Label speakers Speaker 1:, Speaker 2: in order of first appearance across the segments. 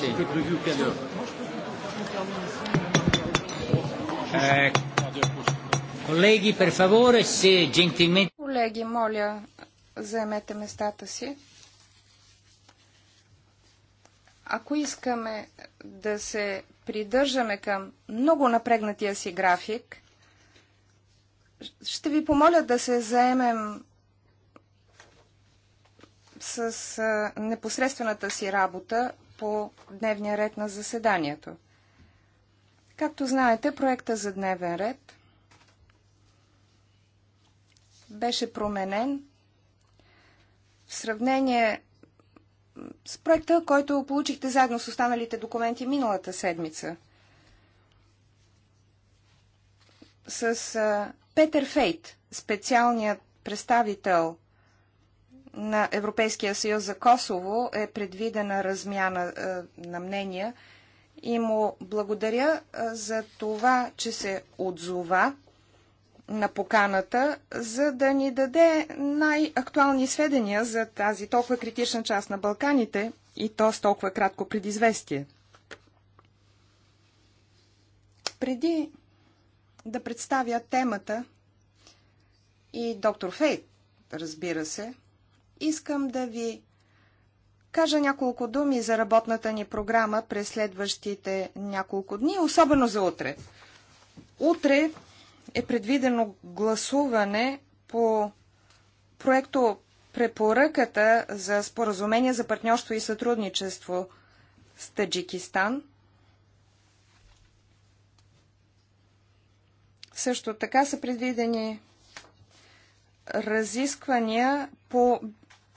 Speaker 1: колеги, eh, Колеги, моля, заемете местата си. Ако искаме да се придържаме към много напрегнатия си график, ще ви помоля да се заемем с непосредствената си работа, по дневния ред на заседанието. Както знаете, проекта за дневен ред беше променен в сравнение с проекта, който получихте заедно с останалите документи миналата седмица. С Петър Фейт, специалният представител на Европейския съюз за Косово е предвидена размяна е, на мнения и му благодаря е, за това, че се отзова на поканата, за да ни даде най-актуални сведения за тази толкова критична част на Балканите и то с толкова кратко предизвестие. Преди да представя темата и доктор Фейт, разбира се, Искам да ви кажа няколко думи за работната ни програма през следващите няколко дни, особено за утре. Утре е предвидено гласуване по проекто препоръката за споразумение за партньорство и сътрудничество с Таджикистан. Също така са предвидени разисквания по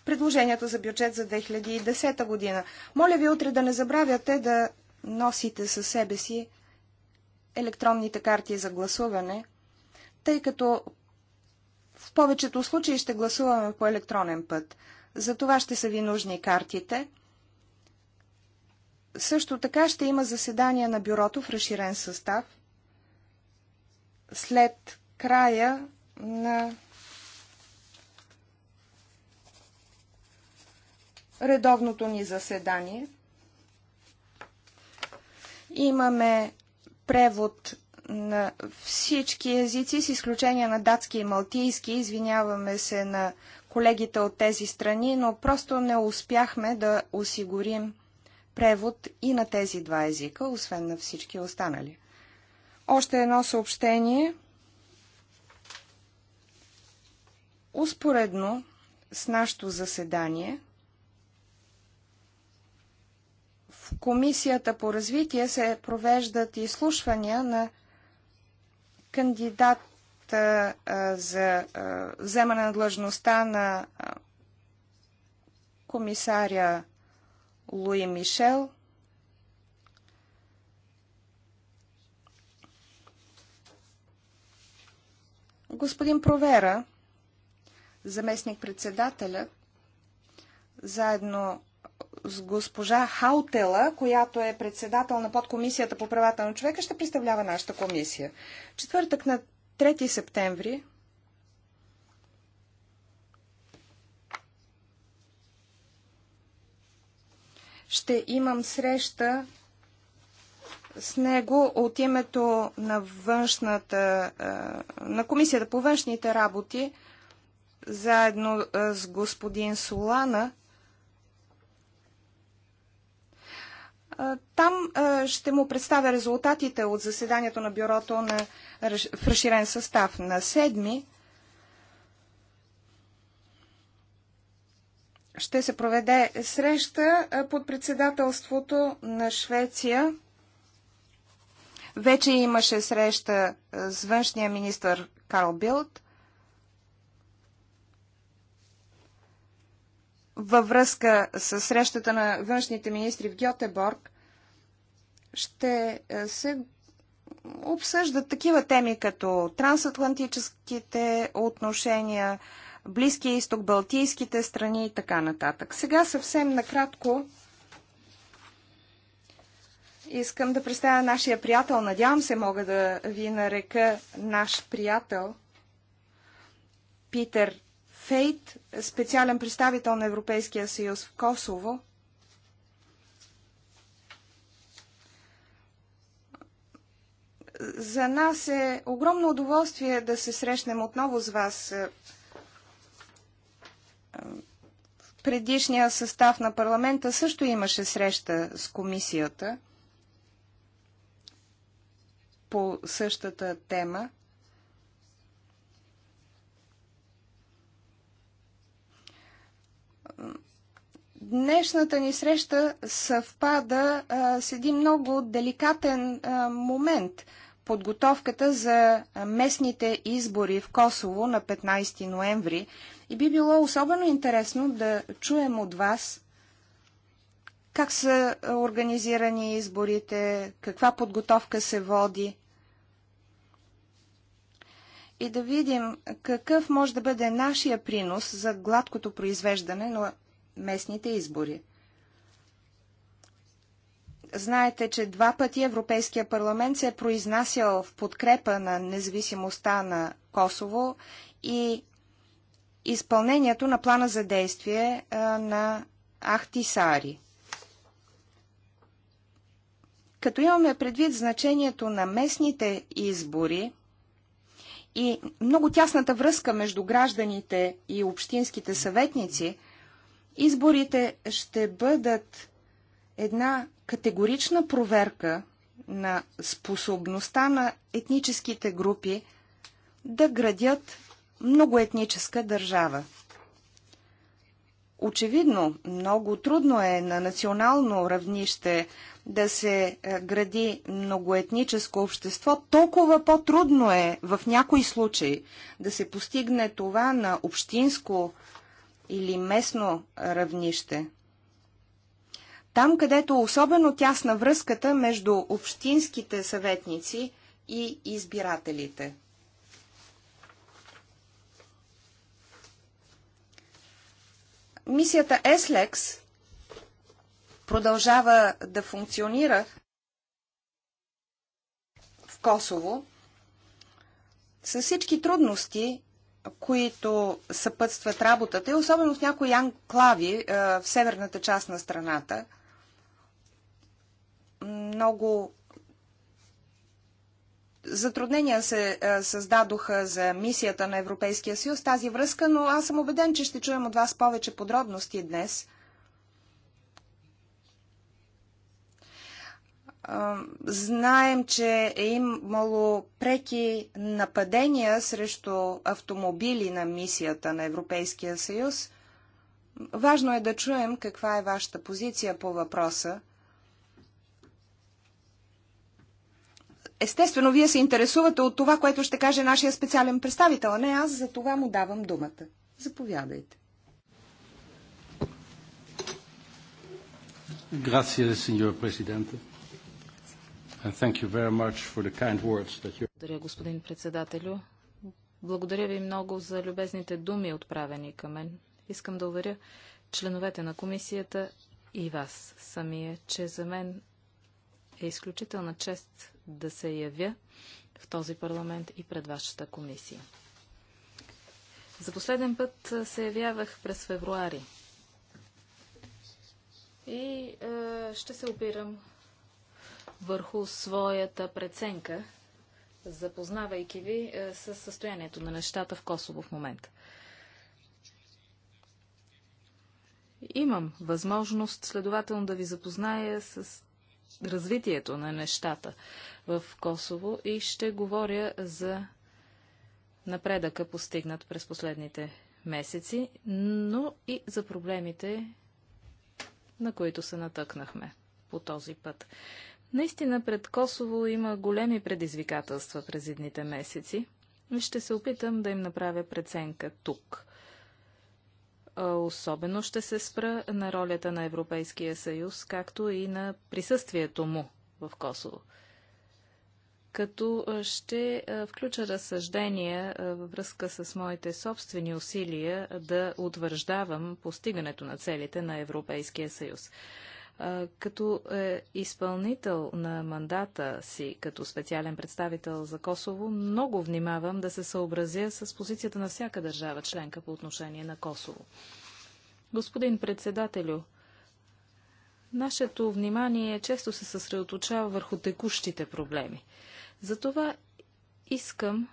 Speaker 1: предложението за бюджет за 2010 година. Моля ви утре да не забравяте да носите със себе си електронните карти за гласуване, тъй като в повечето случаи ще гласуваме по електронен път. За това ще са ви нужни картите. Също така ще има заседание на бюрото в разширен състав след края на редовното ни заседание. Имаме превод на всички езици, с изключение на датски и малтийски. Извиняваме се на колегите от тези страни, но просто не успяхме да осигурим превод и на тези два езика, освен на всички останали. Още едно съобщение. Успоредно с нашето заседание – Комисията по развитие се провеждат изслушвания на кандидат за вземане на длъжността на комисаря Луи Мишел. Господин Провера, заместник-председателя, заедно с госпожа Хаутела, която е председател на подкомисията по правата на човека, ще представлява нашата комисия. Четвъртък на 3 септември ще имам среща с него от името на външната, на комисията по външните работи, заедно с господин Солана – Там ще му представя резултатите от заседанието на бюрото на, в разширен състав на 7. Ще се проведе среща под председателството на Швеция. Вече имаше среща с външния министр Карл Билд във връзка с срещата на външните министри в Гьотеборг ще е, се обсъждат такива теми като трансатлантическите отношения, Близкия изток, Балтийските страни и така нататък. Сега съвсем накратко искам да представя нашия приятел. Надявам се мога да ви нарека наш приятел Питер Фейт, специален представител на Европейския съюз в Косово – За нас е огромно удоволствие да се срещнем отново с вас е, предишния състав на парламента също имаше среща с комисията по същата тема. Днешната ни среща съвпада а, е, с един много деликатен а, е, момент – подготовката за местните избори в Косово на 15 ноември и би било особено интересно да чуем от вас как са организирани изборите, каква подготовка се води и да видим какъв може да бъде нашия принос за гладкото произвеждане на местните избори. Знаете, че два пъти Европейския парламент се е произнасял в подкрепа на независимостта на Косово и изпълнението на плана за действие на Ахтисари. Като имаме предвид значението на местните избори и много тясната връзка между гражданите и общинските съветници, изборите ще бъдат една категорична проверка на способността на етническите групи да градят многоетническа държава. Очевидно, много трудно е на национално равнище да се е, гради многоетническо общество, толкова по-трудно е в някои случаи да се постигне това на общинско или местно равнище – там, където особено тясна връзката между общинските съветници и избирателите. Мисията ЕСЛЕКС продължава да функционира в Косово с всички трудности, които съпътстват работата, и особено в някои анклави е, в северната част на страната – много затруднения се е, създадоха за мисията на Европейския съюз тази връзка, но аз съм убеден, че ще чуем от вас повече подробности днес. Е, знаем, че е имало преки нападения срещу автомобили на мисията на Европейския съюз. Важно е да чуем каква е вашата позиция по въпроса – Естествено, вие се интересувате от това, което ще каже нашия специален представител, а не аз за това му давам думата. Заповядайте.
Speaker 2: Grazie, signor Presidente. And thank you very much for the kind words that you...
Speaker 3: Благодаря, господин председателю. Благодаря ви много за любезните думи, отправени към мен. Искам да уверя членовете на комисията и вас самия, че за мен е изключителна чест да се явя в този парламент и пред вашата комисия. За последен път се явявах през февруари. И е, ще се опирам върху своята преценка, запознавайки ви е, с състоянието на нещата в Косово в момента. Имам възможност, следователно, да ви запозная с развитието на нещата в Косово и ще говоря за напредъка постигнат през последните месеци, но и за проблемите, на които се натъкнахме по този път. Наистина пред Косово има големи предизвикателства през едните месеци. Ще се опитам да им направя преценка тук. Особено ще се спра на ролята на Европейския съюз, както и на присъствието му в Косово. Като ще включа разсъждения във връзка с моите собствени усилия да утвърждавам постигането на целите на Европейския съюз като е изпълнител на мандата си като специален представител за Косово, много внимавам да се съобразя с позицията на всяка държава членка по отношение на Косово. Господин председателю, нашето внимание често се съсредоточава върху текущите проблеми. Затова искам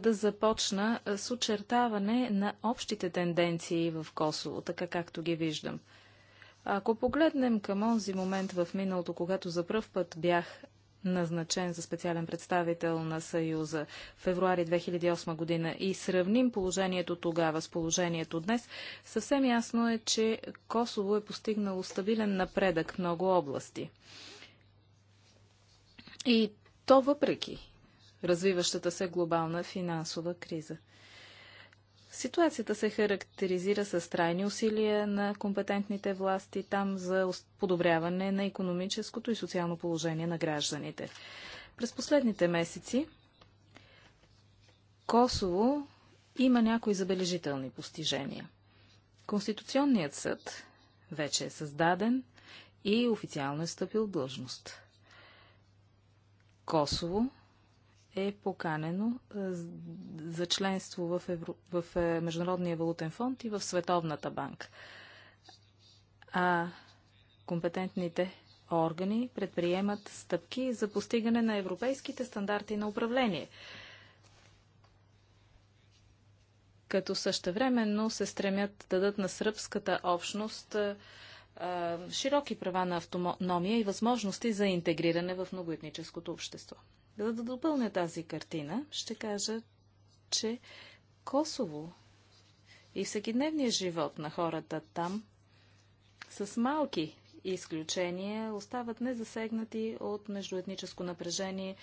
Speaker 3: да започна с очертаване на общите тенденции в Косово, така както ги виждам – ако погледнем към онзи момент в миналото, когато за пръв път бях назначен за специален представител на Съюза в февруари 2008 година и сравним положението тогава с положението днес, съвсем ясно е, че Косово е постигнало стабилен напредък в много области. И то въпреки развиващата се глобална финансова криза. Ситуацията се характеризира с трайни усилия на компетентните власти там за подобряване на економическото и социално положение на гражданите. През последните месеци Косово има някои забележителни постижения. Конституционният съд вече е създаден и официално е стъпил в длъжност. Косово е поканено е, за членство в, Евро... в е, Международния валутен фонд и в Световната банка. А компетентните органи предприемат стъпки за постигане на европейските стандарти на управление, като същевременно се стремят да дадат на сръбската общност е, широки права на автономия и възможности за интегриране в многоетническото общество. За да допълня тази картина, ще кажа, че Косово и всекидневният живот на хората там с малки изключения остават незасегнати от междуетническо напрежение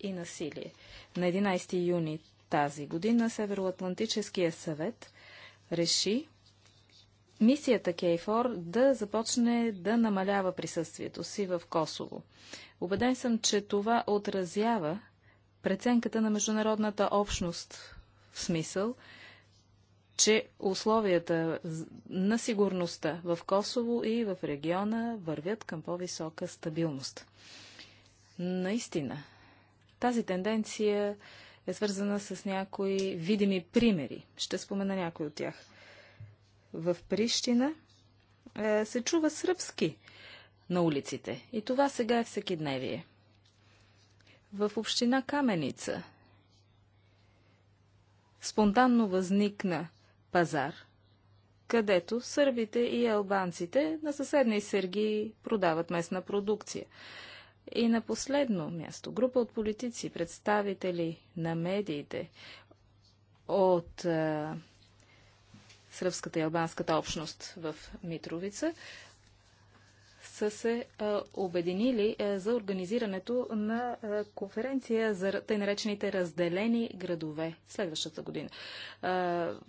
Speaker 3: и насилие. На 11 юни тази година Североатлантическия съвет реши мисията Кейфор да започне да намалява присъствието си в Косово. Обеден съм, че това отразява преценката на международната общност в смисъл, че условията на сигурността в Косово и в региона вървят към по-висока стабилност. Наистина, тази тенденция е свързана с някои видими примери. Ще спомена някои от тях – в Прищина е, се чува сръбски на улиците. И това сега е всекидневие. В община Каменица спонтанно възникна пазар, където сърбите и албанците на съседни Сергии продават местна продукция. И на последно място група от политици, представители на медиите, от е, сръбската и албанската общност в Митровица, са се а, обединили а, за организирането на а, конференция за тъй наречените разделени градове следващата година.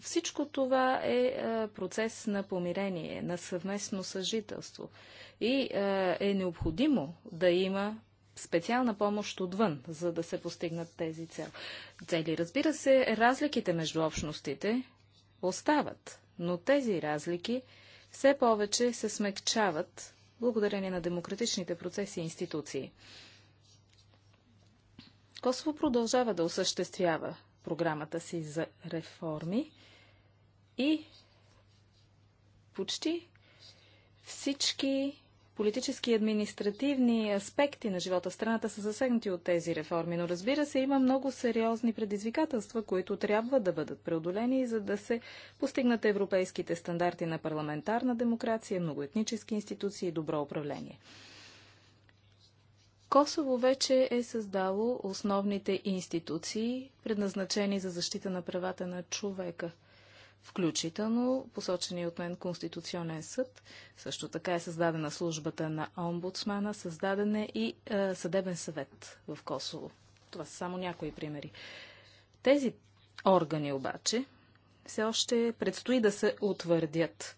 Speaker 3: Всичко това е процес на помирение, на съвместно съжителство и е необходимо да има специална помощ отвън, за да се постигнат тези цел. цели. Разбира се, разликите между общностите остават, но тези разлики все повече се смекчават благодарение на демократичните процеси и институции. Косово продължава да осъществява програмата си за реформи и почти всички политически и административни аспекти на живота в страната са засегнати от тези реформи, но разбира се, има много сериозни предизвикателства, които трябва да бъдат преодолени, за да се постигнат европейските стандарти на парламентарна демокрация, многоетнически институции и добро управление. Косово вече е създало основните институции, предназначени за защита на правата на човека – включително посочени от мен Конституционен съд. Също така е създадена службата на омбудсмана, създаден е и е, съдебен съвет в Косово. Това са само някои примери. Тези органи обаче все още предстои да се утвърдят.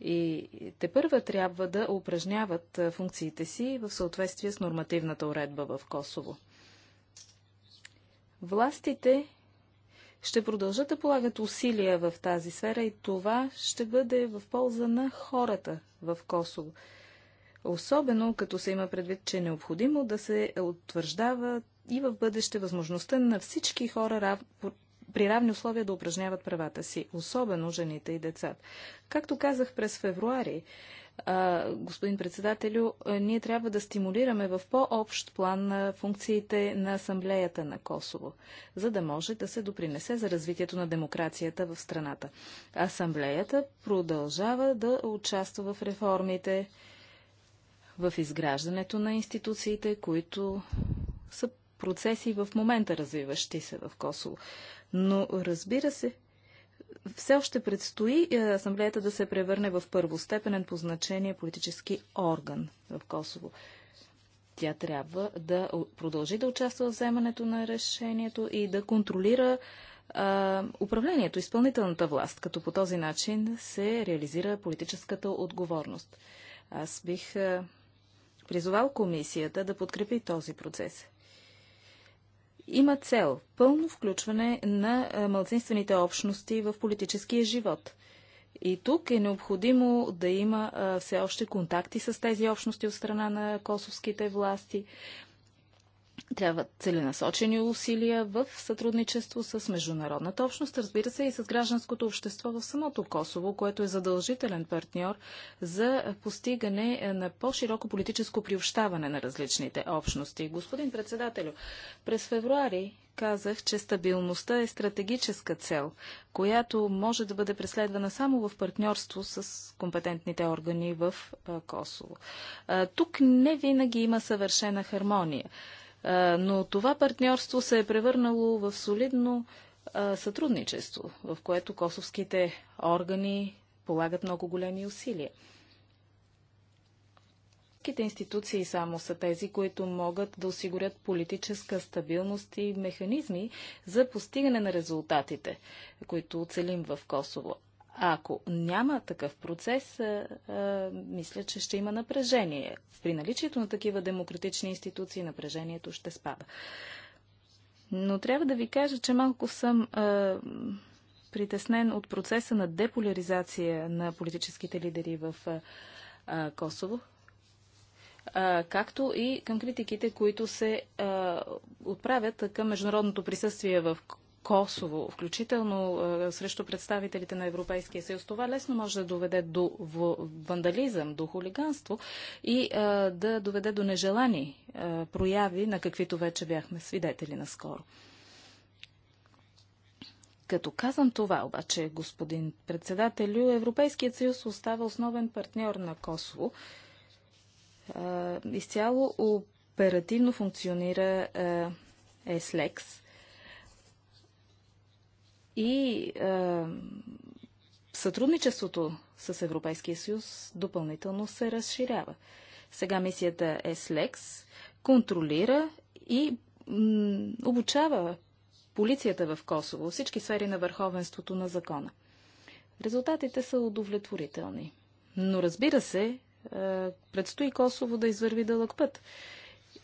Speaker 3: И те първа трябва да упражняват е, функциите си в съответствие с нормативната уредба в Косово. Властите ще продължат да полагат усилия в тази сфера и това ще бъде в полза на хората в Косово. Особено като се има предвид, че е необходимо да се утвърждава и в бъдеще възможността на всички хора рав... при равни условия да упражняват правата си, особено жените и децата. Както казах през февруари, господин председателю, ние трябва да стимулираме в по-общ план функциите на Асамблеята на Косово, за да може да се допринесе за развитието на демокрацията в страната. Асамблеята продължава да участва в реформите, в изграждането на институциите, които са процеси в момента развиващи се в Косово. Но разбира се, все още предстои е, асамблеята да се превърне в първостепенен по значение политически орган в Косово. Тя трябва да продължи да участва в вземането на решението и да контролира а, е, управлението, изпълнителната власт, като по този начин се реализира политическата отговорност. Аз бих а, е, призовал комисията да подкрепи този процес има цел пълно включване на малцинствените общности в политическия живот. И тук е необходимо да има все още контакти с тези общности от страна на косовските власти, Трябват целенасочени усилия в сътрудничество с международната общност, разбира се, и с гражданското общество в самото Косово, което е задължителен партньор за постигане на по-широко политическо приобщаване на различните общности. Господин председателю, през февруари казах, че стабилността е стратегическа цел, която може да бъде преследвана само в партньорство с компетентните органи в Косово. Тук не винаги има съвършена хармония. Но това партньорство се е превърнало в солидно сътрудничество, в което косовските органи полагат много големи усилия. Ките институции само са тези, които могат да осигурят политическа стабилност и механизми за постигане на резултатите, които целим в Косово. Ако няма такъв процес, а, а, мисля, че ще има напрежение. При наличието на такива демократични институции напрежението ще спада. Но трябва да ви кажа, че малко съм а, притеснен от процеса на деполяризация на политическите лидери в а, Косово, а, както и към критиките, които се а, отправят към международното присъствие в Косово, включително срещу представителите на Европейския съюз, това лесно може да доведе до вандализъм, до хулиганство и да доведе до нежелани прояви, на каквито вече бяхме свидетели наскоро. Като казвам това, обаче, господин председателю, Европейският съюз остава основен партньор на Косово. Изцяло оперативно функционира ЕСЛЕКС и е, сътрудничеството с Европейския съюз допълнително се разширява. Сега мисията ЕСЛЕКС контролира и обучава полицията в Косово, всички сфери на върховенството на закона. Резултатите са удовлетворителни. Но разбира се, е, предстои Косово да извърви дълъг път.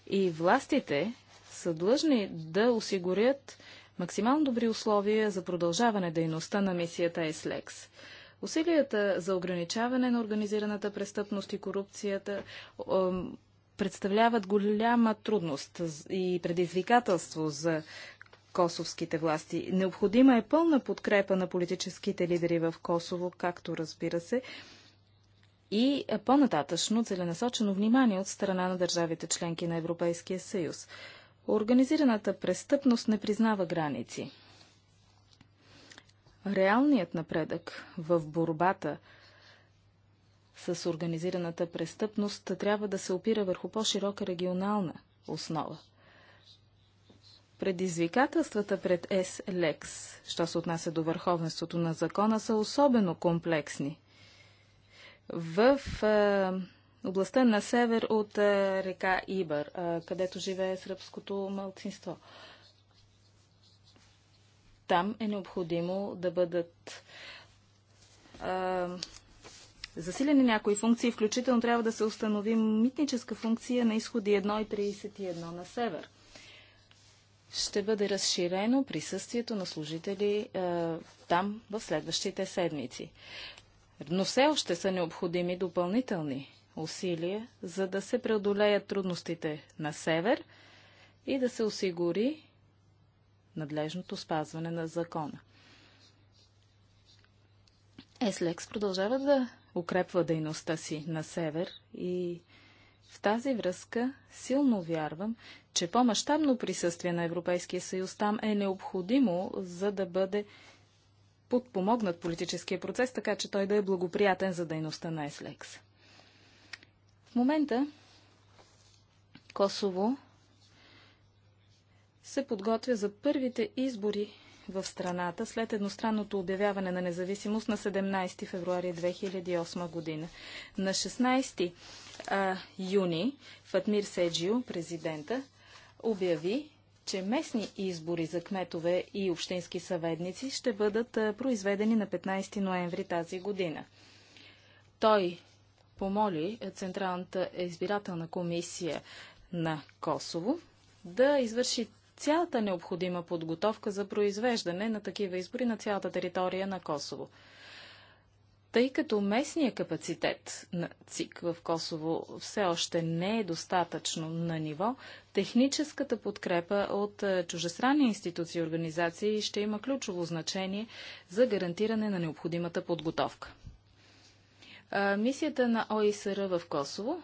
Speaker 3: И властите са длъжни да осигурят максимално добри условия за продължаване дейността на мисията ЕСЛЕКС. Усилията за ограничаване на организираната престъпност и корупцията представляват голяма трудност и предизвикателство за косовските власти. Необходима е пълна подкрепа на политическите лидери в Косово, както разбира се, и по-нататъчно целенасочено внимание от страна на държавите членки на Европейския съюз. Организираната престъпност не признава граници. Реалният напредък в борбата с организираната престъпност трябва да се опира върху по-широка регионална основа. Предизвикателствата пред С-Лекс, е що се отнася до върховенството на закона, са особено комплексни. В е, областта на север от е, река Ибър, е, където живее сръбското малцинство. Там е необходимо да бъдат а, е, засилени някои функции, включително трябва да се установи митническа функция на изходи 1 и 31 на север. Ще бъде разширено присъствието на служители е, там в следващите седмици. Но все още са необходими допълнителни усилие, за да се преодолеят трудностите на север и да се осигури надлежното спазване на закона. Еслекс продължава да укрепва дейността си на север и в тази връзка силно вярвам, че по-масштабно присъствие на Европейския съюз там е необходимо, за да бъде подпомогнат политическия процес, така че той да е благоприятен за дейността на Еслекс момента Косово се подготвя за първите избори в страната след едностранното обявяване на независимост на 17 февруари 2008 година. На 16 а, юни Фатмир Седжио, президента, обяви, че местни избори за кметове и общински съветници ще бъдат произведени на 15 ноември тази година. Той помоли Централната избирателна комисия на Косово да извърши цялата необходима подготовка за произвеждане на такива избори на цялата територия на Косово. Тъй като местният капацитет на ЦИК в Косово все още не е достатъчно на ниво, техническата подкрепа от е, чужестранни институции и организации ще има ключово значение за гарантиране на необходимата подготовка мисията на ОИСР в Косово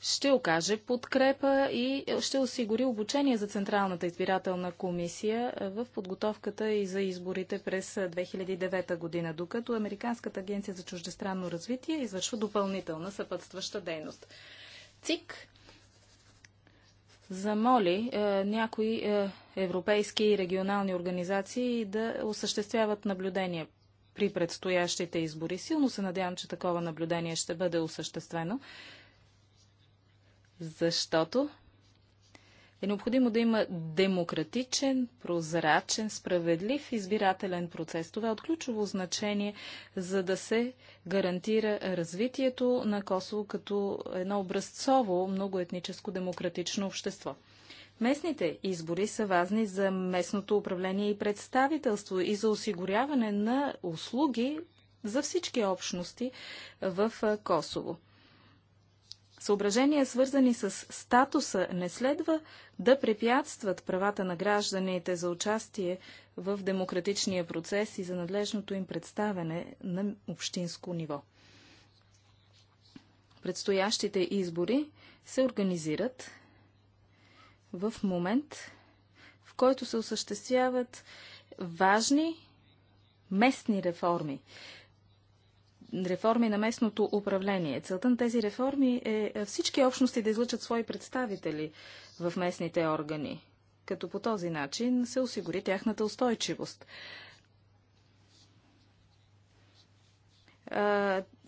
Speaker 3: ще окаже подкрепа и ще осигури обучение за Централната избирателна комисия в подготовката и за изборите през 2009 година, докато Американската агенция за чуждестранно развитие извършва допълнителна съпътстваща дейност. ЦИК замоли е, някои е, европейски и регионални организации да осъществяват наблюдение при предстоящите избори. Силно се надявам, че такова наблюдение ще бъде осъществено, защото е необходимо да има демократичен, прозрачен, справедлив избирателен процес. Това е от ключово значение, за да се гарантира развитието на Косово като едно образцово, многоетническо демократично общество. Местните избори са важни за местното управление и представителство и за осигуряване на услуги за всички общности в Косово. Съображения, свързани с статуса, не следва да препятстват правата на гражданите за участие в демократичния процес и за надлежното им представяне на общинско ниво. Предстоящите избори се организират в момент, в който се осъществяват важни местни реформи. Реформи на местното управление. Целта на тези реформи е всички общности да излъчат свои представители в местните органи, като по този начин се осигури тяхната устойчивост.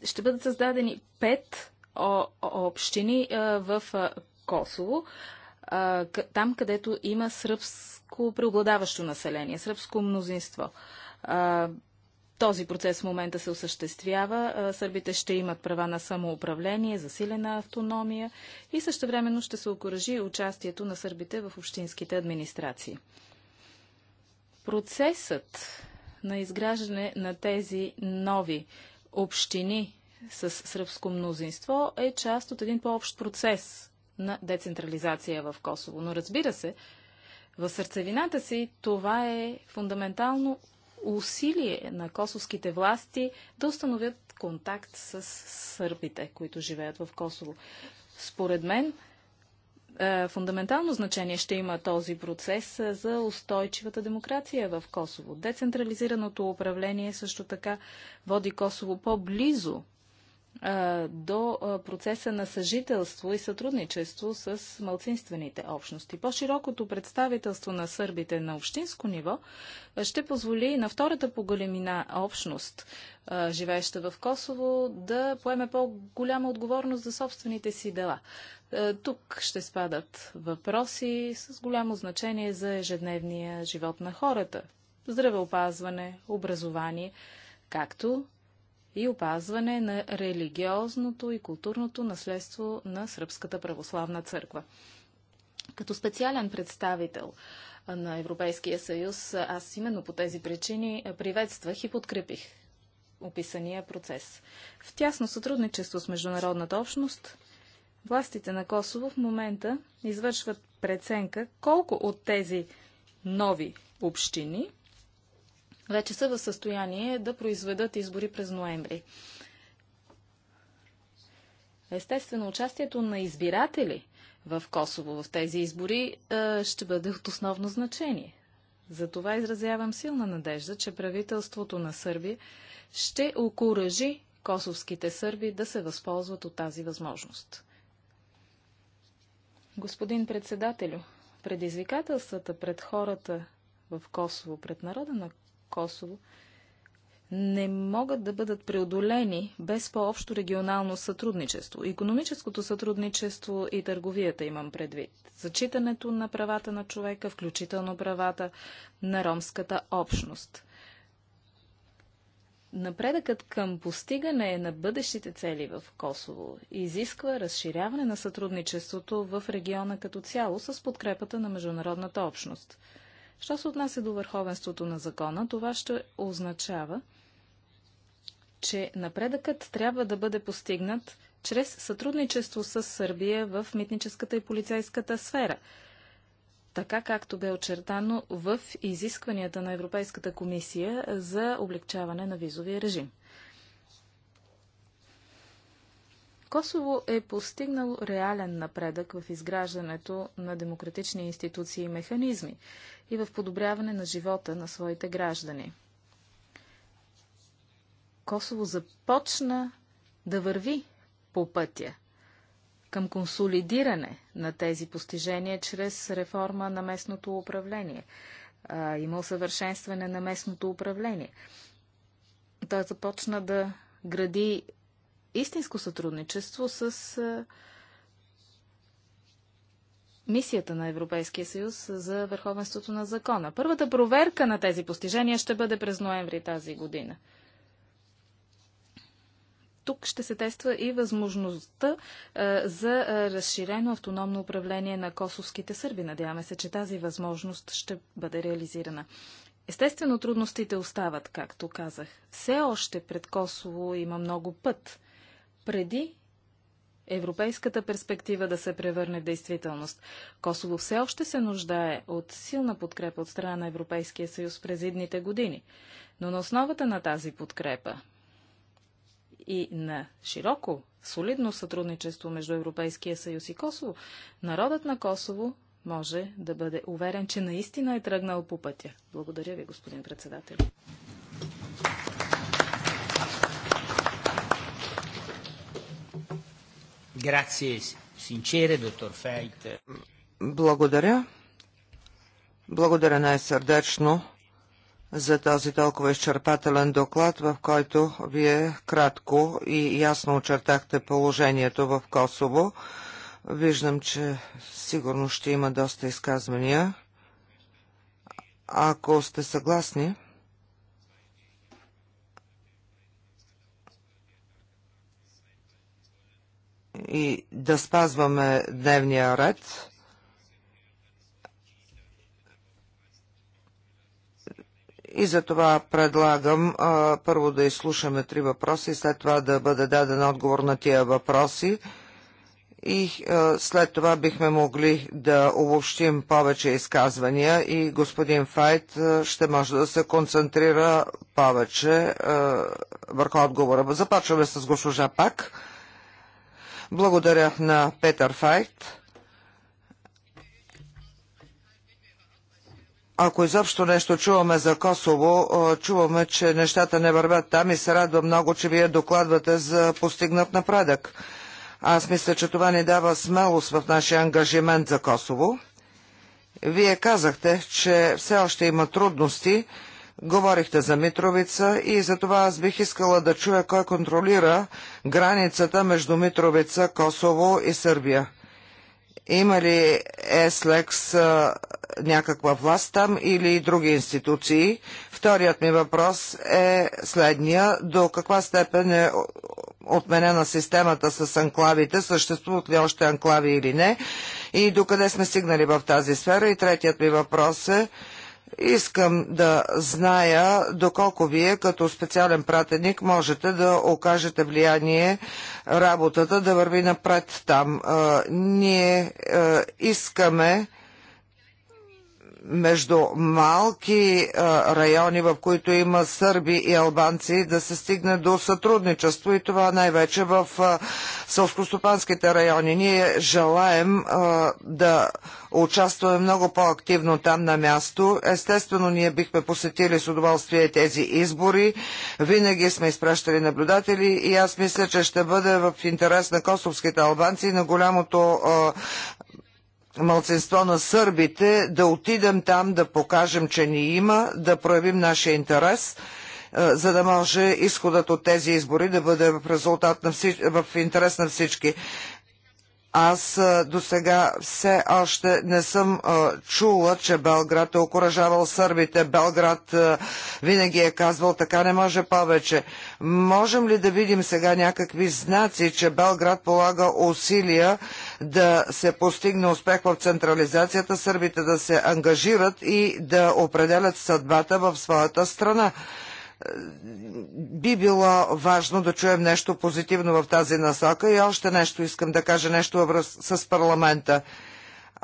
Speaker 3: Ще бъдат създадени пет общини в Косово, там, където има сръбско преобладаващо население, сръбско мнозинство. този процес в момента се осъществява. Сърбите ще имат права на самоуправление, засилена автономия и същевременно ще се окоръжи участието на сърбите в общинските администрации. Процесът на изграждане на тези нови общини с сръбско мнозинство е част от един по-общ процес на децентрализация в Косово. Но разбира се, в сърцевината си това е фундаментално усилие на косовските власти да установят контакт с сърбите, които живеят в Косово. Според мен, е, фундаментално значение ще има този процес е, за устойчивата демокрация в Косово. Децентрализираното управление също така води Косово по-близо до процеса на съжителство и сътрудничество с малцинствените общности. По-широкото представителство на сърбите на общинско ниво ще позволи на втората по големина общност, живееща в Косово, да поеме по-голяма отговорност за собствените си дела. Тук ще спадат въпроси с голямо значение за ежедневния живот на хората. Здравеопазване, образование, както и опазване на религиозното и културното наследство на Сръбската православна църква. Като специален представител на Европейския съюз, аз именно по тези причини приветствах и подкрепих описания процес. В тясно сътрудничество с международната общност, властите на Косово в момента извършват преценка колко от тези нови общини – вече са в състояние да произведат избори през ноември. Естествено, участието на избиратели в Косово в тези избори е, ще бъде от основно значение. Затова изразявам силна надежда, че правителството на Сърбия ще окоръжи косовските сърби да се възползват от тази възможност. Господин председателю, предизвикателствата пред хората в Косово, пред народа на Косово, не могат да бъдат преодолени без по-общо регионално сътрудничество. Економическото сътрудничество и търговията имам предвид. Зачитането на правата на човека, включително правата на ромската общност. Напредъкът към постигане на бъдещите цели в Косово изисква разширяване на сътрудничеството в региона като цяло с подкрепата на международната общност – Що се отнася до върховенството на закона, това ще означава, че напредъкът трябва да бъде постигнат чрез сътрудничество с Сърбия в митническата и полицейската сфера, така както бе очертано в изискванията на Европейската комисия за облегчаване на визовия режим. Косово е постигнало реален напредък в изграждането на демократични институции и механизми и в подобряване на живота на своите граждани. Косово започна да върви по пътя към консолидиране на тези постижения чрез реформа на местното управление. има усъвършенстване на местното управление. Той започна да гради истинско сътрудничество с мисията на Европейския съюз за върховенството на закона. Първата проверка на тези постижения ще бъде през ноември тази година. Тук ще се тества и възможността за разширено автономно управление на косовските сърби. Надяваме се, че тази възможност ще бъде реализирана. Естествено, трудностите остават, както казах. Все още пред Косово има много път преди европейската перспектива да се превърне в действителност. Косово все още се нуждае от силна подкрепа от страна на Европейския съюз през едните години. Но на основата на тази подкрепа и на широко, солидно сътрудничество между Европейския съюз и Косово, народът на Косово може да бъде уверен, че наистина е тръгнал по пътя. Благодаря ви, господин председател.
Speaker 2: Грация синчере, доктор Фейт.
Speaker 4: Благодаря. Благодаря най-сърдечно за този толкова изчерпателен доклад, в който вие кратко и ясно очертахте положението в Косово. Виждам, че сигурно ще има доста изказвания. Ако сте съгласни... и да спазваме дневния ред. И за това предлагам а, първо да изслушаме три въпроса и след това да бъде даден отговор на тия въпроси. И а, след това бихме могли да обобщим повече изказвания и господин Файт а, ще може да се концентрира повече а, върху отговора. Започваме с госпожа Пак. Благодаря на Петър Файт. Ако изобщо нещо чуваме за Косово, чуваме, че нещата не вървят там и се радва много, че вие докладвате за постигнат напредък. Аз мисля, че това ни дава смелост в нашия ангажимент за Косово. Вие казахте, че все още има трудности, Говорихте за Митровица и за това аз бих искала да чуя кой контролира границата между Митровица, Косово и Сърбия. Има ли ЕСЛЕКС някаква власт там или други институции? Вторият ми въпрос е следния. До каква степен е отменена системата с анклавите? Съществуват ли още анклави или не? И докъде сме стигнали в тази сфера? И третият ми въпрос е Искам да зная доколко вие като специален пратеник можете да окажете влияние работата да върви напред там. Ние искаме между малки а, райони, в които има сърби и албанци, да се стигне до сътрудничество и това най-вече в сълскостопанските райони. Ние желаем а, да участваме много по-активно там на място. Естествено, ние бихме посетили с удоволствие тези избори. Винаги сме изпращали наблюдатели и аз мисля, че ще бъде в интерес на косовските албанци и на голямото а, мълцинство на сърбите, да отидем там, да покажем, че ни има, да проявим нашия интерес е, за да може изходът от тези избори да бъде в, резултат на всич... в интерес на всички. Аз е, до сега все още не съм а, е, чула, че Белград е окоръжавал сърбите. Белград а, винаги е казвал, така не може повече. Можем ли да видим сега някакви знаци, че Белград полага усилия да се постигне успех в централизацията, сърбите да се ангажират и да определят съдбата в своята страна би било важно да чуем нещо позитивно в тази насока и още нещо искам да кажа нещо с парламента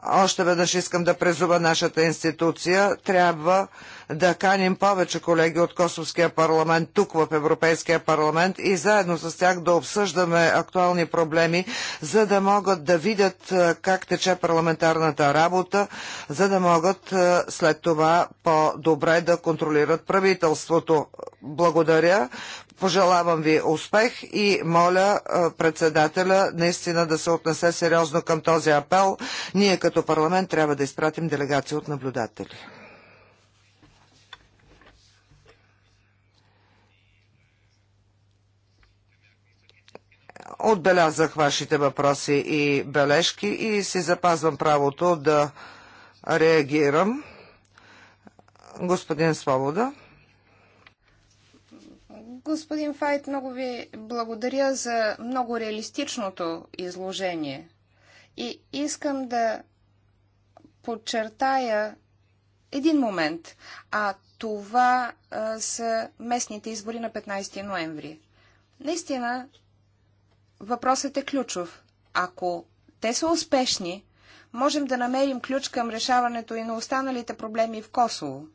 Speaker 4: още веднъж искам да презува нашата институция. Трябва да каним повече колеги от Косовския парламент тук в Европейския парламент и заедно с тях да обсъждаме актуални проблеми, за да могат да видят е, как тече парламентарната работа, за да могат е, след това по-добре да контролират правителството. Благодаря. Пожелавам ви успех и моля е, председателя наистина да се отнесе сериозно към този апел. Ние като парламент трябва да изпратим делегация от наблюдатели. Отбелязах вашите въпроси и бележки и си запазвам правото да реагирам. Господин Свобода.
Speaker 1: Господин Файт, много ви благодаря за много реалистичното изложение. И искам да подчертая един момент, а това а, са местните избори на 15 ноември. Наистина, въпросът е ключов. Ако те са успешни, можем да намерим ключ към решаването и на останалите проблеми в Косово.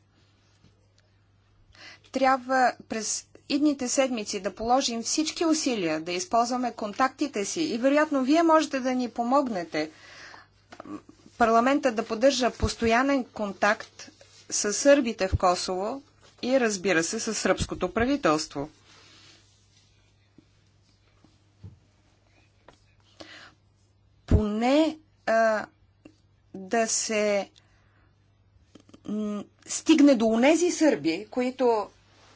Speaker 1: Трябва през идните седмици да положим всички усилия, да използваме контактите си и вероятно вие можете да ни помогнете парламента да поддържа постоянен контакт с сърбите в Косово и разбира се с сръбското правителство. Поне а, да се стигне до унези сърби, които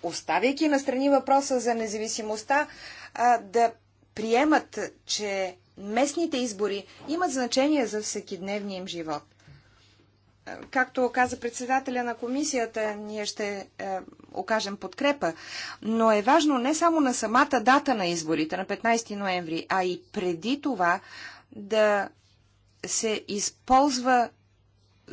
Speaker 1: оставяйки настрани въпроса за независимостта, да приемат, че местните избори имат значение за всекидневния им живот. Както каза председателя на комисията, ние ще е, окажем подкрепа, но е важно не само на самата дата на изборите, на 15 ноември, а и преди това да се използва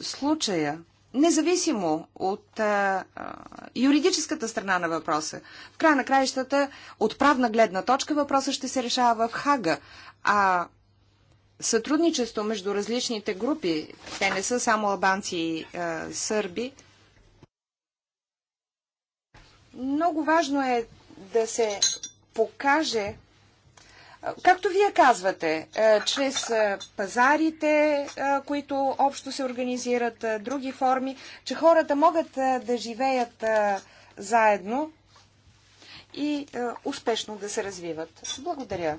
Speaker 1: случая независимо от а, а, юридическата страна на въпроса. В края на краищата, от правна гледна точка, въпроса ще се решава в Хага, а сътрудничество между различните групи, те не са само албанци и а, сърби, много важно е да се покаже Както вие казвате, е, чрез е, пазарите, е, които общо се организират, други форми, че хората могат да живеят заедно и успешно да се развиват. Благодаря.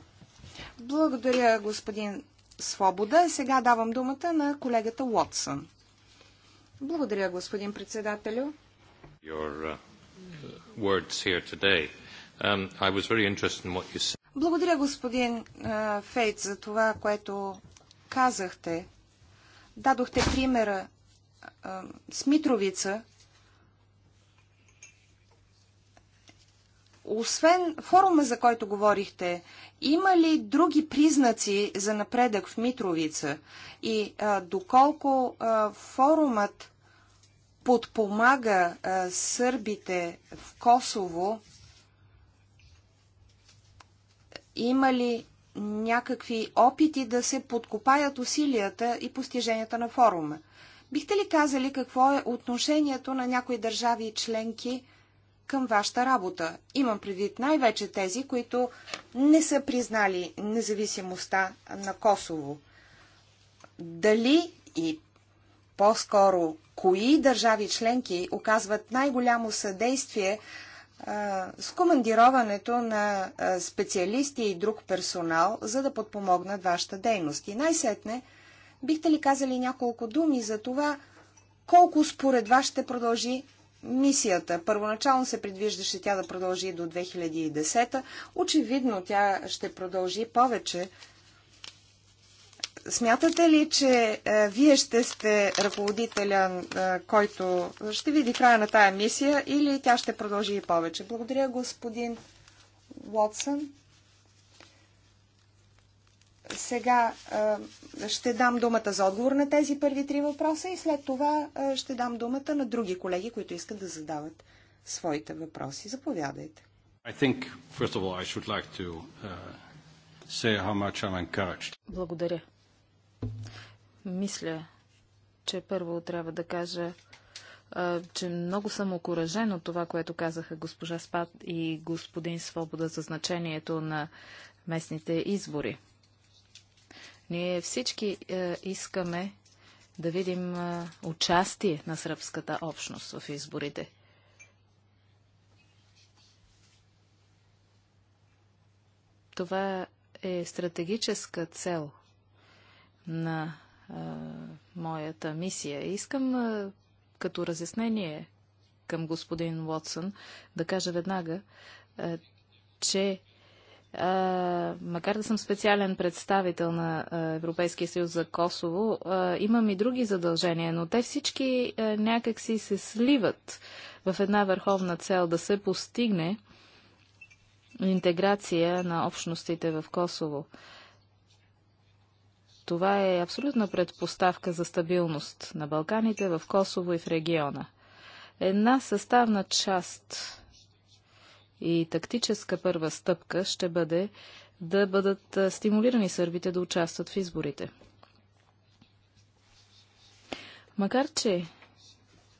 Speaker 1: Благодаря, господин Свобода. Сега давам думата на колегата Уотсън. Благодаря, господин председателю.
Speaker 4: Your, uh, words here today. Um, I was very interested in what you said.
Speaker 1: Благодаря, господин Фейт, за това, което казахте. Дадохте примера с Митровица. Освен форума, за който говорихте, има ли други признаци за напредък в Митровица и а, доколко а, форумът подпомага а, сърбите в Косово има ли някакви опити да се подкопаят усилията и постиженията на форума? Бихте ли казали какво е отношението на някои държави и членки към вашата работа? Имам предвид най-вече тези, които не са признали независимостта на Косово. Дали и по-скоро кои държави членки оказват най-голямо съдействие с командироването на специалисти и друг персонал, за да подпомогнат вашата дейност. И най-сетне, бихте ли казали няколко думи за това, колко според вас ще продължи мисията? Първоначално се предвиждаше тя да продължи до 2010. Очевидно тя ще продължи повече Смятате ли, че е, вие ще сте ръководителя, е, който ще види края на тая мисия или тя ще продължи и повече? Благодаря, господин Уотсън. Сега е, ще дам думата за отговор на тези първи три въпроса и след това е, ще дам думата на други колеги, които искат да задават своите въпроси. Заповядайте.
Speaker 2: Think, all, like to, uh,
Speaker 3: Благодаря. Мисля, че първо трябва да кажа, че много съм окоръжен от това, което казаха госпожа Спад и господин Свобода за значението на местните избори. Ние всички е, искаме да видим е, участие на сръбската общност в изборите. Това е стратегическа цел на а, моята мисия. Искам а, като разяснение към господин Уотсън да кажа веднага, а, че а, макар да съм специален представител на а, Европейския съюз за Косово, а, имам и други задължения, но те всички а, някакси се сливат в една върховна цел да се постигне интеграция на общностите в Косово. А, това е абсолютна предпоставка за стабилност на Балканите, в Косово и в региона. Една съставна част и тактическа първа стъпка ще бъде да бъдат стимулирани сърбите да участват в изборите. Макар, че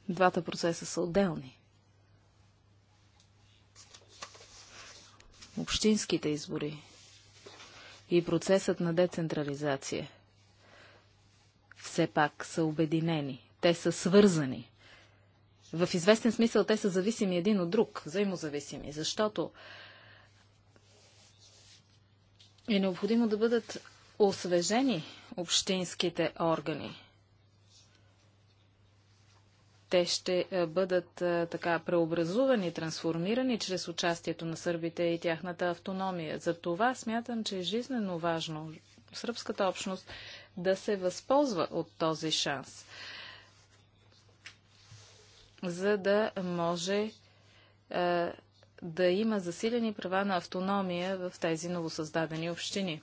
Speaker 3: двата процеса са отделни. Общинските избори и процесът на децентрализация все пак са обединени. Те са свързани. В известен смисъл те са зависими един от друг, взаимозависими, защото е необходимо да бъдат освежени общинските органи те ще е, бъдат е, така преобразувани, трансформирани чрез участието на сърбите и тяхната автономия. За това смятам, че е жизненно важно сръбската общност да се възползва от този шанс, за да може е, да има засилени права на автономия в тези новосъздадени общини.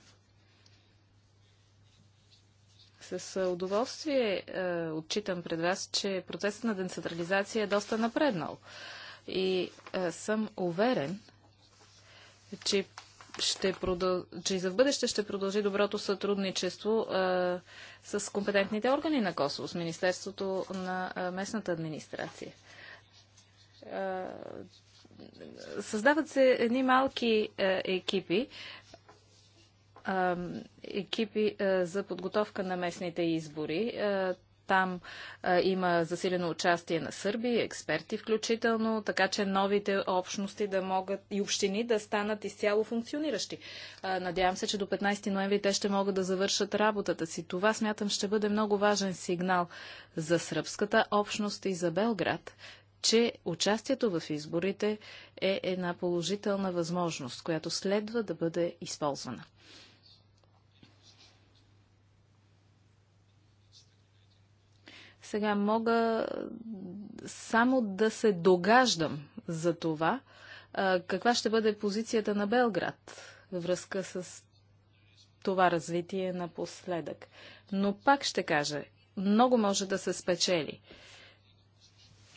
Speaker 3: С удоволствие е, отчитам пред вас, че процесът на децентрализация е доста напреднал. И е, съм уверен, че, ще продъл... че и за в бъдеще ще продължи доброто сътрудничество е, с компетентните органи на Косово, с Министерството на е, местната администрация. Е, създават се едни малки е, екипи, екипи за подготовка на местните избори. Там има засилено участие на сърби, експерти включително, така че новите общности да могат и общини да станат изцяло функциониращи. Надявам се, че до 15 ноември те ще могат да завършат работата си. Това смятам ще бъде много важен сигнал за сръбската общност и за Белград, че участието в изборите е една положителна възможност, която следва да бъде използвана. Сега мога само да се догаждам за това, каква ще бъде позицията на Белград във връзка с това развитие напоследък. Но пак ще кажа, много може да се спечели.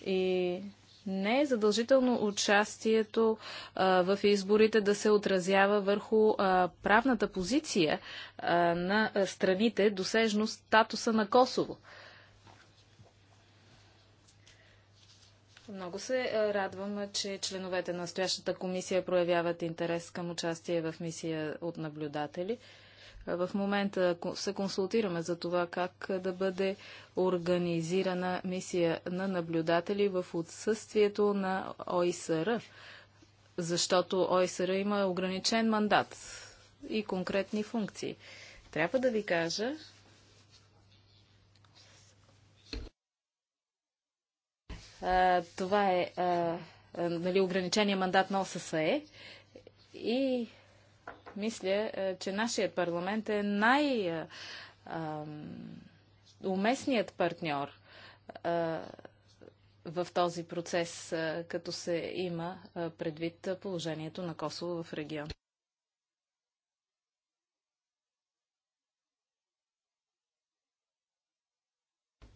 Speaker 3: И не е задължително участието а, в изборите да се отразява върху а, правната позиция а, на страните, досежно статуса на Косово. Много се е, радвам, че членовете на настоящата комисия проявяват интерес към участие в мисия от наблюдатели. Е, в момента се консултираме за това как е, да бъде организирана мисия на наблюдатели в отсъствието на ОИСР, защото ОИСР има ограничен мандат и конкретни функции. Трябва да ви кажа, това е а, нали, ограничения мандат на ОССЕ. И мисля, че нашият парламент е най- уместният партньор в този процес, като се има предвид положението на Косово в региона.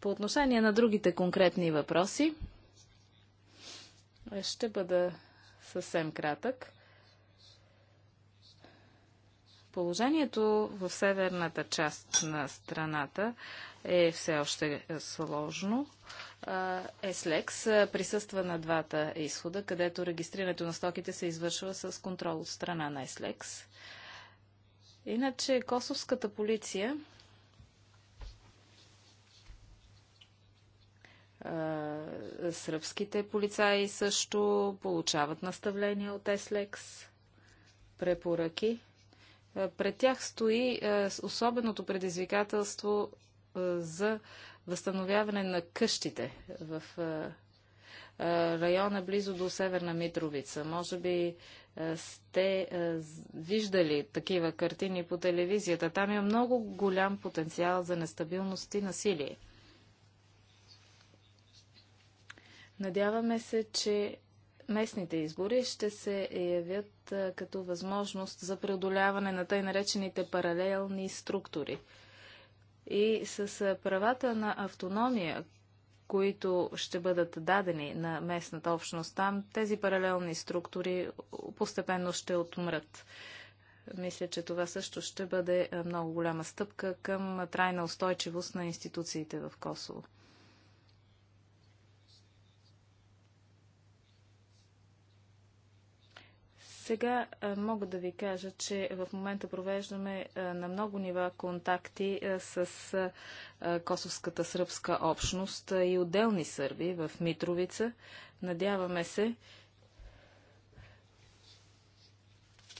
Speaker 3: По отношение на другите конкретни въпроси, ще бъда съвсем кратък. Положението в северната част на страната е все още сложно. Еслекс присъства на двата изхода, където регистрирането на стоките се извършва с контрол от страна на Еслекс. Иначе косовската полиция Сръбските полицаи също получават наставления от Еслекс, препоръки. Пред тях стои особеното предизвикателство за възстановяване на къщите в района близо до Северна Митровица. Може би сте виждали такива картини по телевизията. Там е много голям потенциал за нестабилност и насилие. Надяваме се, че местните избори ще се явят като възможност за преодоляване на тъй наречените паралелни структури. И с правата на автономия, които ще бъдат дадени на местната общност там, тези паралелни структури постепенно ще отмрат. Мисля, че това също ще бъде много голяма стъпка към трайна устойчивост на институциите в Косово. Сега мога да ви кажа, че в момента провеждаме на много нива контакти с косовската сръбска общност и отделни сърби в Митровица. Надяваме се,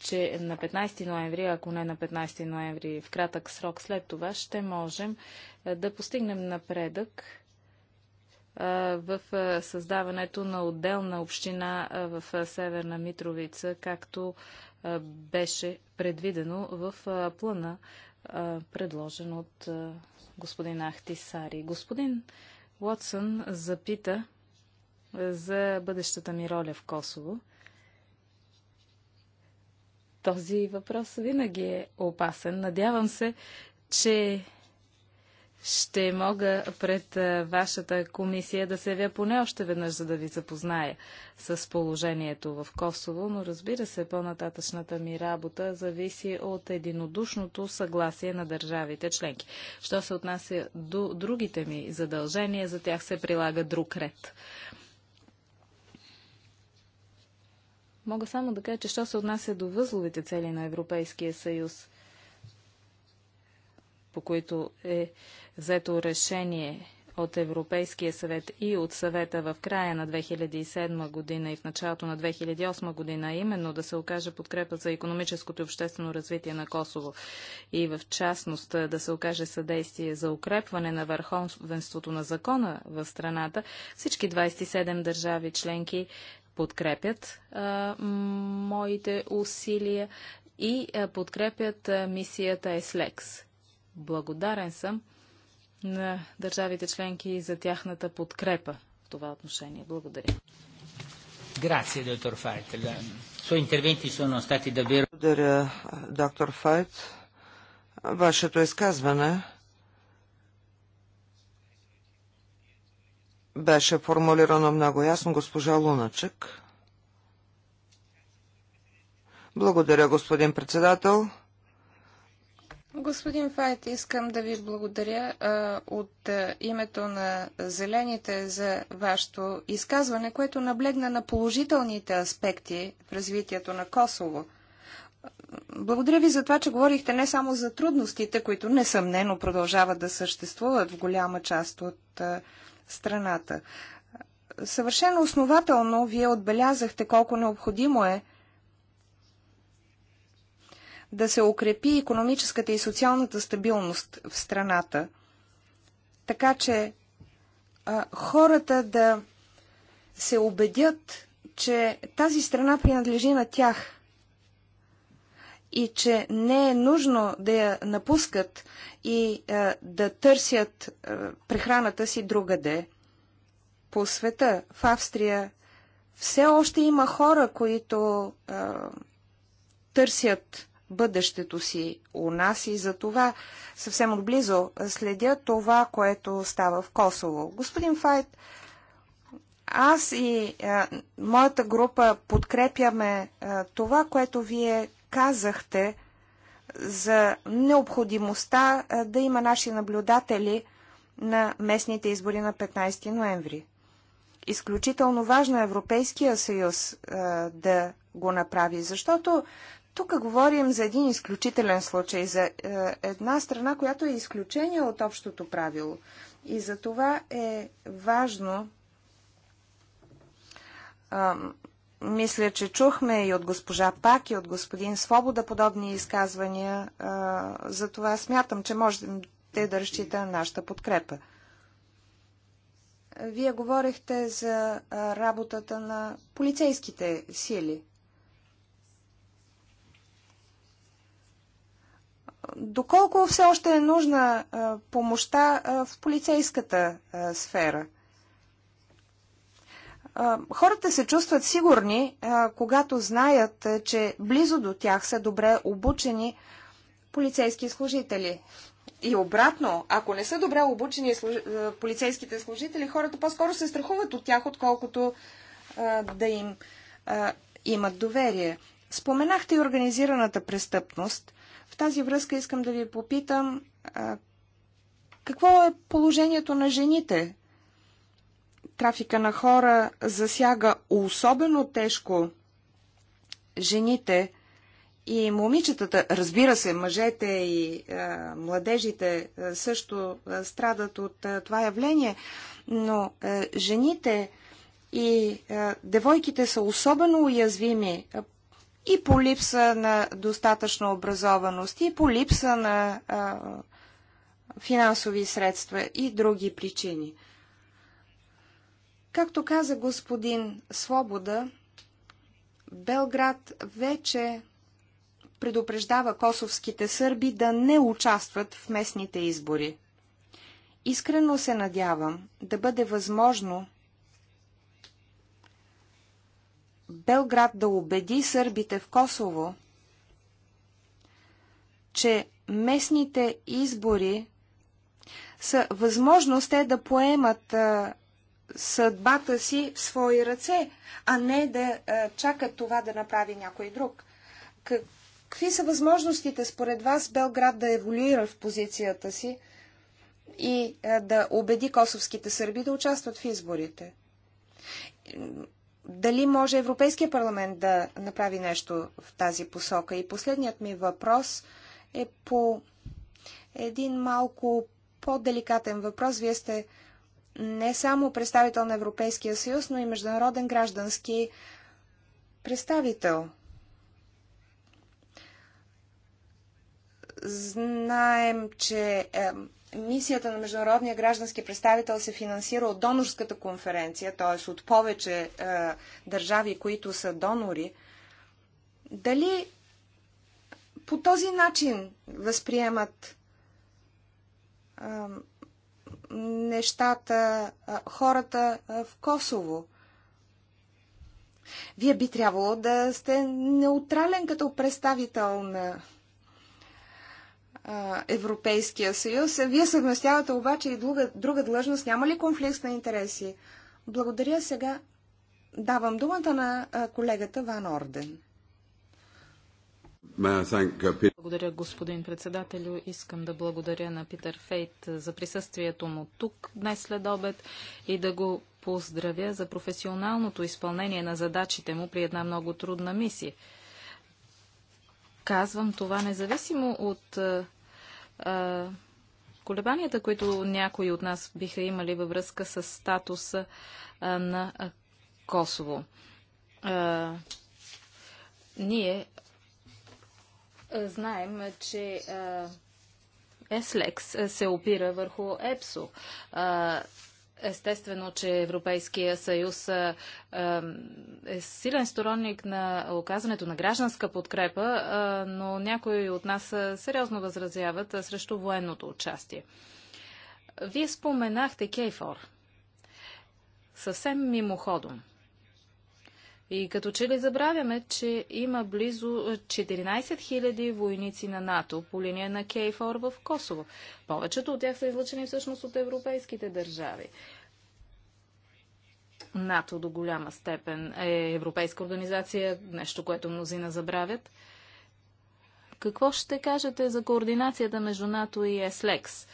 Speaker 3: че на 15 ноември, ако не на 15 ноември, в кратък срок след това, ще можем да постигнем напредък в създаването на отделна община в Северна Митровица, както беше предвидено в плана, предложен от господин Ахтисари. Господин Уотсън запита за бъдещата ми роля в Косово. Този въпрос винаги е опасен. Надявам се, че ще мога пред вашата комисия да се явя поне още веднъж, за да ви запозная с положението в Косово, но разбира се, по-нататъчната ми работа зависи от единодушното съгласие на държавите членки. Що се отнася до другите ми задължения, за тях се прилага друг ред. Мога само да кажа, че що се отнася до възловите цели на Европейския съюз – по които е взето решение от Европейския съвет и от съвета в края на 2007 година и в началото на 2008 година, именно да се окаже подкрепа за економическото и обществено развитие на Косово и в частност да се окаже съдействие за укрепване на върховенството на закона в страната, всички 27 държави членки подкрепят а, моите усилия и подкрепят мисията ЕСЛЕКС Благодарен съм на държавите членки за тяхната подкрепа в това отношение. Благодаря.
Speaker 2: Grazie, dottor Fait.
Speaker 4: suoi interventi sono stati davvero... Благодаря, доктор Файт. Вашето изказване беше формулирано много ясно госпожа Луначек. Благодаря, господин председател.
Speaker 1: Господин Файт, искам да ви благодаря а, от а, името на Зелените за вашето изказване, което наблегна на положителните аспекти в развитието на Косово. Благодаря ви за това, че говорихте не само за трудностите, които несъмнено продължават да съществуват в голяма част от а, страната. Съвършено основателно вие отбелязахте колко необходимо е да се укрепи економическата и социалната стабилност в страната, така че а, хората да се убедят, че тази страна принадлежи на тях и че не е нужно да я напускат и а, да търсят а, прехраната си другаде по света, в Австрия, все още има хора, които а, търсят бъдещето си у нас и за това съвсем отблизо следя това, което става в Косово. Господин Файт, аз и а, е, моята група подкрепяме а, е, това, което вие казахте за необходимостта а, е, да има наши наблюдатели на местните избори на 15 ноември. Изключително важно Европейския съюз а, да го направи, защото тук говорим за един изключителен случай, за е, една страна, която е изключение от общото правило. И за това е важно. мисля, че чухме и от госпожа Пак, и от господин Свобода подобни изказвания. А, за това смятам, че може те да разчита нашата подкрепа. Вие говорихте за работата на полицейските сили. доколко все още е нужна помощта в полицейската сфера? Хората се чувстват сигурни, когато знаят, че близо до тях са добре обучени полицейски служители. И обратно, ако не са добре обучени служ... полицейските служители, хората по-скоро се страхуват от тях, отколкото а, да им а, имат доверие. Споменахте и организираната престъпност тази връзка искам да ви попитам а, какво е положението на жените? Трафика на хора засяга особено тежко жените и момичетата. Разбира се, мъжете и а, младежите а, също а, страдат от а, това явление, но а, жените и а, девойките са особено уязвими и по липса на достатъчна образованост, и по липса на а, финансови средства и други причини. Както каза господин Свобода, Белград вече предупреждава косовските сърби да не участват в местните избори. Искрено се надявам да бъде възможно Белград да убеди сърбите в Косово, че местните избори са възможност те да поемат а, съдбата си в свои ръце, а не да а, чакат това да направи някой друг. Какви са възможностите според вас Белград да еволюира в позицията си и а, да убеди косовските сърби да участват в изборите? дали може Европейския парламент да направи нещо в тази посока? И последният ми въпрос е по един малко по-деликатен въпрос. Вие сте не само представител на Европейския съюз, но и международен граждански представител. Знаем, че е, мисията на Международния граждански представител се финансира от донорската конференция, т.е. от повече е, държави, които са донори, дали по този начин възприемат е, нещата е, хората е, в Косово? Вие би трябвало да сте неутрален като представител на Европейския съюз. Вие съвместявате обаче и друга, друга длъжност. Няма ли конфликт на интереси? Благодаря сега.
Speaker 3: Давам думата на колегата Ван Орден.
Speaker 2: Uh,
Speaker 3: благодаря, господин председателю. Искам да благодаря на Питър Фейт за присъствието му тук днес след обед и да го поздравя за професионалното изпълнение на задачите му при една много трудна мисия. Казвам това независимо от а, а, колебанията, които някои от нас биха имали във връзка с статуса а, на а, Косово. А, ние а, знаем, че а, Еслекс се опира върху ЕПСО. А, Естествено, че Европейския съюз е, силен сторонник на оказането на гражданска подкрепа, но някои от нас сериозно възразяват срещу военното участие. Вие споменахте Кейфор. Съвсем мимоходом. И като че ли забравяме, че има близо 14 000 войници на НАТО по линия на Кейфор в Косово. Повечето от тях са излъчени всъщност от европейските държави. НАТО до голяма степен е европейска организация, нещо, което мнозина забравят. Какво ще кажете за координацията между НАТО и ЕСЛЕКС?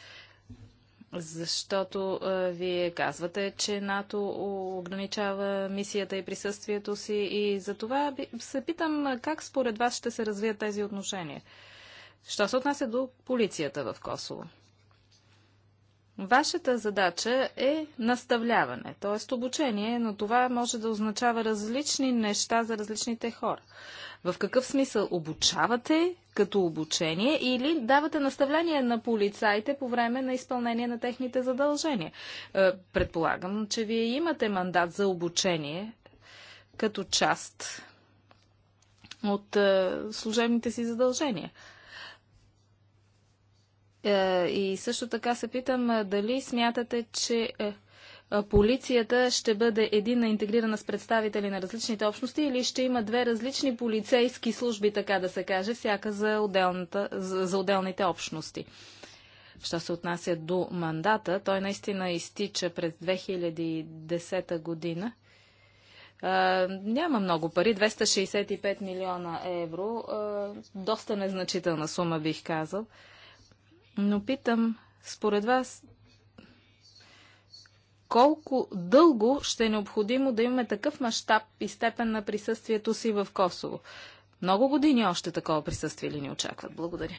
Speaker 3: Защото а, вие казвате, че НАТО ограничава мисията и присъствието си и за това се питам как според вас ще се развият тези отношения. Що се отнася до полицията в Косово? Вашата задача е наставляване, т.е. обучение, но това може да означава различни неща за различните хора. В какъв смисъл обучавате като обучение или давате наставление на полицаите по време на изпълнение на техните задължения. Е, предполагам, че вие имате мандат за обучение като част от е, служебните си задължения. Е, и също така се питам дали смятате, че полицията ще бъде единна интегрирана с представители на различните общности или ще има две различни полицейски служби, така да се каже, всяка за, за, за отделните общности. Що се отнася до мандата, той наистина изтича през 2010 година. А, няма много пари, 265 милиона евро, а, доста незначителна сума бих казал. Но питам, според вас, колко дълго ще е необходимо да имаме такъв мащаб и степен на присъствието си в Косово. Много години още такова присъствие ли ни очакват? Благодаря.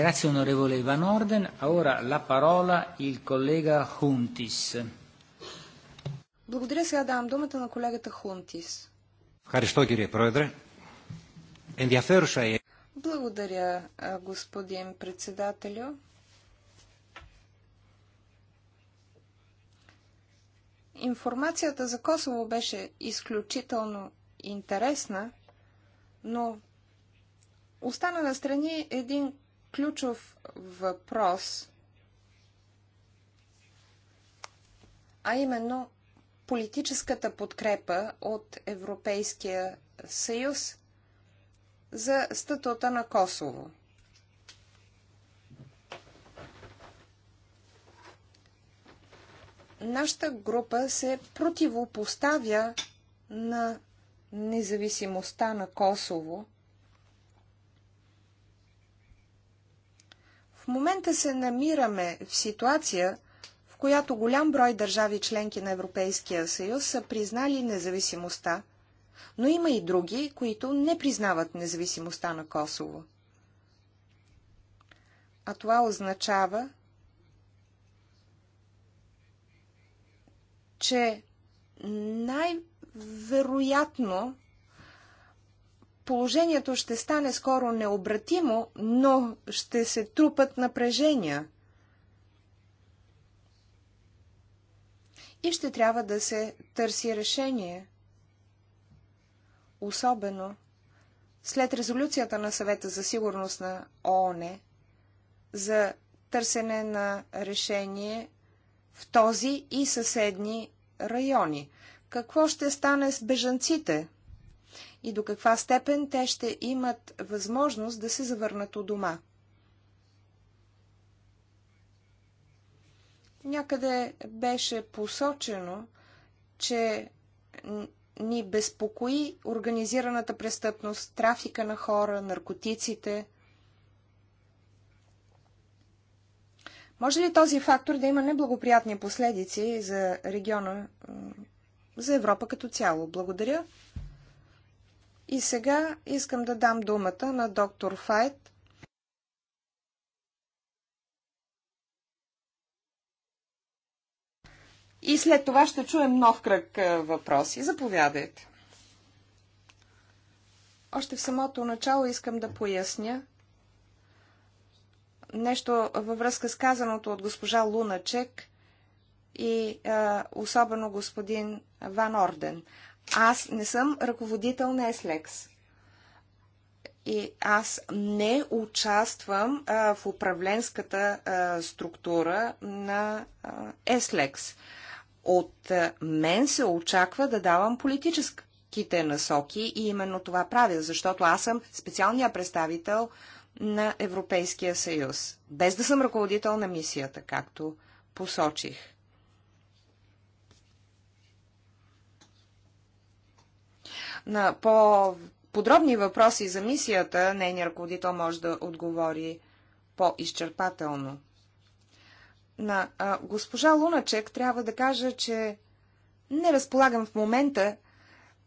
Speaker 2: Grazie onorevole Van Orden. Ora la parola il collega Huntis.
Speaker 1: Благодаря, сега давам думата на колегата Хунтис.
Speaker 2: Ευχαριστώ, κύριε проедре. Е.
Speaker 1: Благодаря, господин председателю. Информацията за Косово беше изключително интересна, но остана на страни един ключов въпрос, а именно политическата подкрепа от Европейския съюз за статута на Косово. нашата група се противопоставя на независимостта на Косово. В момента се намираме в ситуация, в която голям брой държави членки на Европейския съюз са признали независимостта, но има и други, които не признават независимостта на Косово. А това означава, че най-вероятно положението ще стане скоро необратимо, но ще се трупат напрежения. И ще трябва да се търси решение. Особено след резолюцията на съвета за сигурност на ООН за търсене на решение в този и съседни райони. Какво ще стане с бежанците и до каква степен те ще имат възможност да се завърнат у дома? Някъде беше посочено, че ни безпокои организираната престъпност, трафика на хора, наркотиците – Може ли този фактор да има неблагоприятни последици за региона, за Европа като цяло? Благодаря. И сега искам да дам думата на доктор Файт. И след това ще чуем нов кръг въпроси. Заповядайте. Още в самото начало искам да поясня, нещо във връзка с казаното от госпожа Луначек и а, е, особено господин Ван Орден. Аз не съм ръководител на Еслекс. И аз не участвам а, е, в управленската а, е, структура на Еслекс. От а, мен се очаква да давам политическите насоки и именно това правя, защото аз съм специалния представител а, на Европейския съюз, без да съм ръководител на мисията, както посочих. На по-подробни въпроси за мисията, нейният ръководител може да отговори по-изчерпателно. На а, госпожа Луначек трябва да кажа, че не разполагам в момента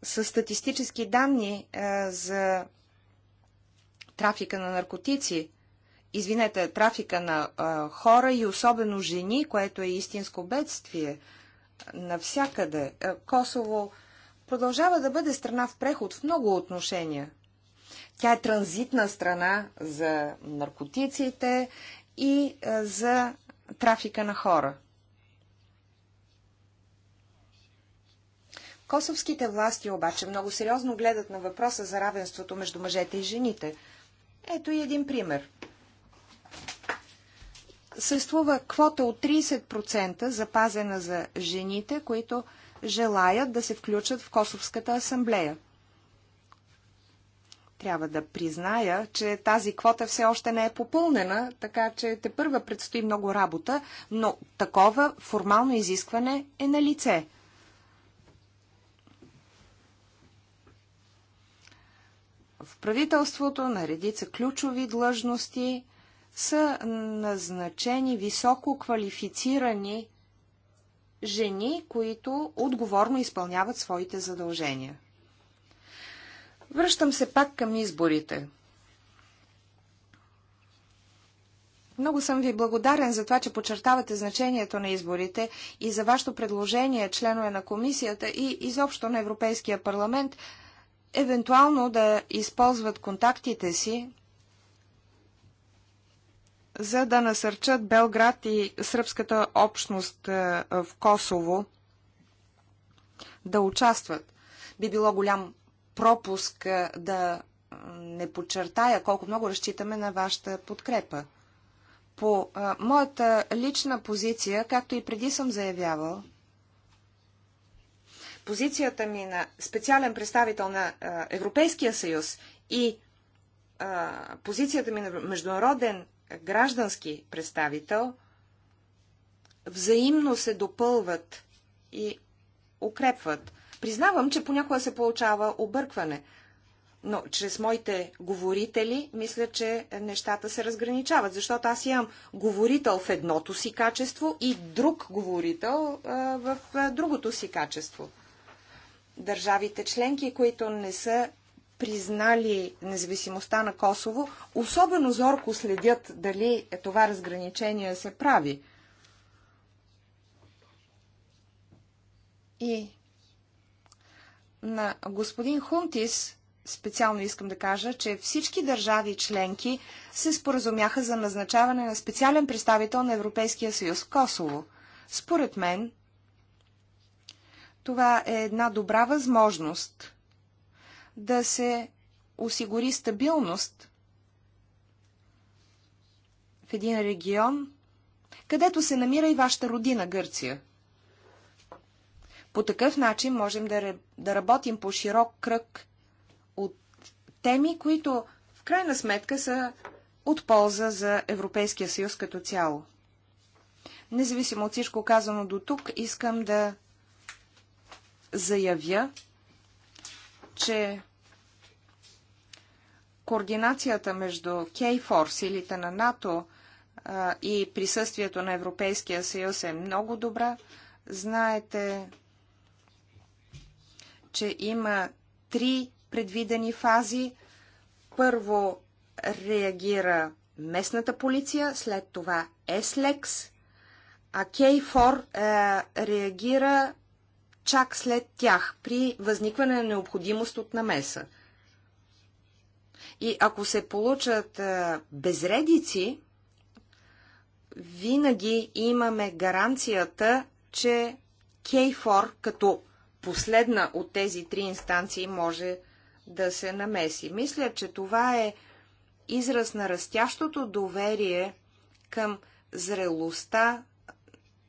Speaker 1: с статистически данни а, за трафика на наркотици, извинете, трафика на а, хора и особено жени, което е истинско бедствие навсякъде. Косово продължава да бъде страна в преход в много отношения. Тя е транзитна страна за наркотиците и а, за трафика на хора. Косовските власти обаче много сериозно гледат на въпроса за равенството между мъжете и жените – ето и един пример. Съществува квота от 30% запазена за жените, които желаят да се включат в Косовската асамблея. Трябва да призная, че тази квота все още не е попълнена, така че те първа предстои много работа, но такова формално изискване е на лице – правителството на редица ключови длъжности са назначени високо квалифицирани жени, които отговорно изпълняват своите задължения. Връщам се пак към изборите. Много съм ви благодарен за това, че подчертавате значението на изборите и за вашето предложение, членове на комисията и изобщо на Европейския парламент, евентуално да използват контактите си, за да насърчат Белград и сръбската общност е, в Косово да участват. Би било голям пропуск е, да е, не подчертая колко много разчитаме на вашата подкрепа. По а, моята лична позиция, както и преди съм заявявал, позицията ми на специален представител на Европейския съюз и позицията ми на международен граждански представител взаимно се допълват и укрепват. Признавам, че понякога се получава объркване, но чрез моите говорители мисля, че нещата се разграничават, защото аз имам говорител в едното си качество и друг говорител а, в а, другото си качество държавите членки, които не са признали независимостта на Косово, особено зорко следят дали е това разграничение се прави. И на господин Хунтис специално искам да кажа, че всички държави членки се споразумяха за назначаване на специален представител на Европейския съюз в Косово. Според мен, това е една добра възможност да се осигури стабилност в един регион, където се намира и вашата родина Гърция. По такъв начин можем да, да работим по широк кръг от теми, които в крайна сметка са от полза за Европейския съюз като цяло. Независимо от всичко казано до тук, искам да заявя, че координацията между Кейфор, силите на НАТО и присъствието на Европейския съюз е много добра. Знаете, че има три предвидени фази. Първо реагира местната полиция, след това ЕСЛЕКС, а Кейфор е, реагира чак след тях, при възникване на необходимост от намеса. И ако се получат безредици, винаги имаме гаранцията, че Кейфор като последна от тези три инстанции може да се намеси. Мисля, че това е израз на растящото доверие към зрелостта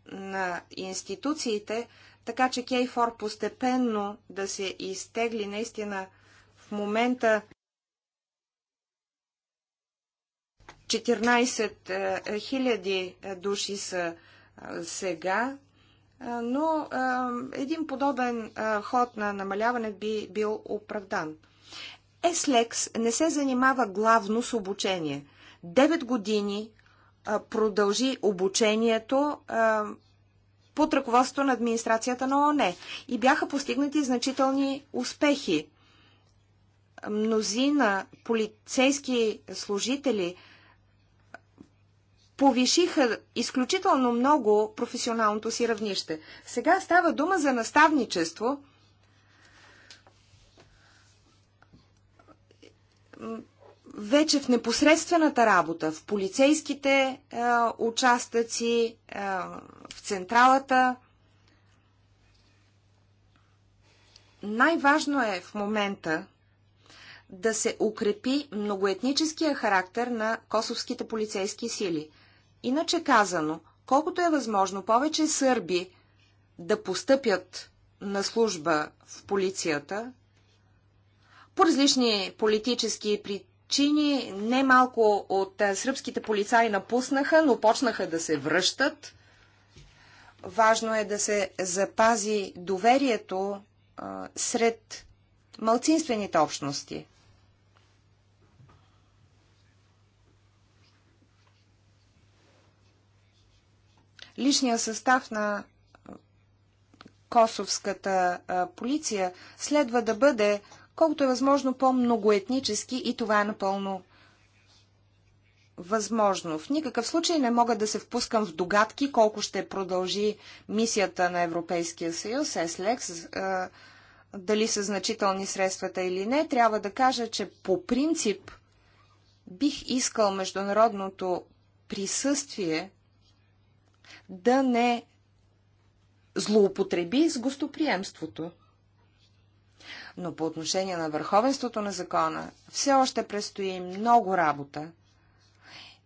Speaker 1: на институциите, така че Кейфор постепенно да се изтегли наистина в момента 14 000 е, е, души са е, сега, но един подобен ход на намаляване би бил оправдан. Еслекс не се занимава главно с обучение. Девет години продължи обучението под ръководството на администрацията на ООН. И бяха постигнати значителни успехи. Мнозина полицейски служители повишиха изключително много професионалното си равнище. Сега става дума за наставничество вече в непосредствената работа, в полицейските е, участъци, е, в централата. Най-важно е в момента да се укрепи многоетническия характер на косовските полицейски сили. Иначе казано, колкото е възможно повече сърби да постъпят на служба в полицията, по различни политически и чини немалко от сръбските полицаи напуснаха, но почнаха да се връщат. Важно е да се запази доверието а, сред малцинствените общности. Личният състав на косовската а, полиция следва да бъде колкото е възможно по-многоетнически и това е напълно възможно. В никакъв случай не мога да се впускам в догадки колко ще продължи мисията на Европейския съюз, ЕСЛЕКС, дали са значителни средствата или не. Трябва да кажа, че по принцип бих искал международното присъствие да не злоупотреби с гостоприемството. Но по отношение на върховенството на закона все още предстои много работа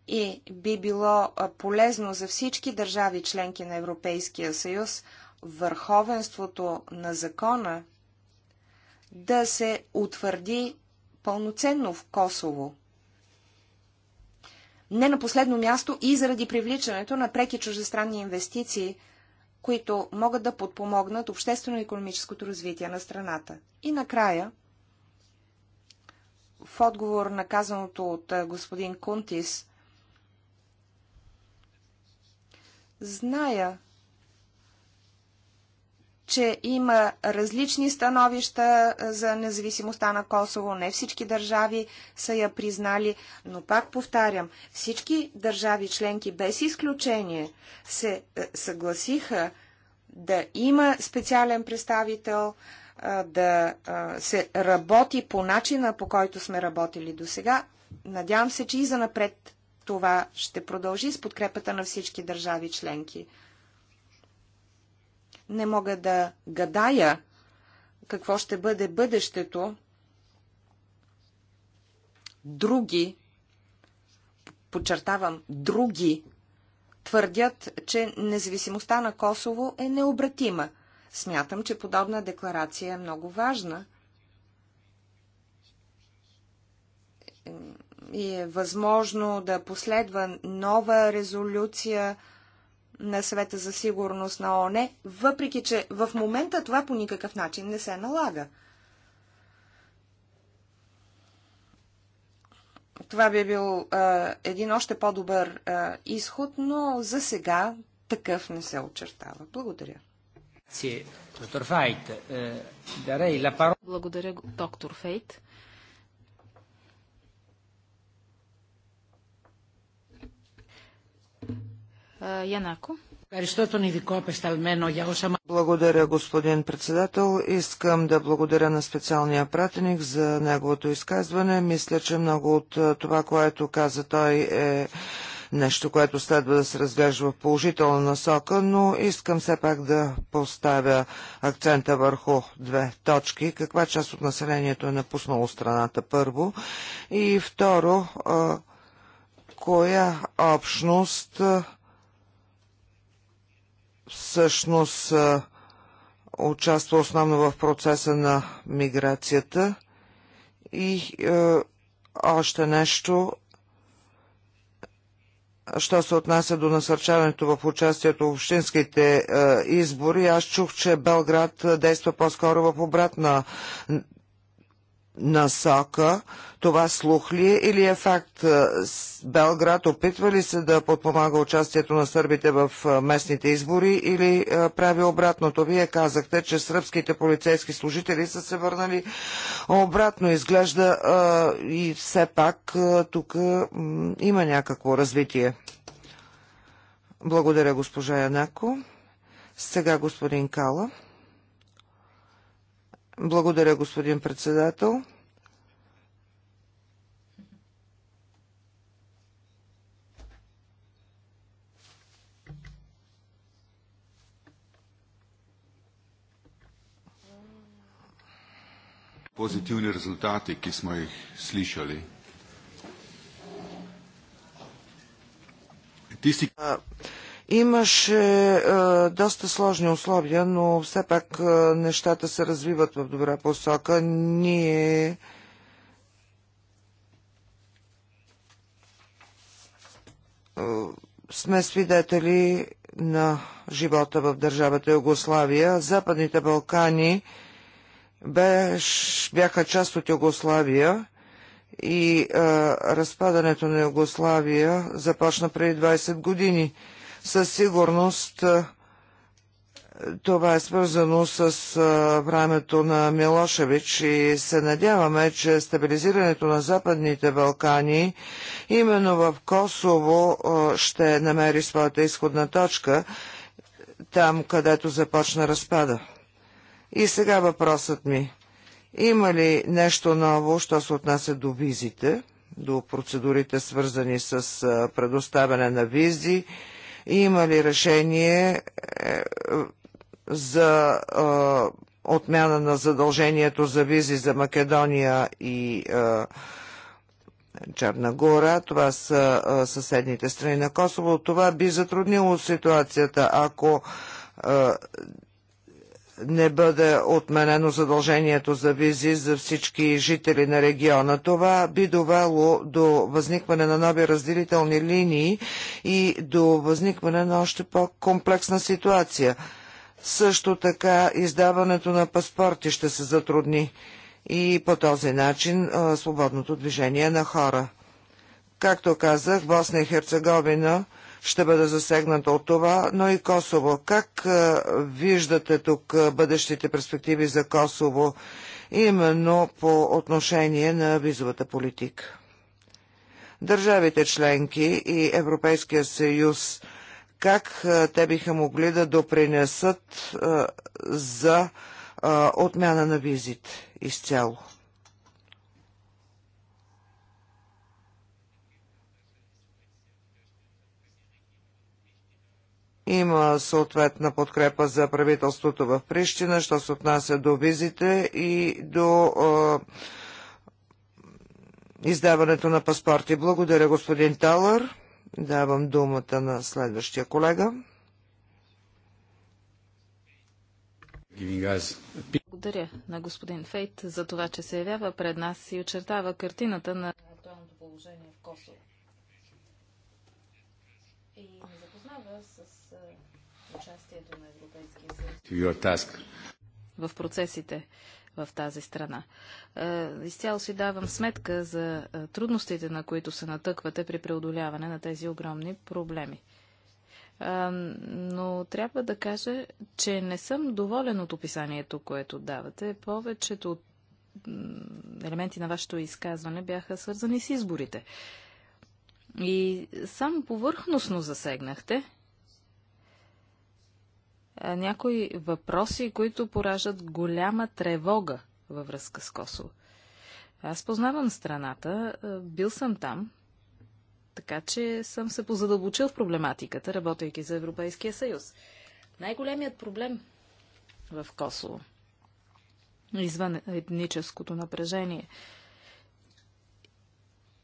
Speaker 1: и би било полезно за всички държави членки на Европейския съюз върховенството на закона да се утвърди пълноценно в Косово. Не на последно място и заради привличането на преки чуждестранни инвестиции – които могат да подпомогнат обществено-економическото развитие на страната. И накрая, в отговор на казаното от господин Кунтис, зная, че има различни становища за независимостта на Косово. Не всички държави са я признали, но пак повтарям, всички държави членки без изключение се съгласиха да има специален представител, да се работи по начина, по който сме работили до сега. Надявам се, че и занапред това ще продължи с подкрепата на всички държави членки. Не мога да гадая какво ще бъде бъдещето. Други, подчертавам, други твърдят, че независимостта на Косово е необратима. Смятам, че подобна декларация е много важна и е възможно да последва нова резолюция на съвета за сигурност на ООН, въпреки че в момента това по никакъв начин не се налага. Това би бил а, един още по-добър изход, но за сега такъв не се
Speaker 2: очертава. Благодаря. Е,
Speaker 3: Благодаря, доктор Фейт. Янако.
Speaker 4: Благодаря, господин председател. Искам да благодаря на специалния пратеник за неговото изказване. Мисля, че много от това, което каза той е нещо, което следва да се разглежда в положителна насока, но искам все пак да поставя акцента върху две точки. Каква част от населението е напуснало страната първо и второ, коя общност всъщност участва основно в процеса на миграцията и е, още нещо, що се отнася до насърчаването в участието в общинските е, избори. Аз чух, че Белград действа по-скоро в обратна насока. Това слух ли е или е факт? Е, Белград опитва ли се да подпомага участието на сърбите в е, местните избори или е, прави обратното? Вие казахте, че сръбските полицейски служители са се върнали обратно. Изглежда и все пак тук има някакво развитие. Благодаря, госпожа Янако. Сега господин Кала. Благодаря, господин председател. pozitivni rezultati, ki smo jih slišali. Tisti, Имаше е, доста сложни условия, но все пак е, нещата се развиват в добра посока. Ние е, сме свидетели на живота в държавата Югославия. Западните Балкани беш, бяха част от Югославия и е, разпадането на Югославия започна преди 20 години. Със сигурност е, това е свързано с е, времето на Милошевич и се надяваме, че стабилизирането на Западните Балкани именно в Косово е, ще намери своята изходна точка там, където започна разпада. И сега въпросът ми. Има ли нещо ново, що се отнася до визите, до процедурите свързани с предоставяне на визи? Има ли решение е, за е, отмяна на задължението за визи за Македония и е, Черна гора, това са съседните страни на Косово. Това би затруднило ситуацията, ако не бъде отменено задължението за визи за всички жители на региона. Това би довело до възникване на нови разделителни линии и до възникване на още по-комплексна ситуация. Също така издаването на паспорти ще се затрудни и по този начин свободното движение на хора. Както казах, Босна и Херцеговина – ще бъде засегната от това, но и Косово. Как виждате тук бъдещите перспективи за Косово, именно по отношение на визовата политика? Държавите членки и Европейския съюз как те биха могли да допринесат за отмяна на визите изцяло? Има съответна подкрепа за правителството в Прищина, що се отнася до визите и до издаването на паспорти. Благодаря, господин Талър. Давам думата на следващия колега.
Speaker 3: Благодаря на господин Фейт за това, че се явява пред нас и очертава картината на актуалното положение в Косово. И ни запознава с участието на Европейския
Speaker 2: съюз
Speaker 3: в процесите в тази страна. Изцяло си давам сметка за трудностите, на които се натъквате при преодоляване на тези огромни проблеми. Но трябва да кажа, че не съм доволен от описанието, което давате. Повечето от елементи на вашето изказване бяха свързани с изборите. И само повърхностно засегнахте някои въпроси, които поражат голяма тревога във връзка с Косово. Аз познавам страната, бил съм там, така че съм се позадълбочил в проблематиката, работейки за Европейския съюз. Най-големият проблем в Косово, извън етническото напрежение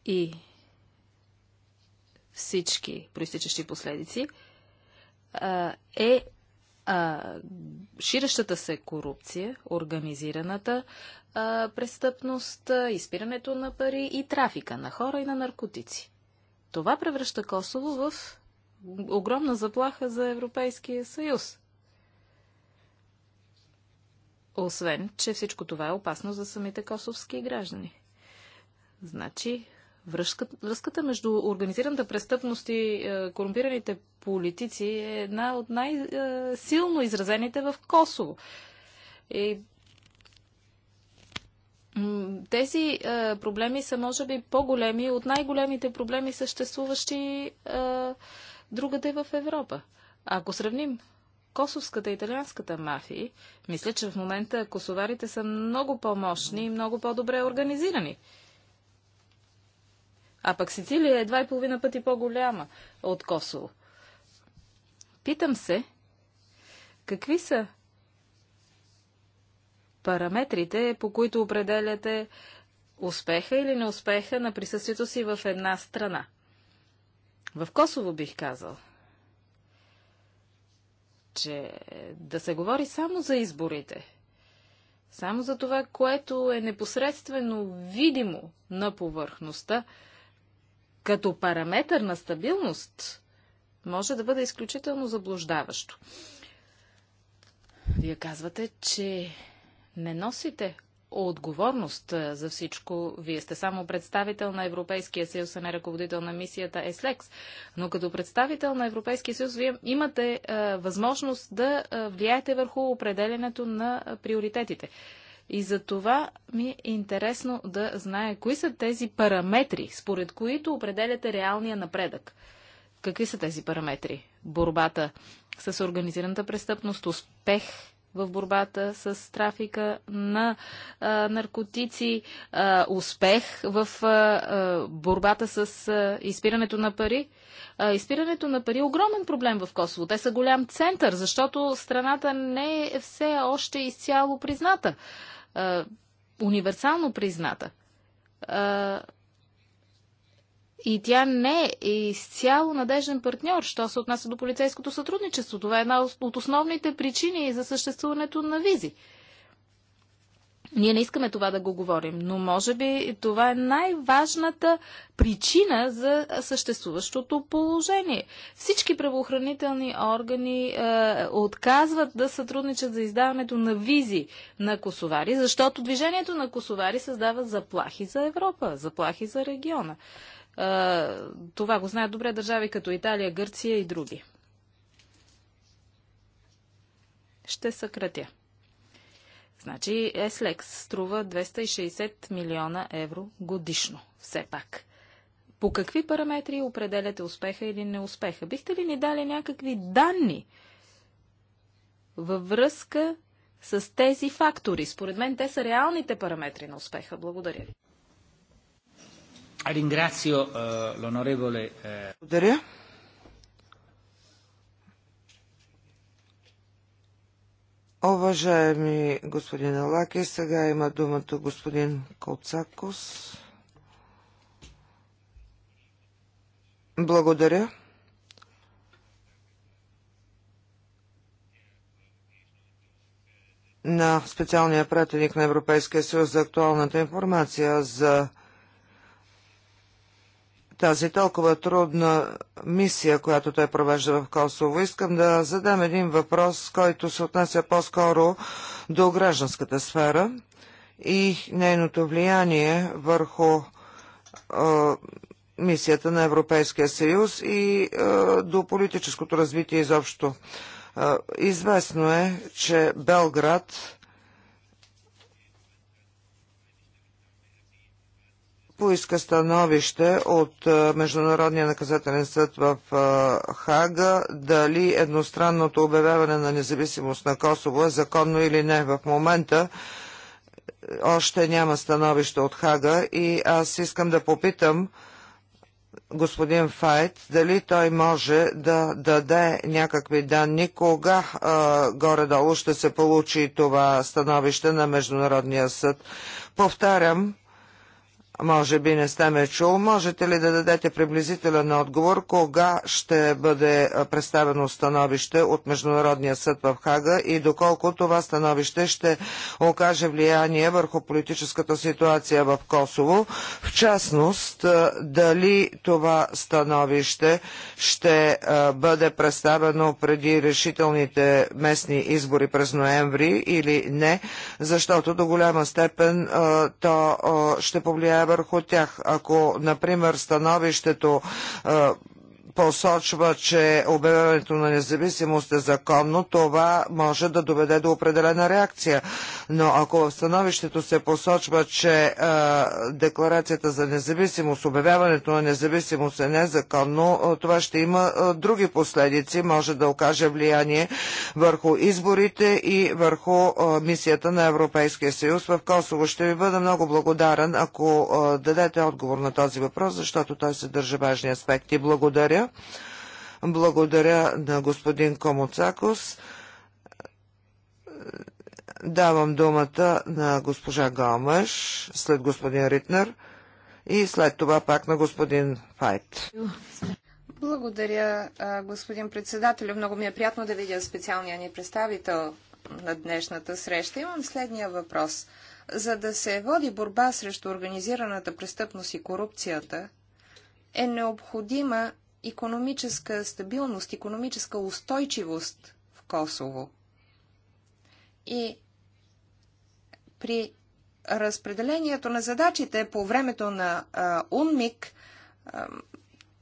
Speaker 3: и всички проистичащи последици, е а, ширещата се корупция, организираната а, престъпност, а, изпирането на пари и трафика на хора и на наркотици. Това превръща Косово в огромна заплаха за Европейския съюз. Освен, че всичко това е опасно за самите косовски граждани. Значи, Връзката, между организираната престъпност и е, корумпираните политици е една от най-силно изразените в Косово. И тези е, проблеми са, може би, по-големи от най-големите проблеми, съществуващи е, другаде в Европа. Ако сравним косовската и италианската мафии, мисля, че в момента косоварите са много по-мощни и много по-добре организирани. А пък Сицилия е два и половина пъти по-голяма от Косово. Питам се, какви са параметрите, по които определяте успеха или неуспеха на присъствието си в една страна? В Косово бих казал, че да се говори само за изборите, само за това, което е непосредствено видимо на повърхността, като параметър на стабилност може да бъде изключително заблуждаващо. Вие казвате, че не носите отговорност за всичко. Вие сте само представител на Европейския съюз, а не ръководител на мисията ESLEX. Но като представител на Европейския съюз, вие имате а, възможност да влияете върху определенето на приоритетите. И за това ми е интересно да знае кои са тези параметри, според които определяте реалния напредък. Какви са тези параметри? Борбата с организираната престъпност, успех в борбата с трафика на а, наркотици, а, успех в а, а, борбата с а, изпирането на пари. А, изпирането на пари е огромен проблем в Косово. Те са голям център, защото страната не е все още изцяло призната универсално призната. А, и тя не е изцяло надежден партньор, що се отнася до полицейското сътрудничество. Това е една от основните причини за съществуването на визи. Ние не искаме това да го говорим, но може би това е най-важната причина за съществуващото положение. Всички правоохранителни органи е, отказват да сътрудничат за издаването на визи на косовари, защото движението на косовари създава заплахи за Европа, заплахи за региона. Е, това го знаят добре държави като Италия, Гърция и други. Ще съкратя. Значи Еслекс струва 260 милиона евро годишно, все пак. По какви параметри определяте успеха или неуспеха? Бихте ли ни дали някакви данни във връзка с тези фактори? Според мен те са реалните параметри на успеха. Благодаря ви.
Speaker 2: Eh, eh,
Speaker 4: Благодаря. Уважаеми господин Алаки, сега има думата господин Коцакос. Благодаря. на специалния пратеник на Европейския съюз за актуалната информация за тази толкова трудна мисия, която той провежда в Косово. Искам да задам един въпрос, който се отнася по-скоро до гражданската сфера и нейното влияние върху е, мисията на Европейския съюз и е, до политическото развитие изобщо. Е, известно е, че Белград поиска становище от Международния наказателен съд в Хага дали едностранното обявяване на независимост на Косово е законно или не. В момента е, още няма становище от Хага и аз искам да попитам господин Файт, дали той може да даде някакви данни, кога горе-долу ще се получи това становище на Международния съд. Повтарям, може би не сте ме чул. Можете ли да дадете приблизителен отговор кога ще бъде представено становище от Международния съд в Хага и доколко това становище ще окаже влияние върху политическата ситуация в Косово? В частност, дали това становище ще бъде представено преди решителните местни избори през ноември или не, защото до голяма степен то ще повлияе върху тях. Ако, например, становището посочва, че обявяването на независимост е законно, това може да доведе до определена реакция. Но ако в становището се посочва, че а, декларацията за независимост, обявяването на независимост е незаконно, това ще има а, други последици, може да окаже влияние върху изборите и върху а, мисията на Европейския съюз в Косово. Ще ви бъда много благодарен, ако а, дадете отговор на този въпрос, защото той съдържа важни аспекти. Благодаря. Благодаря. на господин Комоцакос. Давам думата на госпожа Галмаш, след господин Ритнер и след това пак на господин Файт.
Speaker 1: Благодаря, господин председател. Много ми е приятно да видя специалния ни представител на днешната среща. Имам следния въпрос. За да се води борба срещу организираната престъпност и корупцията, е необходима економическа стабилност, економическа устойчивост в Косово. И при разпределението на задачите по времето на а, УНМИК, а,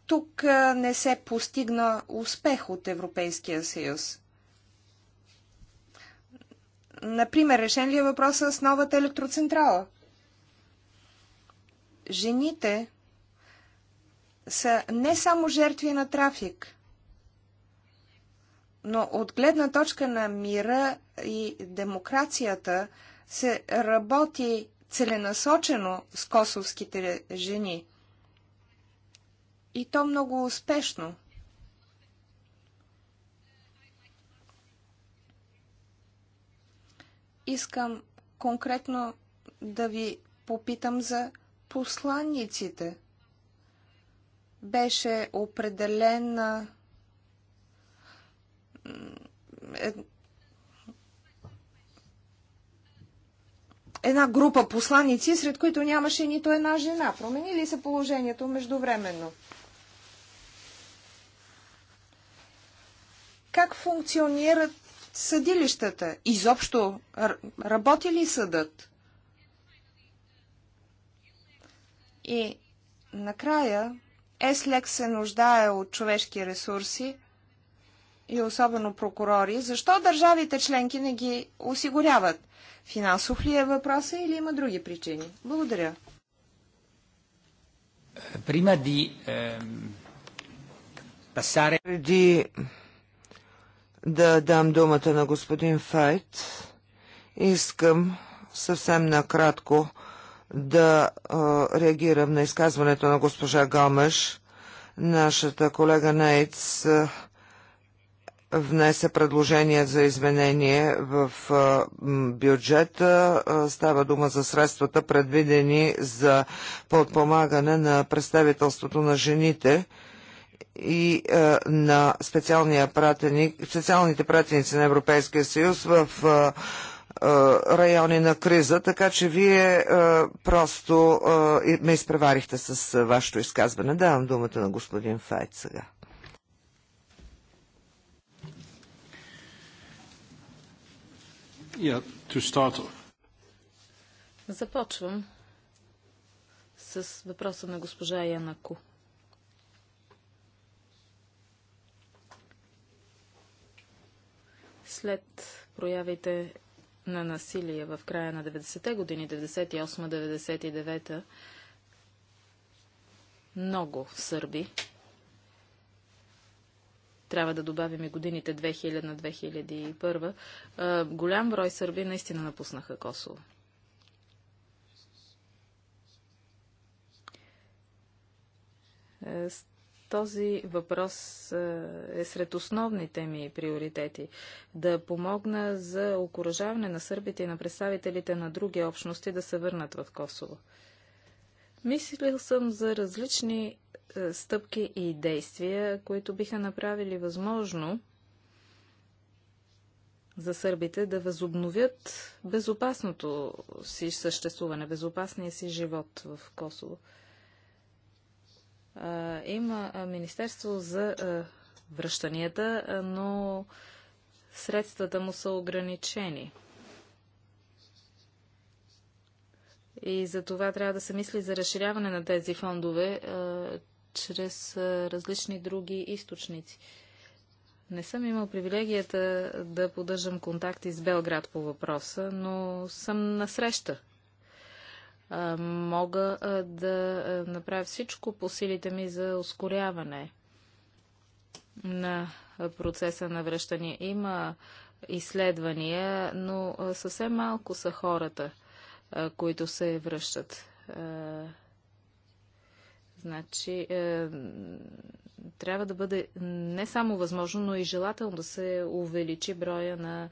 Speaker 1: тук а, не се постигна успех от Европейския съюз. Например, решен ли е въпроса с новата електроцентрала? Жените са не само жертви на трафик, но от гледна точка на мира и демокрацията се работи целенасочено с косовските жени. И то много успешно. Искам конкретно да ви попитам за посланниците – беше определен е, една група посланици, сред които нямаше нито една жена. Промени ли се положението междувременно? Как функционират съдилищата? Изобщо работи ли съдът? И накрая ЕСЛЕК се нуждае от човешки ресурси и особено прокурори. Защо държавите членки не ги осигуряват? Финансов ли е въпроса или има други причини? Благодаря.
Speaker 2: Prima di
Speaker 4: passare... Преди да дам думата на господин Файт, искам съвсем накратко да реагирам на изказването на госпожа Гомеш. Нашата колега Нейц внесе предложение за изменение в бюджета. Става дума за средствата, предвидени за подпомагане на представителството на жените и на специалния пратеник, специалните пратеници на Европейския съюз в е, е, райони на криза, така че вие е, просто е, ме изпреварихте с вашето изказване. Давам думата на господин Файт сега.
Speaker 3: Започвам с въпроса на госпожа Янако. След проявите на насилие в края на 90-те години, 98-99, много сърби. Трябва да добавим и годините 2000-2001. Голям брой сърби наистина напуснаха Косово. Е, този въпрос е сред основните ми приоритети. Да помогна за окоръжаване на сърбите и на представителите на други общности да се върнат в Косово. Мислил съм за различни е, стъпки и действия, които биха направили възможно за сърбите да възобновят безопасното си съществуване, безопасния си живот в Косово има Министерство за връщанията, но средствата му са ограничени. И за това трябва да се мисли за разширяване на тези фондове чрез различни други източници. Не съм имал привилегията да поддържам контакти с Белград по въпроса, но съм насреща мога да направя всичко по силите ми за ускоряване на процеса на връщане. Има изследвания, но съвсем малко са хората, които се връщат. Значи, е, трябва да бъде не само възможно, но и желателно да се увеличи броя на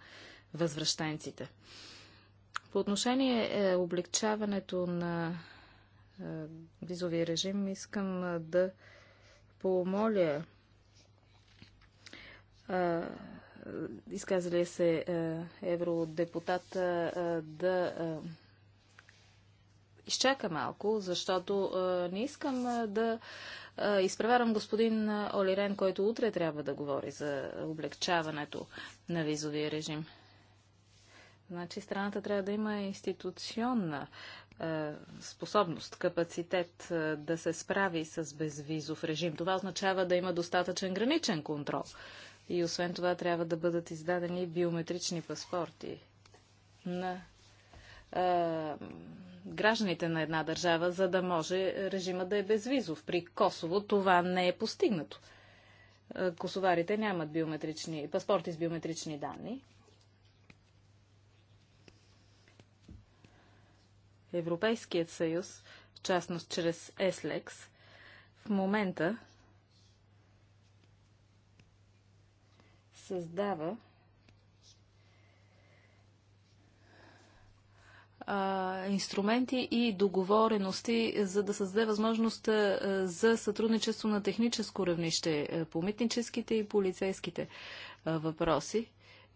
Speaker 3: възвръщенците. По отношение е, облегчаването на е, визовия режим, искам е, да помоля е, изказали се е, евродепутата е, е, да е, изчака малко, защото е, не искам е, да изпреварам господин Олирен, който утре трябва да говори за облегчаването на визовия режим. Значи страната трябва да има институционна е, способност, капацитет е, да се справи с безвизов режим. Това означава да има достатъчен граничен контрол. И освен това трябва да бъдат издадени биометрични паспорти на е, гражданите на една държава, за да може режима да е безвизов. При Косово това не е постигнато. Е, косоварите нямат биометрични, паспорти с биометрични данни. Европейският съюз, в частност чрез ЕСЛЕКС, в момента създава а, инструменти и договорености, за да създаде възможност а, за сътрудничество на техническо равнище по митническите и полицейските а, въпроси,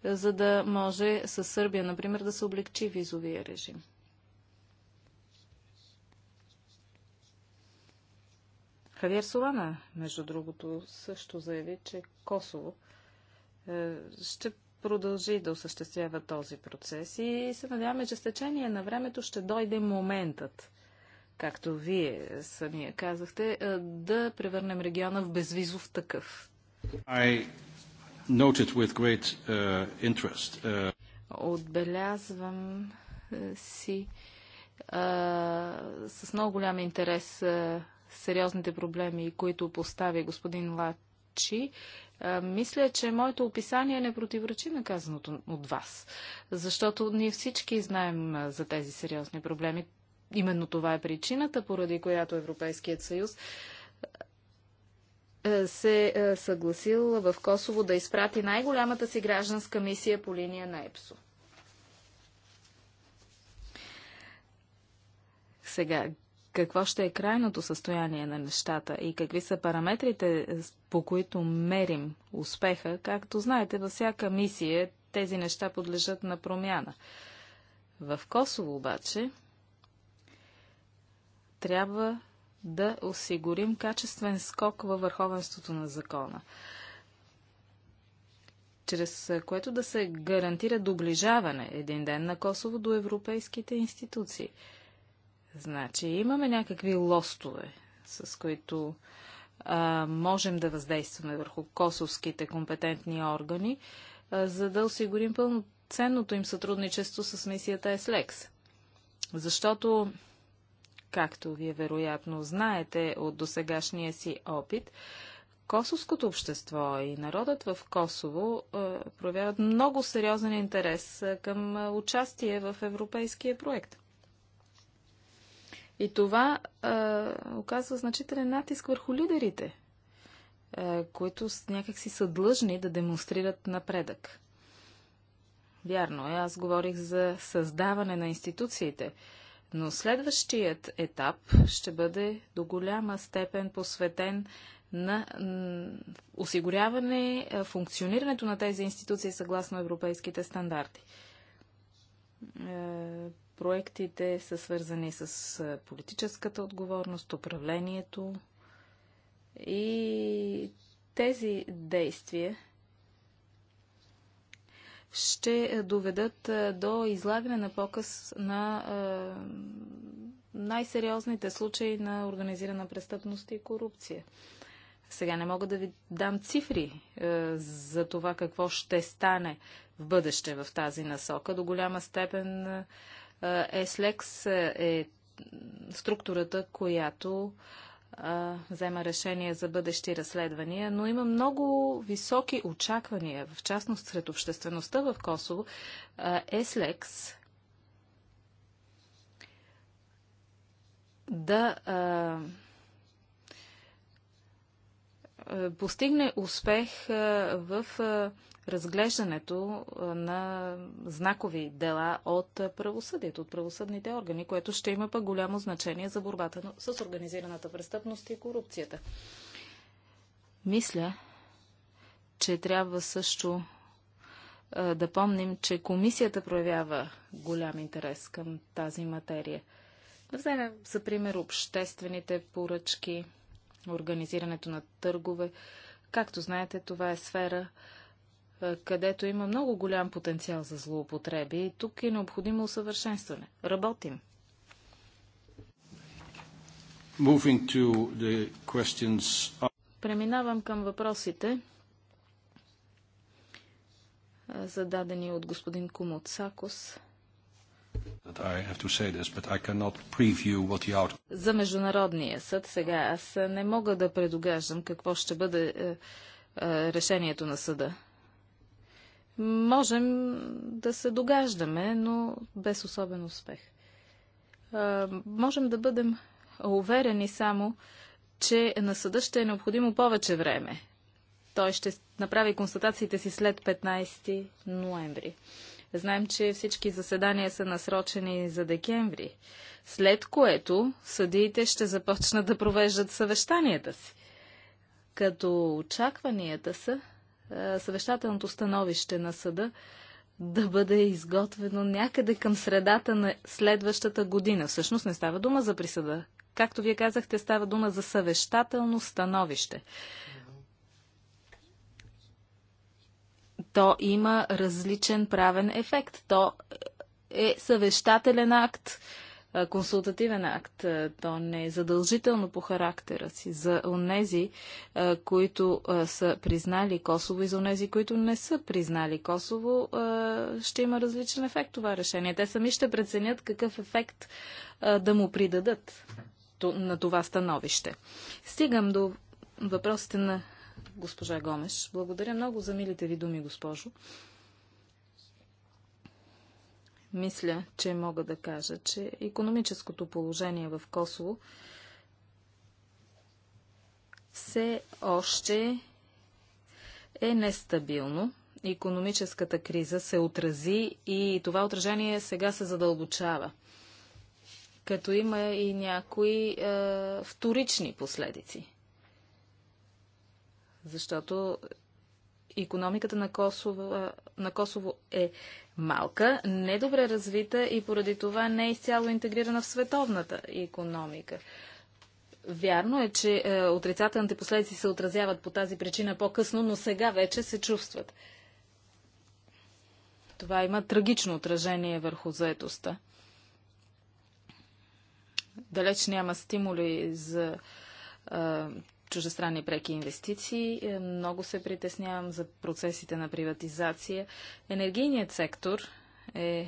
Speaker 3: а, за да може с Сърбия, например, да се облегчи визовия режим. Хавиер Солана, между другото, също заяви, че Косово е, ще продължи да осъществява този процес и се надяваме, че с течение на времето ще дойде моментът, както вие самия казахте, е, да превърнем региона в безвизов такъв.
Speaker 1: I noted with great uh, interest.
Speaker 3: Uh... Отбелязвам е, си uh, с много голям интерес uh, сериозните проблеми, които постави господин Лачи, мисля, че моето описание не противоречи на казаното от вас, защото ние всички знаем за тези сериозни проблеми. Именно това е причината, поради която Европейският съюз се съгласил в Косово да изпрати най-голямата си гражданска мисия по линия на ЕПСО. Сега, какво ще е крайното състояние на нещата и какви са параметрите, по които мерим успеха. Както знаете, във всяка мисия тези неща подлежат на промяна. В Косово обаче трябва да осигурим качествен скок във върховенството на закона, чрез което да се гарантира доближаване един ден на Косово до европейските институции – Значи имаме някакви лостове, с които а, можем да въздействаме върху косовските компетентни органи, а, за да осигурим пълноценното им сътрудничество с мисията СЛЕКС. Защото, както вие вероятно знаете от досегашния си опит, Косовското общество и народът в Косово проявяват много сериозен интерес към участие в европейския проект. И това а, оказва значителен натиск върху лидерите, а, които някакси са длъжни да демонстрират напредък. Вярно е, аз говорих за създаване на институциите, но следващият етап ще бъде до голяма степен посветен на осигуряване функционирането на тези институции съгласно европейските стандарти. Е, проектите са свързани с политическата отговорност, управлението и тези действия ще доведат до излагане на показ на най-сериозните случаи на организирана престъпност и корупция. Сега не мога да ви дам цифри е, за това какво ще стане в бъдеще в тази насока. До голяма степен е, ЕСЛЕКС е структурата, която взема решение за бъдещи разследвания, но има много високи очаквания, в частност сред обществеността в Косово. ЕСЛЕКС да а, постигне успех в разглеждането на знакови дела от правосъдието, от правосъдните органи, което ще има пък голямо значение за борбата с организираната престъпност и корупцията. Мисля, че трябва също да помним, че комисията проявява голям интерес към тази материя. Да вземем за пример обществените поръчки, организирането на търгове. Както знаете, това е сфера, където има много голям потенциал за злоупотреби и тук е необходимо усъвършенстване. Работим. Преминавам към въпросите, зададени от господин Кумот Сакос.
Speaker 2: This,
Speaker 3: за Международния съд сега аз не мога да предугаждам какво ще бъде е, е, решението на съда. Можем да се догаждаме, но без особен успех. Можем да бъдем уверени само, че на съда ще е необходимо повече време. Той ще направи констатациите си след 15 ноември. Знаем, че всички заседания са насрочени за декември, след което съдиите ще започнат да провеждат съвещанията си. Като очакванията са е, съвещателното становище на съда да бъде изготвено някъде към средата на следващата година. Всъщност не става дума за присъда. Както вие казахте, става дума за съвещателно становище. То има различен правен ефект. То е съвещателен акт консултативен акт. То не е задължително по характера си за онези, които са признали Косово и за онези, които не са признали Косово, ще има различен ефект това решение. Те сами ще преценят какъв ефект да му придадат на това становище. Стигам до въпросите на госпожа Гомеш. Благодаря много за милите ви думи, госпожо мисля, че мога да кажа, че економическото положение в Косово все още е нестабилно. Економическата криза се отрази и това отражение сега се задълбочава. Като има и някои е, вторични последици. Защото економиката на Косово, на Косово е малка, недобре развита и поради това не е изцяло интегрирана в световната економика. Вярно е, че е, отрицателните последици се отразяват по тази причина по-късно, но сега вече се чувстват. Това има трагично отражение върху заетостта. Далеч няма стимули за е, чужестранни преки инвестиции. Е, много се притеснявам за процесите на приватизация. Енергийният сектор е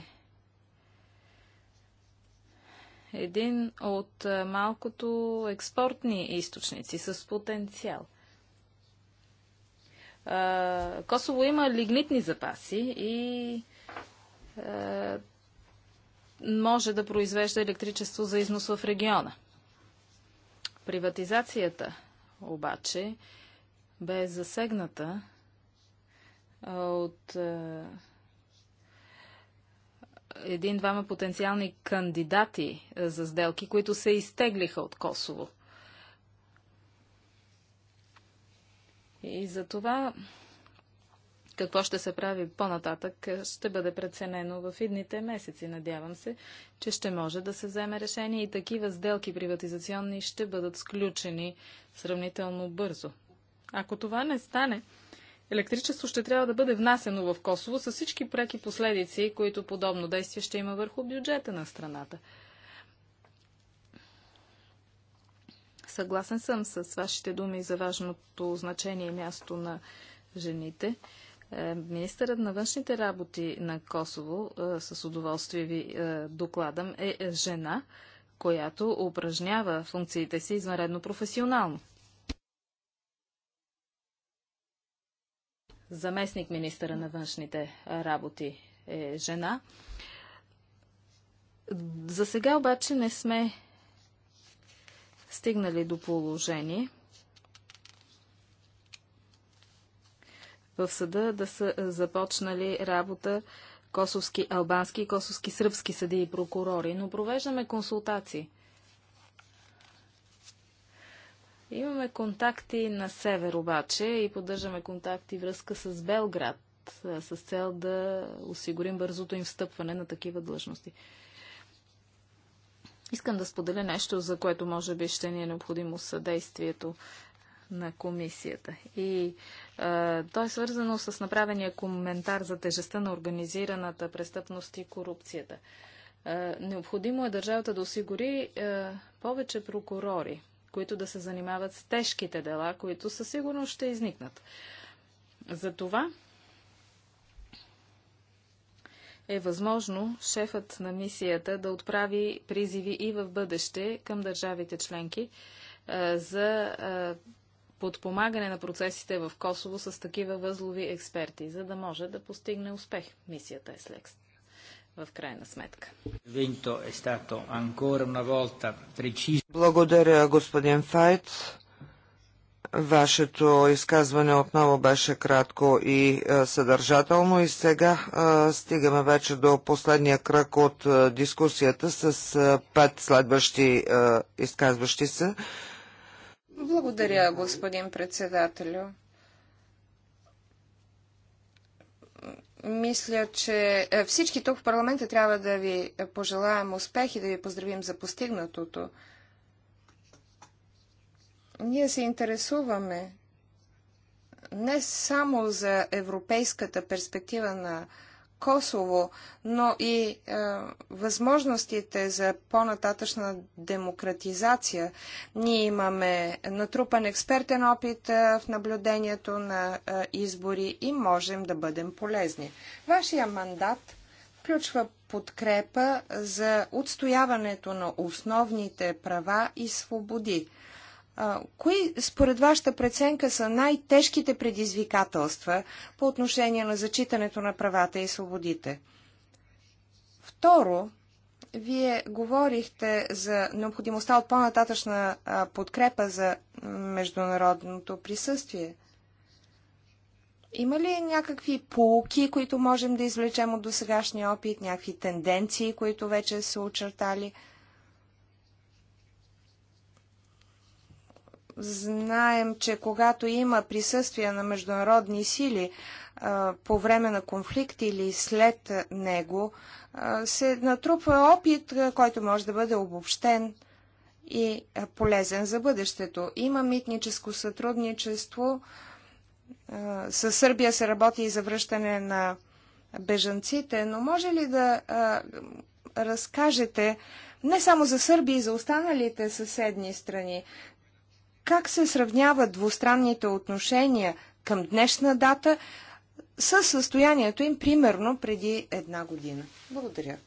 Speaker 3: един от е, малкото експортни източници с потенциал. Е, Косово има лигнитни запаси и може да произвежда електричество за износ в региона. Приватизацията обаче бе засегната от един-двама потенциални кандидати за сделки, които се изтеглиха от Косово. И за това какво ще се прави по-нататък е, ще бъде преценено в идните месеци. Надявам се, че ще може да се вземе решение и такива сделки приватизационни ще бъдат сключени сравнително бързо. Ако това не стане, електричество ще трябва да бъде внасено в Косово с всички преки последици, които подобно действие ще има върху бюджета на страната. Съгласен съм с вашите думи за важното значение и място на жените. Е, министърът на външните работи на Косово, е, с удоволствие ви е, докладам, е жена, която упражнява функциите си извънредно професионално. Заместник министъра на външните работи е жена. За сега обаче не сме стигнали до положение – в съда да са започнали работа косовски албански и косовски сръбски съди и прокурори, но провеждаме консултации. Имаме контакти на север обаче и поддържаме контакти връзка с Белград с цел да осигурим бързото им встъпване на такива длъжности. Искам да споделя нещо, за което може би ще ни е необходимо съдействието на комисията. И а, то е свързано с направения коментар за тежестта на организираната престъпност и корупцията. А, необходимо е държавата да осигури а, повече прокурори, които да се занимават с тежките дела, които със сигурност ще изникнат. Затова е възможно шефът на мисията да отправи призиви и в бъдеще към държавите членки за подпомагане на процесите в Косово с такива възлови експерти, за да може да постигне успех мисията ЕСЛЕКС в крайна сметка.
Speaker 4: Благодаря, господин Файт. Вашето изказване отново беше кратко и е, съдържателно и сега е, стигаме вече до последния кръг от е, дискусията с пет следващи изказващи се.
Speaker 1: Благодаря, господин председателю. Мисля, че е, всички тук в парламента трябва да ви пожелаем успех и да ви поздравим за постигнатото. Ние се интересуваме не само за европейската перспектива на Косово, но и е, възможностите за по-нататъчна демократизация. Ние имаме натрупан експертен опит е, в наблюдението на е, избори и можем да бъдем полезни. Вашия мандат включва подкрепа за отстояването на основните права и свободи. Кои според вашата преценка са най-тежките предизвикателства по отношение на зачитането на правата и свободите? Второ, вие говорихте за необходимостта от по-нататъчна подкрепа за международното присъствие. Има ли някакви полуки, които можем да извлечем от досегашния опит, някакви тенденции, които вече са очертали? Знаем, че когато има присъствие на международни сили по време на конфликт или след него, се натрупва опит, който може да бъде обобщен и полезен за бъдещето. Има митническо сътрудничество. С Сърбия се работи и за връщане на бежанците, но може ли да разкажете не само за Сърбия и за останалите съседни страни как се сравняват двустранните отношения към днешна дата с състоянието им примерно преди
Speaker 3: една година. Благодаря.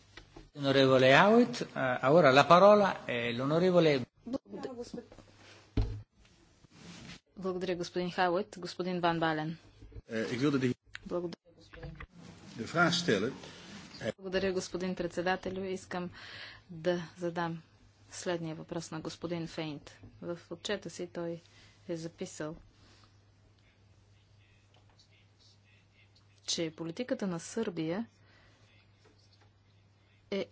Speaker 3: Благодаря, господин Хауит. Господин Ван Бален. Благодаря, господин. Благодаря, господин председателю. Искам да задам следния въпрос на господин Фейнт. В отчета си той е записал, че политиката на Сърбия е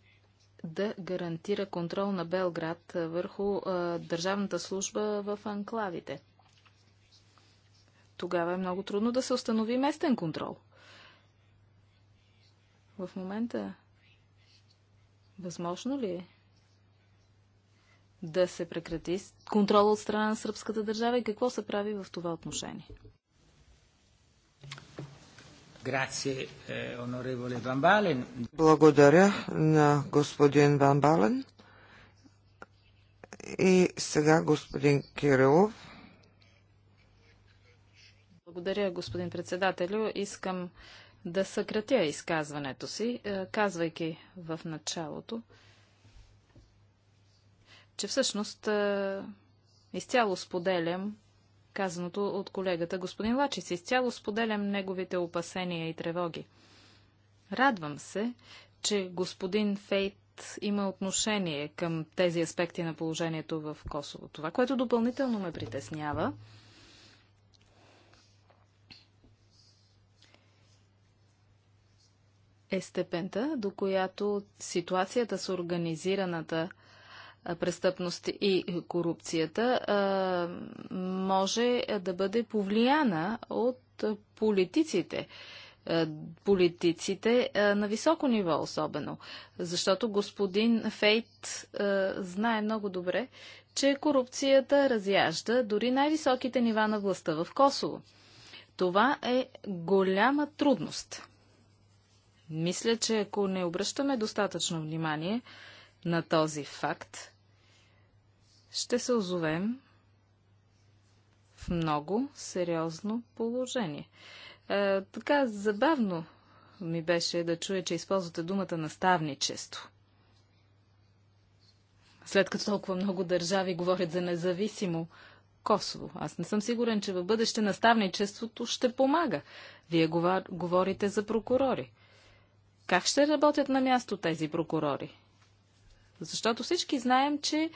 Speaker 3: да гарантира контрол на Белград върху а, държавната служба в анклавите. Тогава е много трудно да се установи местен контрол. В момента възможно ли е да се прекрати контрол от страна на сръбската държава и какво се прави в това отношение?
Speaker 2: Е,
Speaker 4: Благодаря на господин Ван Бален. И сега господин Кирилов.
Speaker 3: Благодаря, господин председателю. Искам да съкратя изказването си, е, казвайки в началото, че всъщност изцяло споделям казаното от колегата господин Лачис. Изцяло споделям неговите опасения и тревоги. Радвам се, че господин Фейт има отношение към тези аспекти на положението в Косово. Това, което допълнително ме притеснява, е степента, до която ситуацията с организираната престъпност и корупцията, може да бъде повлияна от политиците политиците на високо ниво особено. Защото господин Фейт знае много добре, че корупцията разяжда дори най-високите нива на властта в Косово. Това е голяма трудност. Мисля, че ако не обръщаме достатъчно внимание на този факт, ще се озовем в много сериозно положение. Е, така забавно ми беше да чуя, че използвате думата наставничество. След като толкова много държави говорят за независимо Косово. Аз не съм сигурен, че в бъдеще наставничеството ще помага. Вие говорите за прокурори. Как ще работят на място тези прокурори? Защото всички знаем, че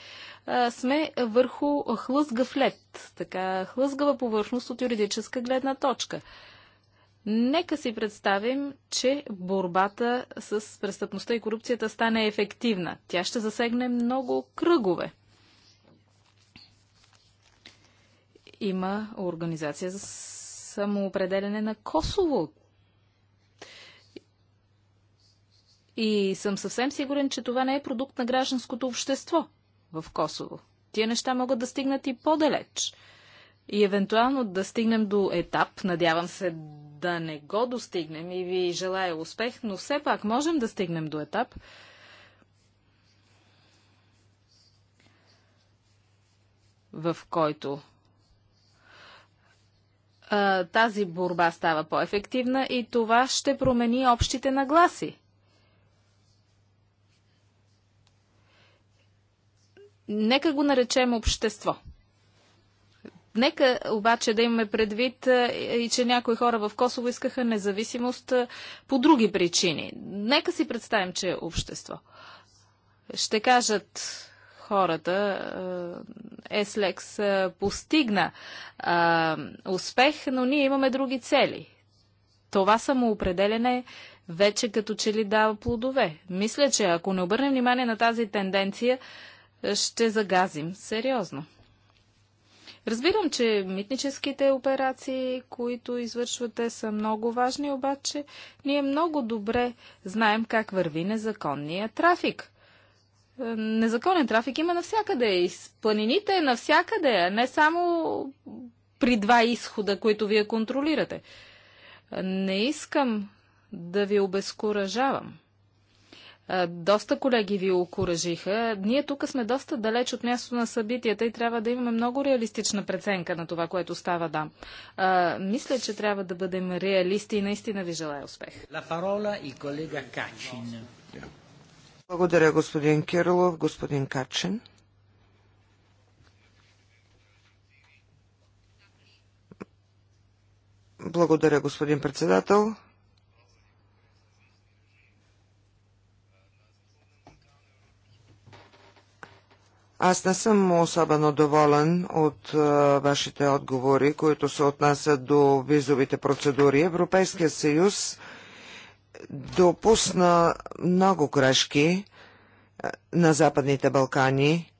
Speaker 3: а, сме върху хлъзгав лед, така хлъзгава повърхност от юридическа гледна точка. Нека си представим, че борбата с престъпността и корупцията стане ефективна. Тя ще засегне много кръгове. Има организация за самоопределене на Косово И съм съвсем сигурен, че това не е продукт на гражданското общество в Косово. Тия неща могат да стигнат и по-далеч. И евентуално да стигнем до етап, надявам се да не го достигнем и ви желая успех, но все пак можем да стигнем до етап, в който а, тази борба става по-ефективна и това ще промени общите нагласи Нека го наречем общество. Нека обаче да имаме предвид е, и че някои хора в Косово искаха независимост е, по други причини. Нека си представим, че е общество. Ще кажат хората, е, Еслекс постигна успех, но ние имаме други цели. Това самоопределене вече като че ли дава плодове. Мисля, че ако не обърнем внимание на тази тенденция, ще загазим сериозно. Разбирам, че митническите операции, които извършвате, са много важни, обаче ние много добре знаем как върви незаконния трафик. Е, незаконен трафик има навсякъде. И с планините навсякъде, а не само при два изхода, които вие контролирате. Е, не искам да ви обезкуражавам. Доста колеги ви окоръжиха. Ние тук сме доста далеч от мястото на събитията и трябва да имаме много реалистична преценка на това, което става там. Да. Мисля, че трябва да бъдем реалисти и наистина ви желая успех.
Speaker 4: Благодаря, господин Кирилов. Господин Качин. Благодаря, господин председател. Аз не съм особено доволен от а, е, вашите отговори, които се отнасят до визовите процедури. Европейския съюз допусна много грешки е, на Западните Балкани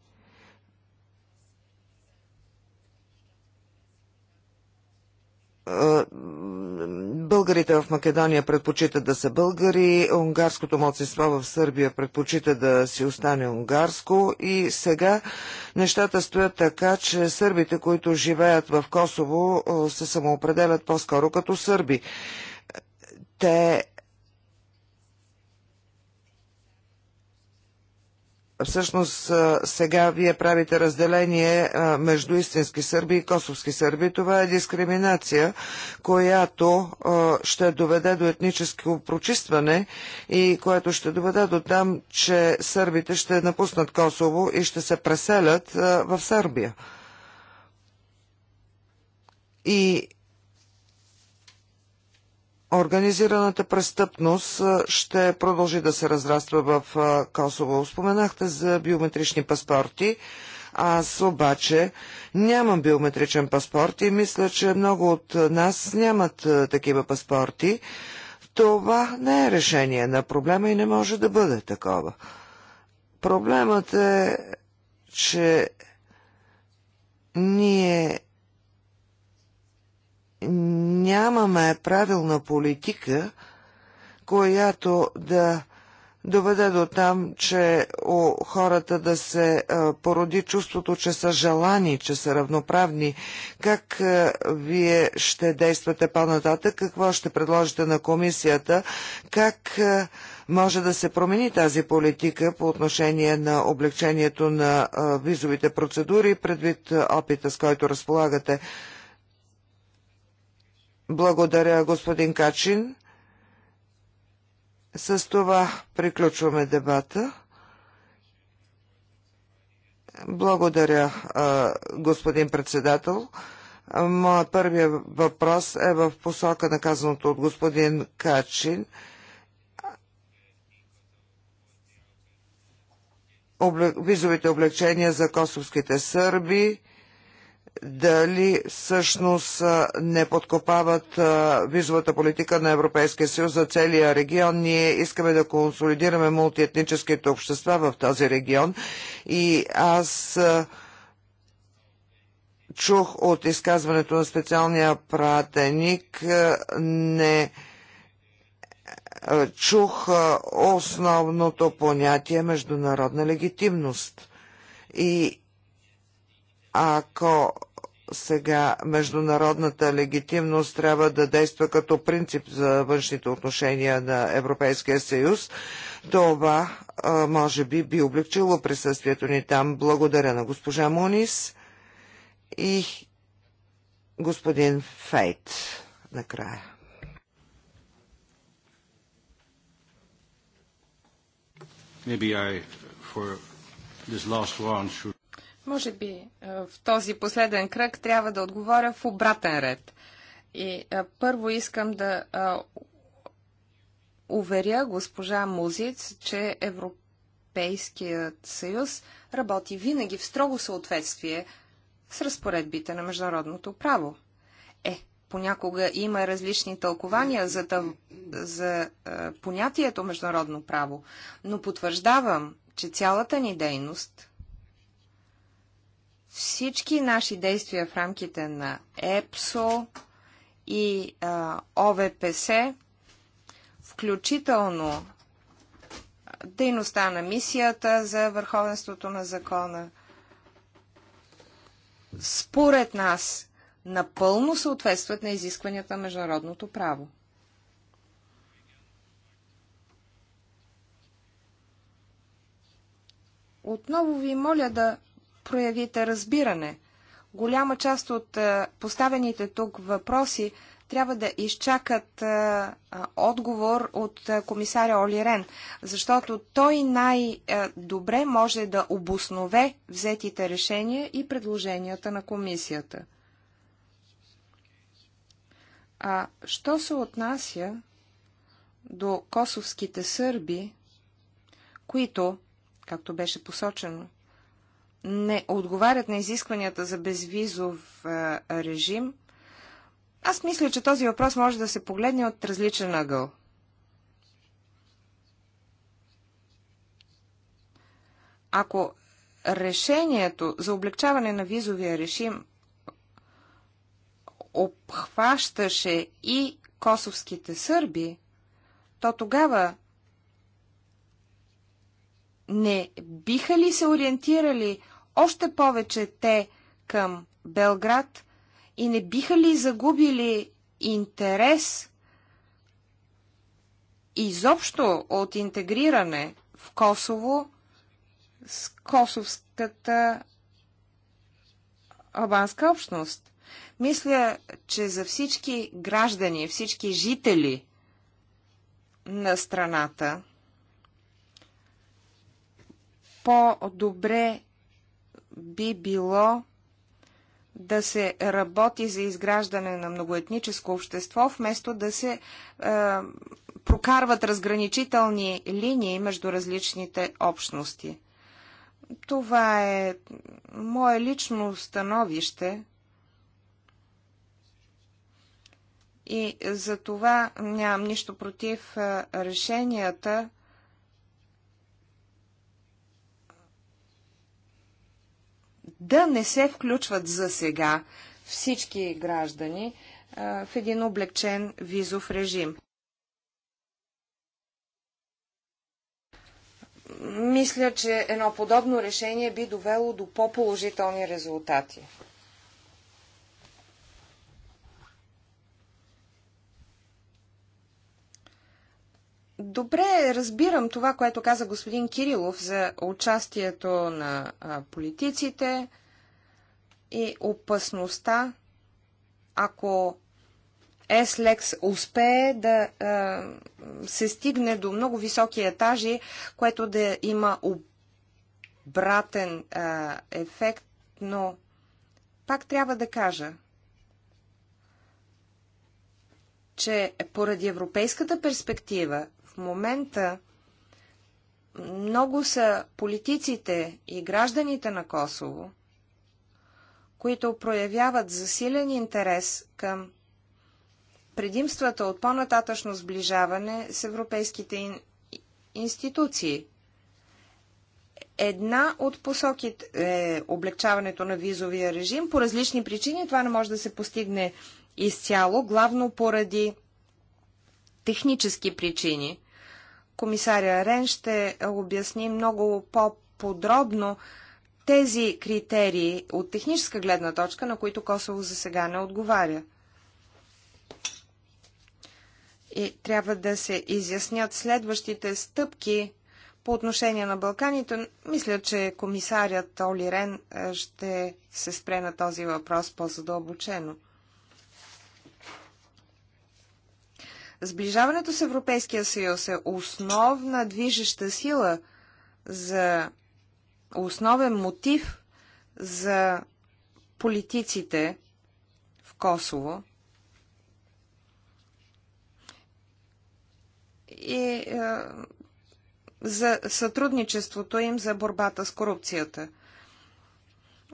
Speaker 4: Българите в Македония предпочитат да са българи, унгарското младсинство в Сърбия предпочита да си остане унгарско и сега нещата стоят така, че сърбите, които живеят в Косово, се самоопределят по-скоро като сърби. Те Всъщност сега вие правите разделение между истински сърби и косовски сърби. Това е дискриминация, която ще доведе до етническо прочистване и което ще доведе до там, че сърбите ще напуснат Косово и ще се преселят в Сърбия. И Организираната престъпност ще продължи да се разраства в Косово. Споменахте за биометрични паспорти. Аз обаче нямам биометричен паспорт и мисля, че много от нас нямат такива паспорти. Това не е решение на проблема и не може да бъде такова. Проблемът е, че ние нямаме правилна политика, която да доведе до там, че у хората да се породи чувството, че са желани, че са равноправни. Как вие ще действате по-нататък? Какво ще предложите на комисията? Как може да се промени тази политика по отношение на облегчението на визовите процедури предвид опита, с който разполагате? Благодаря, господин Качин. С това приключваме дебата. Благодаря, господин председател. Моят първият въпрос е в посока на казаното от господин Качин. Визовите облегчения за косовските сърби – дали всъщност не подкопават визовата политика на Европейския съюз за целия регион. Ние искаме да консолидираме мултиетническите общества в този регион и аз чух от изказването на специалния пратеник не чух основното понятие международна легитимност. И ако сега международната легитимност трябва да действа като принцип за външните отношения на Европейския съюз, това може би би облегчило присъствието ни там. Благодаря на госпожа Мунис и господин Фейт накрая.
Speaker 2: Maybe I, for this last one, should
Speaker 1: може би е, в този последен кръг трябва да отговоря в обратен ред. И а, е, първо искам да а, е, уверя госпожа Музиц, че Европейският съюз работи винаги в строго съответствие с разпоредбите на международното право. Е, понякога има различни тълкования за, тъв... за а, понятието международно право, но потвърждавам, че цялата ни дейност всички наши действия в рамките на ЕПСО и а, ОВПС, включително дейността на мисията за върховенството на закона, според нас напълно съответстват на изискванията на международното право. Отново ви моля да проявите разбиране. Голяма част от е, поставените тук въпроси трябва да изчакат е, отговор от е, комисаря Оли Рен, защото той най-добре може да обоснове взетите решения и предложенията на комисията. А що се отнася до косовските сърби, които, както беше посочено, не отговарят на изискванията за безвизов режим, аз мисля, че този въпрос може да се погледне от различен ъгъл. Ако решението за облегчаване на визовия режим обхващаше и косовските сърби, то тогава не биха ли се ориентирали още повече те към Белград и не биха ли загубили интерес изобщо от интегриране в Косово с косовската албанска общност? Мисля, че за всички граждани, всички жители на страната, по-добре би било да се работи за изграждане на многоетническо общество, вместо да се е, прокарват разграничителни линии между различните общности. Това е мое лично становище и за това нямам нищо против е, решенията, да не се включват за сега всички граждани в един облегчен визов режим. Мисля, че едно подобно решение би довело до по-положителни резултати. Добре, разбирам това, което каза господин Кирилов за участието на политиците и опасността, ако Еслекс успее да а, се стигне до много високи етажи, което да има обратен а, ефект, но пак трябва да кажа, че поради европейската перспектива в момента много са политиците и гражданите на Косово, които проявяват засилен интерес към предимствата от по-нататъчно сближаване с европейските институции. Една от посоките е облегчаването на визовия режим. По различни причини това не може да се постигне изцяло, главно поради технически причини комисаря Рен ще обясни много по-подробно тези критерии от техническа гледна точка, на които Косово за сега не отговаря. И трябва да се изяснят следващите стъпки по отношение на Балканите. Мисля, че комисарят Оли Рен ще се спре на този въпрос по-задълбочено. Сближаването с Европейския съюз е основна движеща сила за основен мотив за политиците в Косово. И е, за сътрудничеството им за борбата с корупцията.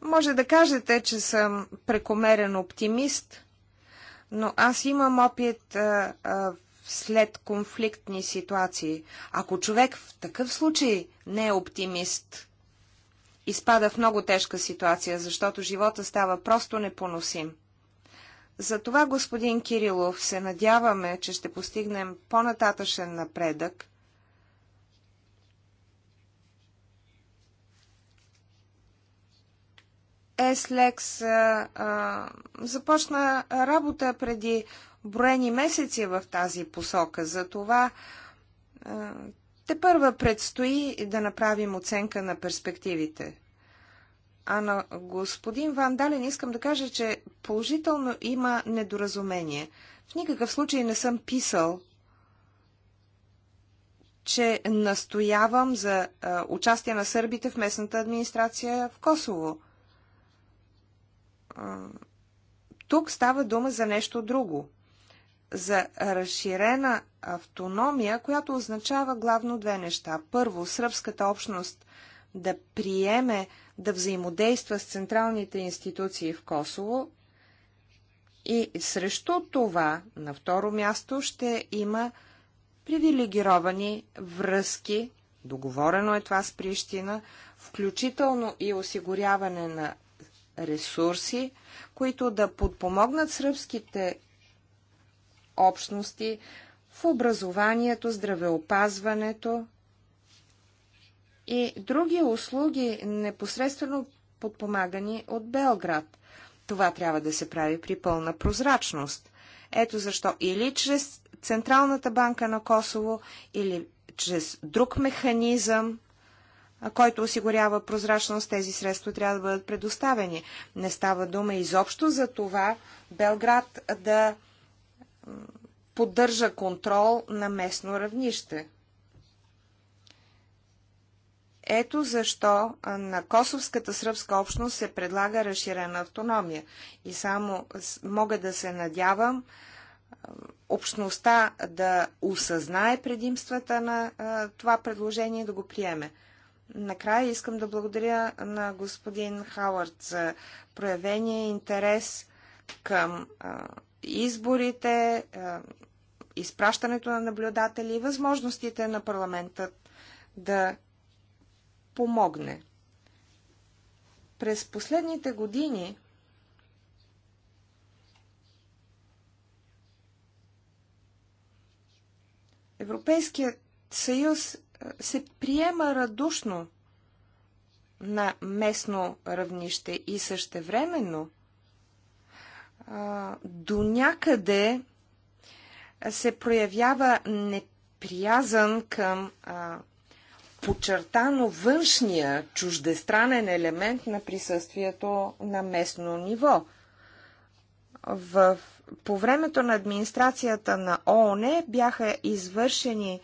Speaker 1: Може да кажете, че съм прекомерен оптимист – но аз имам опит а, а, след конфликтни ситуации. Ако човек в такъв случай не е оптимист, изпада в много тежка ситуация, защото живота става просто непоносим. Затова, господин Кирилов, се надяваме, че ще постигнем по нататъшен напредък Еслекс започна работа преди броени месеци в тази посока. За това те първа предстои да направим оценка на перспективите. А на господин Ван Дален искам да кажа, че положително има недоразумение. В никакъв случай не съм писал, че настоявам за а, участие на сърбите в местната администрация в Косово тук става дума за нещо друго. За разширена автономия, която означава главно две неща. Първо, сръбската общност да приеме, да взаимодейства с централните институции в Косово. И срещу това, на второ място, ще има привилегировани връзки, договорено е това с Прищина, включително и осигуряване на ресурси, които да подпомогнат сръбските общности в образованието, здравеопазването и други услуги, непосредствено подпомагани от Белград. Това трябва да се прави при пълна прозрачност. Ето защо или чрез Централната банка на Косово, или чрез друг механизъм който осигурява прозрачност, тези средства трябва да бъдат предоставени. Не става дума изобщо за това Белград да поддържа контрол на местно равнище. Ето защо на косовската сръбска общност се предлага разширена автономия. И само мога да се надявам общността да осъзнае предимствата на това предложение и да го приеме. Накрая искам да благодаря на господин Хауърд за проявение интерес към изборите, изпращането на наблюдатели и възможностите на парламента да помогне. През последните години Европейският съюз се приема радушно на местно равнище и същевременно до някъде се проявява неприязан към почертано външния чуждестранен елемент на присъствието на местно ниво. В, по времето на администрацията на ООН бяха извършени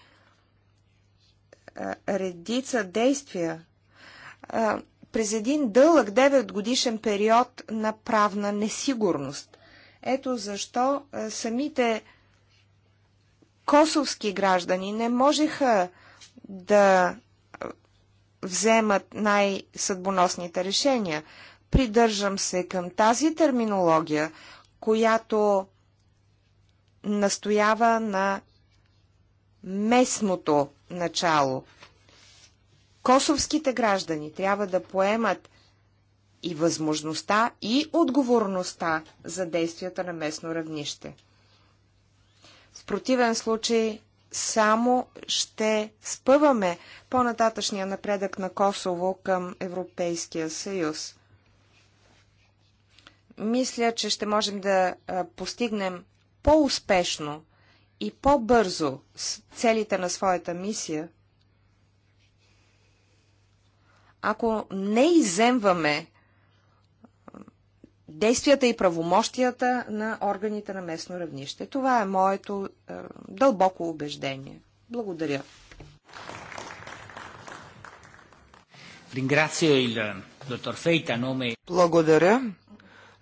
Speaker 1: редица действия през един дълъг 9 годишен период на правна несигурност. Ето защо самите косовски граждани не можеха да вземат най-съдбоносните решения. Придържам се към тази терминология, която настоява на местното начало. Косовските граждани трябва да поемат и възможността, и отговорността за действията на местно равнище. В противен случай само ще спъваме по-нататъчния напредък на Косово към Европейския съюз. Мисля, че ще можем да постигнем по-успешно и по-бързо целите на своята мисия, ако не иземваме действията и правомощията на органите на местно равнище. Това е моето е, дълбоко убеждение. Благодаря.
Speaker 2: Благодаря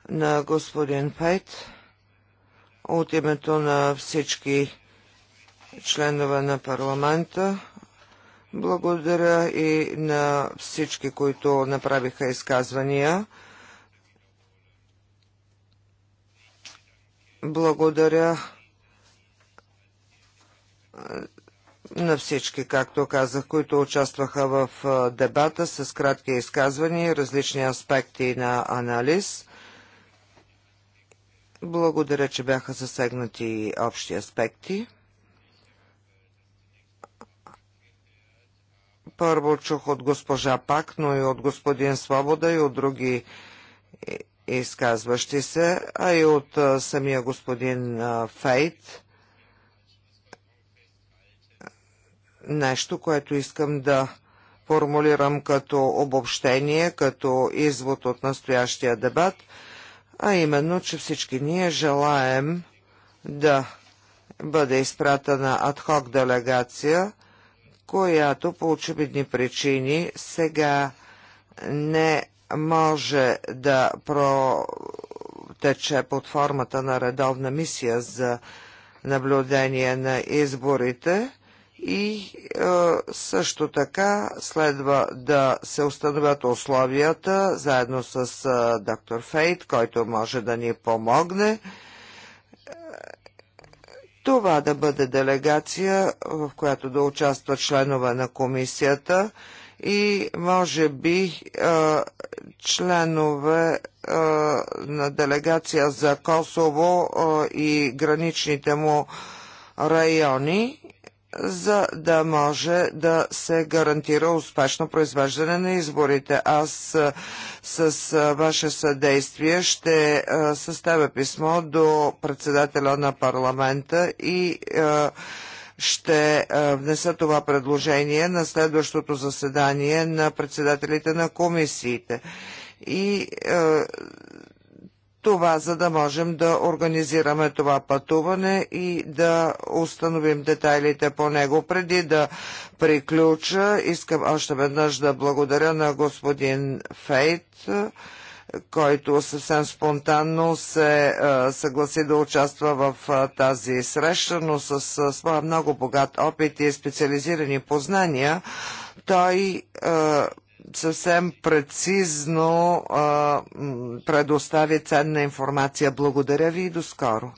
Speaker 4: на господин Фейт от името на всички членове на парламента. Благодаря и на всички, които направиха изказвания. Благодаря на всички, както казах, които участваха в дебата с кратки изказвания и различни аспекти на анализ. Благодаря, че бяха засегнати общи аспекти. Първо чух от госпожа Пак, но и от господин Свобода и от други изказващи се, а и от самия господин Фейт. Нещо, което искам да формулирам като обобщение, като извод от настоящия дебат – а именно, че всички ние желаем да бъде изпратена адхок делегация, която по очевидни причини сега не може да протече под формата на редовна мисия за наблюдение на изборите и е, също така следва да се установят условията заедно с е, доктор Фейт, който може да ни помогне е, това да бъде делегация, в която да участват членове на комисията и може би е, членове е, на делегация за Косово и граничните му райони за да може да се гарантира успешно произвеждане на изборите. Аз с ваше съдействие ще съставя писмо до председателя на парламента и ще внеса това предложение на следващото заседание на председателите на комисиите. И това, за да можем да организираме това пътуване и да установим детайлите по него. Преди да приключа, искам още веднъж да благодаря на господин Фейт, който съвсем спонтанно се е, съгласи да участва в е, тази среща, но с е, своя много богат опит и специализирани познания, той съвсем прецизно а, предостави ценна информация. Благодаря ви и до скоро.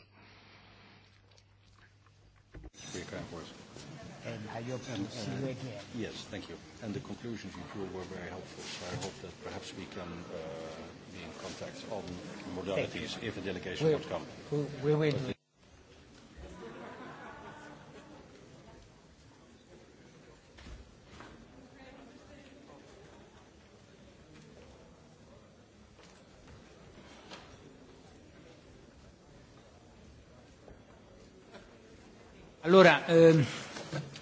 Speaker 2: Yes, thank you. And the conclusions you drew were very helpful. So I hope that perhaps we can uh,
Speaker 1: be in contact on modalities if a delegation would come. We will.
Speaker 2: Allora, eh,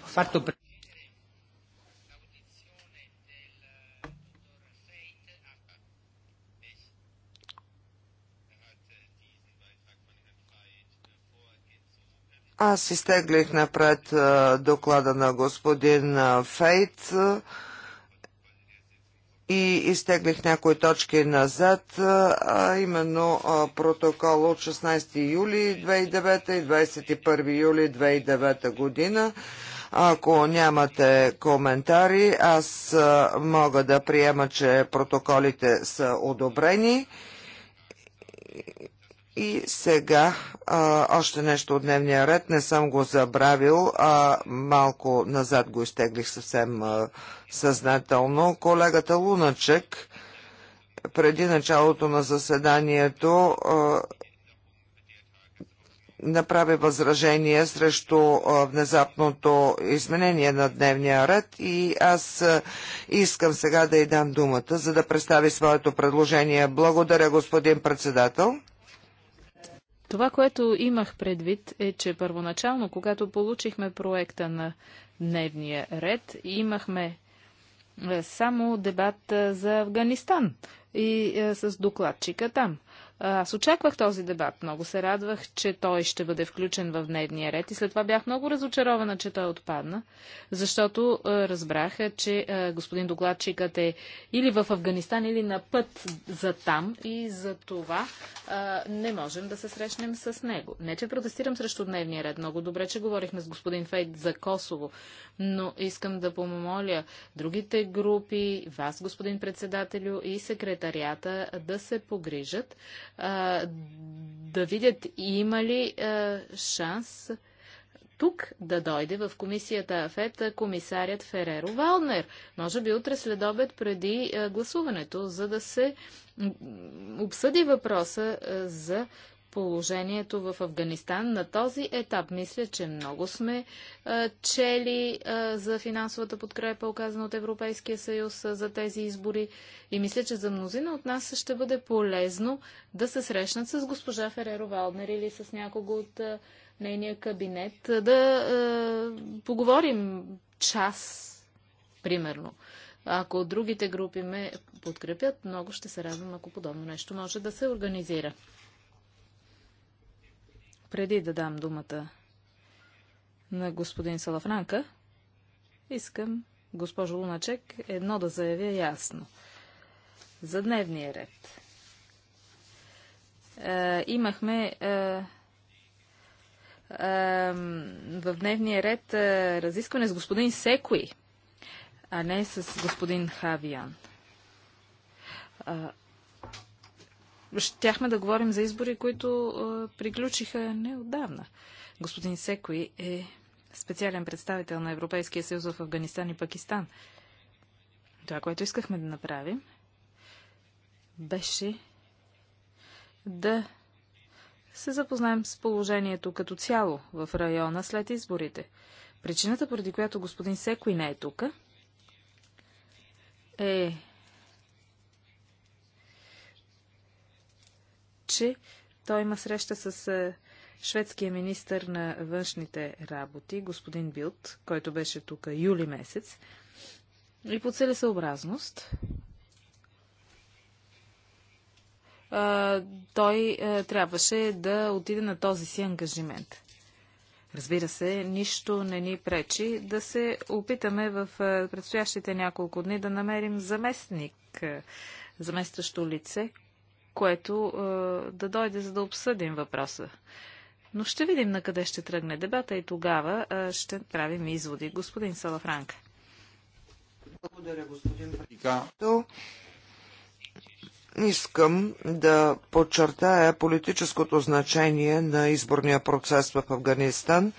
Speaker 2: fatto pre-
Speaker 4: Аз изтеглих напред доклада на господин Фейт и изтеглих някои точки назад, а именно протокол от 16 юли 2009 и 21 юли 2009 година. Ако нямате коментари, аз мога да приема, че протоколите са одобрени и сега а, още нещо от дневния ред. Не съм го забравил, а малко назад го изтеглих съвсем а, съзнателно. Колегата Луначек преди началото на заседанието а, направи възражение срещу внезапното изменение на дневния ред и аз искам сега да й дам думата, за да представи своето предложение. Благодаря, господин председател.
Speaker 3: Това, което имах предвид е, че първоначално, когато получихме проекта на дневния ред, имахме е, само дебат е, за Афганистан и е, с докладчика там. Аз очаквах този дебат. Много се радвах, че той ще бъде включен в дневния ред и след това бях много разочарована, че той отпадна, защото разбраха, че господин докладчикът е или в Афганистан, или на път за там и за това не можем да се срещнем с него. Не, че протестирам срещу дневния ред. Много добре, че говорихме с господин Фейт за Косово, но искам да помоля другите групи, вас, господин председателю и секретарията, да се погрижат да видят има ли шанс тук да дойде в комисията АФЕТ комисарят Фереро Валнер. Може би утре след обед преди гласуването, за да се обсъди въпроса за положението в Афганистан. На този етап мисля, че много сме а, чели а, за финансовата подкрепа, оказана от Европейския съюз а, за тези избори. И мисля, че за мнозина от нас ще бъде полезно да се срещнат с госпожа Фереро Валднер или с някого от нейния кабинет, да поговорим час, примерно. Ако другите групи ме подкрепят, много ще се радвам, ако подобно нещо може да се организира. Преди да дам думата на господин Салафранка, искам, госпожо Луначек, едно да заявя ясно. За дневния ред. Е, имахме е, е, в дневния ред е, разискване с господин Секуи, а не с господин Хавиан. Е, щяхме да говорим за избори, които а, приключиха неодавна. Господин Секой е специален представител на Европейския съюз в Афганистан и Пакистан. Това, което искахме да направим, беше да се запознаем с положението като цяло в района след изборите. Причината, поради която господин Секой не е тук, е че той има среща с е, шведския министр на външните работи, господин Билт, който беше тук юли месец. И по целесъобразност той е, трябваше да отиде на този си ангажимент. Разбира се, нищо не ни пречи да се опитаме в е, предстоящите няколко дни да намерим заместник, заместващо лице, което е, да дойде, за да обсъдим въпроса. Но ще видим на къде ще тръгне дебата и тогава е, ще правим изводи. Господин Салафранк.
Speaker 4: Благодаря, господин председател. Искам да подчертая политическото значение на изборния процес в Афганистан.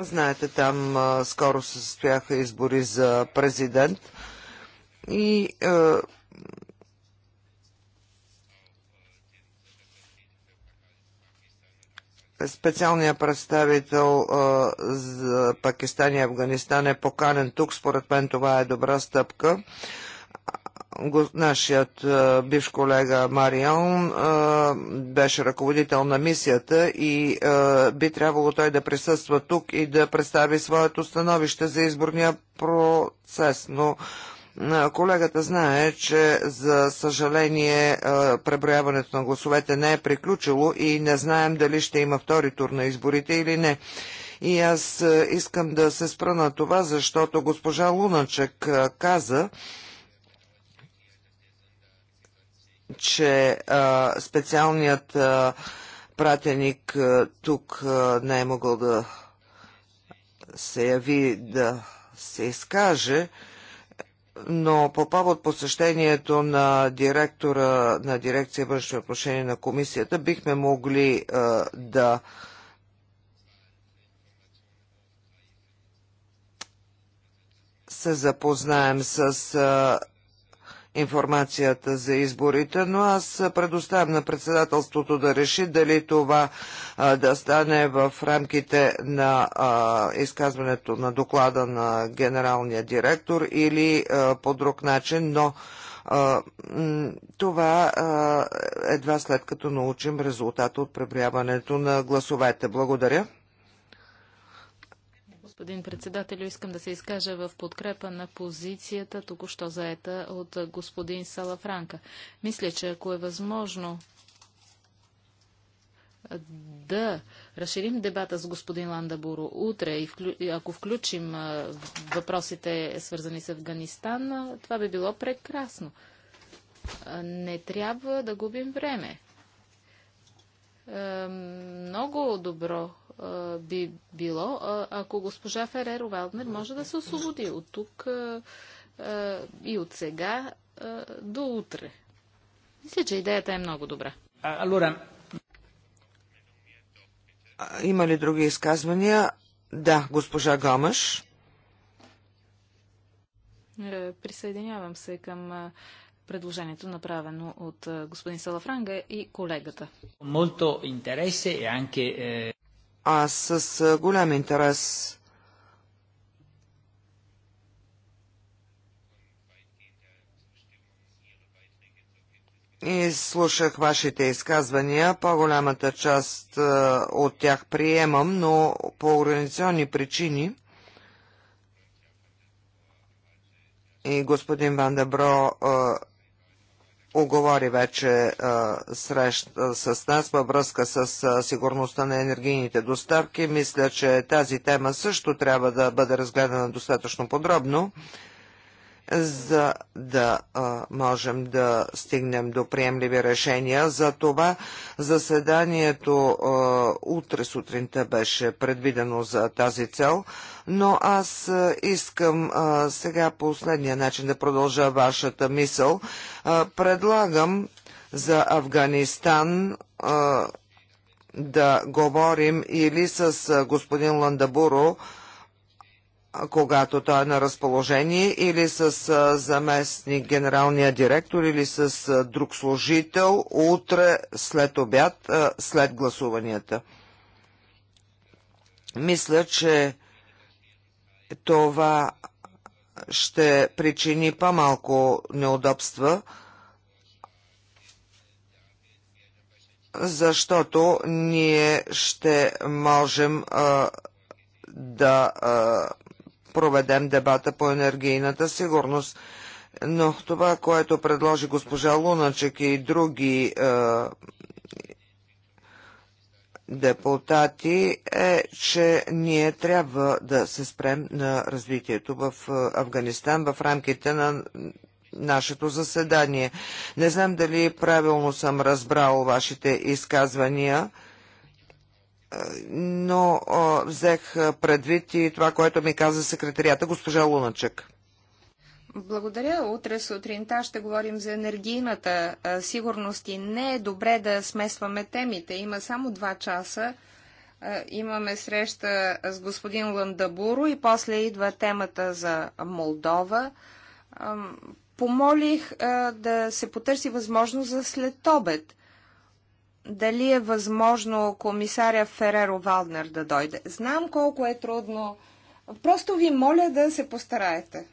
Speaker 4: Знаете, там а, е, скоро се състояха избори за президент и е, специалния представител е, за Пакистан и Афганистан е поканен тук. Според мен това е добра стъпка. нашият е, бивш колега Марион е, беше ръководител на мисията и е, би трябвало той да присъства тук и да представи своето становище за изборния процес, но Колегата знае, че за съжаление преброяването на гласовете не е приключило и не знаем дали ще има втори тур на изборите или не. И аз искам да се спра на това, защото госпожа Луначек каза, че специалният пратеник тук не е могъл да се яви да се изкаже но по повод посещението на директора на дирекция външни отношения на комисията бихме могли а, е, да се запознаем с а, е, информацията за изборите, но аз предоставям на председателството да реши дали това а, да стане в рамките на а, изказването на доклада на генералния директор или а, по друг начин, но това едва след като научим резултата от преброяването на гласовете. Благодаря
Speaker 3: господин председател, Искам да се изкажа в подкрепа на позицията, току-що заета от господин Салафранка. Мисля, че ако е възможно да разширим дебата с господин Ландабуро утре и ако включим въпросите свързани с Афганистан, това би било прекрасно. не трябва да губим време. Е, много добро е, би било, е, ако госпожа Фереро Валднер може да се освободи от тук и от сега до утре. Мисля, че идеята е много добра. Алора.
Speaker 4: Има ли други изказвания? Да, госпожа Гамаш.
Speaker 3: Присъединявам се към предложението, направено от е, господин Салафранга и колегата.
Speaker 2: E е, Аз с е, голям интерес
Speaker 4: и слушах вашите изказвания. По-голямата част от тях приемам, но по организационни причини и господин Ван Дебро оговори вече среща срещ с нас във връзка с сигурността на енергийните доставки. Мисля, че тази тема също трябва да бъде разгледана достатъчно подробно за да а, можем да стигнем до приемливи решения. За това заседанието а, утре сутринта беше предвидено за тази цел, но аз а, искам а, сега по последния начин да продължа вашата мисъл. А, предлагам за Афганистан а, да говорим или с господин Ландабуро, когато той е на разположение или с заместник генералния директор или с друг служител утре след обяд, след гласуванията. Мисля, че това ще причини по-малко неудобства, защото ние ще можем а, да а, проведем дебата по енергийната сигурност. Но това, което предложи госпожа Луначек и други е, депутати е, че ние трябва да се спрем на развитието в е, Афганистан в рамките на нашето заседание. Не знам дали правилно съм разбрал вашите изказвания но взех предвид и това, което ми каза секретарията госпожа Луначък.
Speaker 1: Благодаря. Утре сутринта ще говорим за енергийната сигурност и не е добре да смесваме темите. Има само два часа. имаме среща с господин Ландабуро и после идва темата за Молдова. помолих да се потърси възможност за след обед дали е възможно комисаря Фереро Валнер да дойде. Знам колко е трудно. Просто ви моля да се постараете.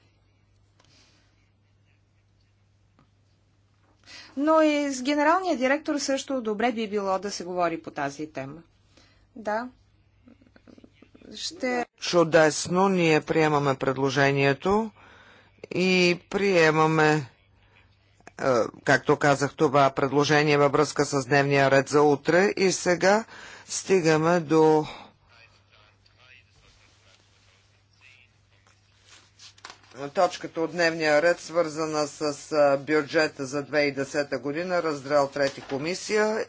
Speaker 1: Но и с генералния директор също добре би било да се говори по тази тема. Да. Ще...
Speaker 4: Чудесно, ние приемаме предложението и приемаме е, както казах, това предложение във връзка с дневния ред за утре. И сега стигаме до точката от дневния ред, свързана с е, бюджета за 2010 година, раздрал трети комисия.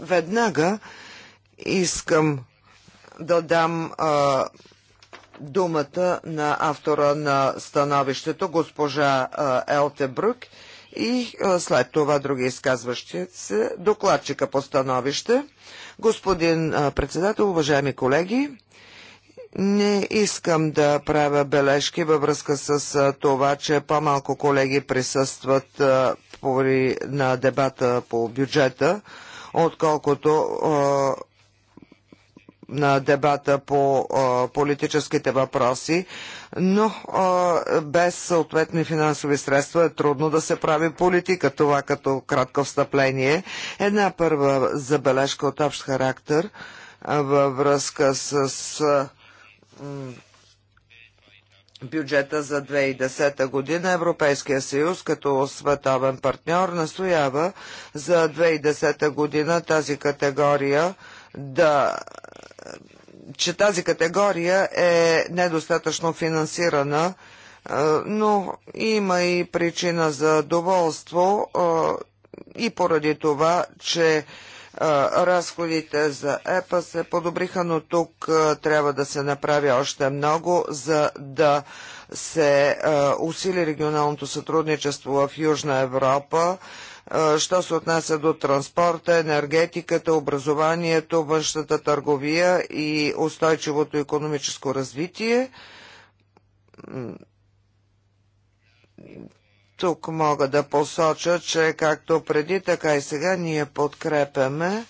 Speaker 4: Веднага искам да дам а, е, думата на автора на становището, госпожа а, Елте Брук и след това други изказващи се. Докладчика по становище. Господин председател, уважаеми колеги, не искам да правя бележки във връзка с това, че по-малко колеги присъстват на дебата по бюджета, отколкото на дебата по политическите въпроси, но без съответни финансови средства е трудно да се прави политика. Това като кратко встъпление. Една първа забележка от общ характер във връзка с бюджета за 2010 година Европейския съюз като световен партньор настоява за 2010 година тази категория да че тази категория е недостатъчно финансирана, е, но има и причина за доволство е, и поради това, че е, разходите за ЕПА се подобриха, но тук трябва да се направи още много, за да се усили регионалното сътрудничество в Южна Европа що се отнася до транспорта, енергетиката, образованието, външната търговия и устойчивото економическо развитие. Тук мога да посоча, че както преди, така и сега ние подкрепяме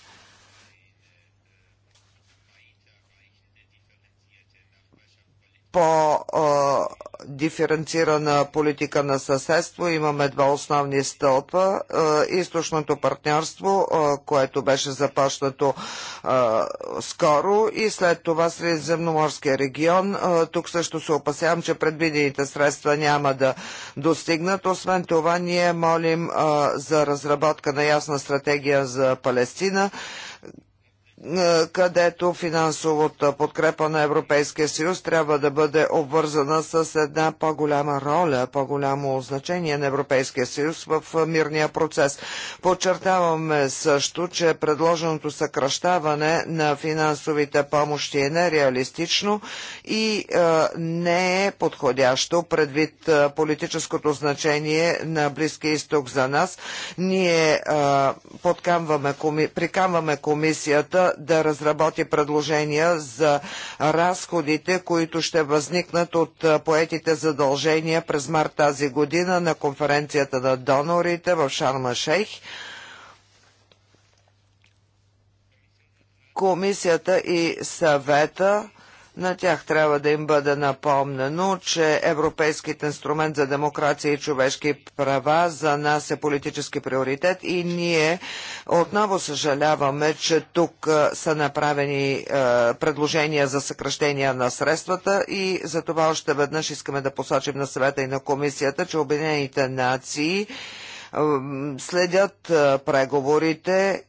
Speaker 4: по-диференцирана политика на съседство. Имаме два основни стълпа. Е, източното партньорство, е, което беше започнато е, скоро и след това Средиземноморския регион. Тук също се опасявам, че предвидените средства няма да достигнат. Освен това, ние молим за разработка на ясна стратегия за Палестина е, където финансовата подкрепа на Европейския съюз трябва да бъде обвързана с една по-голяма роля, по-голямо значение на Европейския съюз в е, мирния процес. Подчертаваме също, че предложеното съкръщаване на финансовите помощи е нереалистично и е, не е подходящо предвид политическото значение на Близкия изток за нас. Ние прикамваме комисията да разработи предложения за разходите, които ще възникнат от поетите задължения през март тази година на конференцията на донорите в Шарма Шейх. Комисията и съвета на тях трябва да им бъде напомнено, че Европейският инструмент за демокрация и човешки права за нас е политически приоритет и ние отново съжаляваме, че тук са направени е, предложения за съкръщения на средствата и за това още веднъж искаме да посочим на съвета и на комисията, че Обединените нации следят преговорите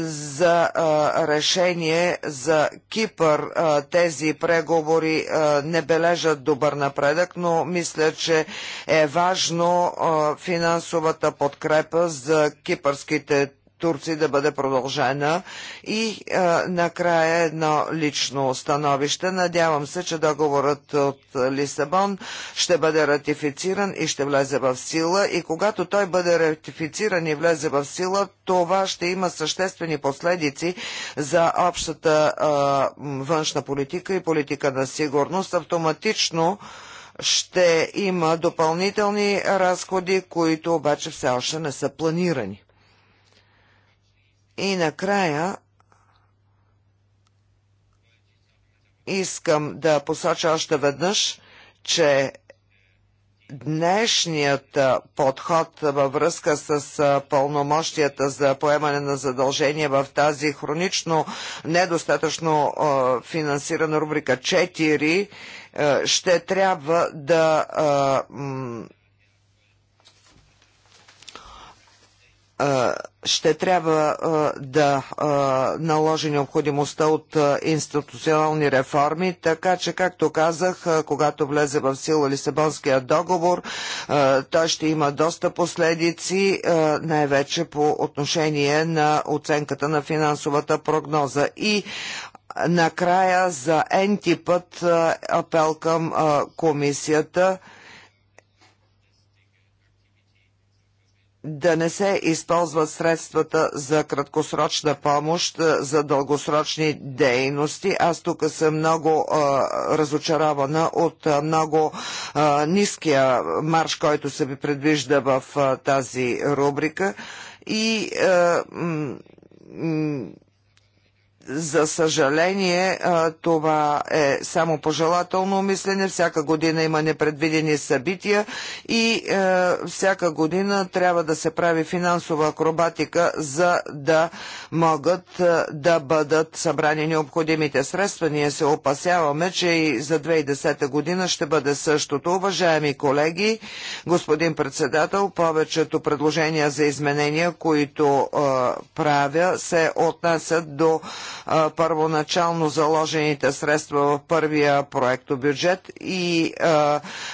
Speaker 4: за а, решение за Кипър. А, тези преговори а, не бележат добър напредък, но мисля, че е важно а, финансовата подкрепа за кипърските Турция да бъде продължена. И а, накрая едно лично становище. Надявам се, че договорът от Лисабон ще бъде ратифициран и ще влезе в сила. И когато той бъде ратифициран и влезе в сила, това ще има съществени последици за общата а, външна политика и политика на сигурност. Автоматично ще има допълнителни разходи, които обаче все още не са планирани. И накрая искам да посоча още веднъж, че днешният подход във връзка с пълномощията за поемане на задължения в тази хронично недостатъчно финансирана рубрика 4 ще трябва да ще трябва да наложи необходимостта от институционални реформи, така че, както казах, когато влезе в сила Лисабонския договор, той ще има доста последици, най-вече по отношение на оценката на финансовата прогноза. И накрая за ентипът апел към комисията – да не се използват средствата за краткосрочна помощ, е, за дългосрочни дейности. Аз тук съм много а, е, разочарована от а, е, много а, ниския марш, който се ви предвижда в а, тази рубрика. И а, за съжаление, това е само пожелателно мислене. Всяка година има непредвидени събития и е, всяка година трябва да се прави финансова акробатика, за да могат е, да бъдат събрани необходимите средства. Ние се опасяваме, че и за 2010 година ще бъде същото. Уважаеми колеги, господин председател, повечето предложения за изменения, които е, правя, се отнасят до първоначално заложените средства в първия бюджет и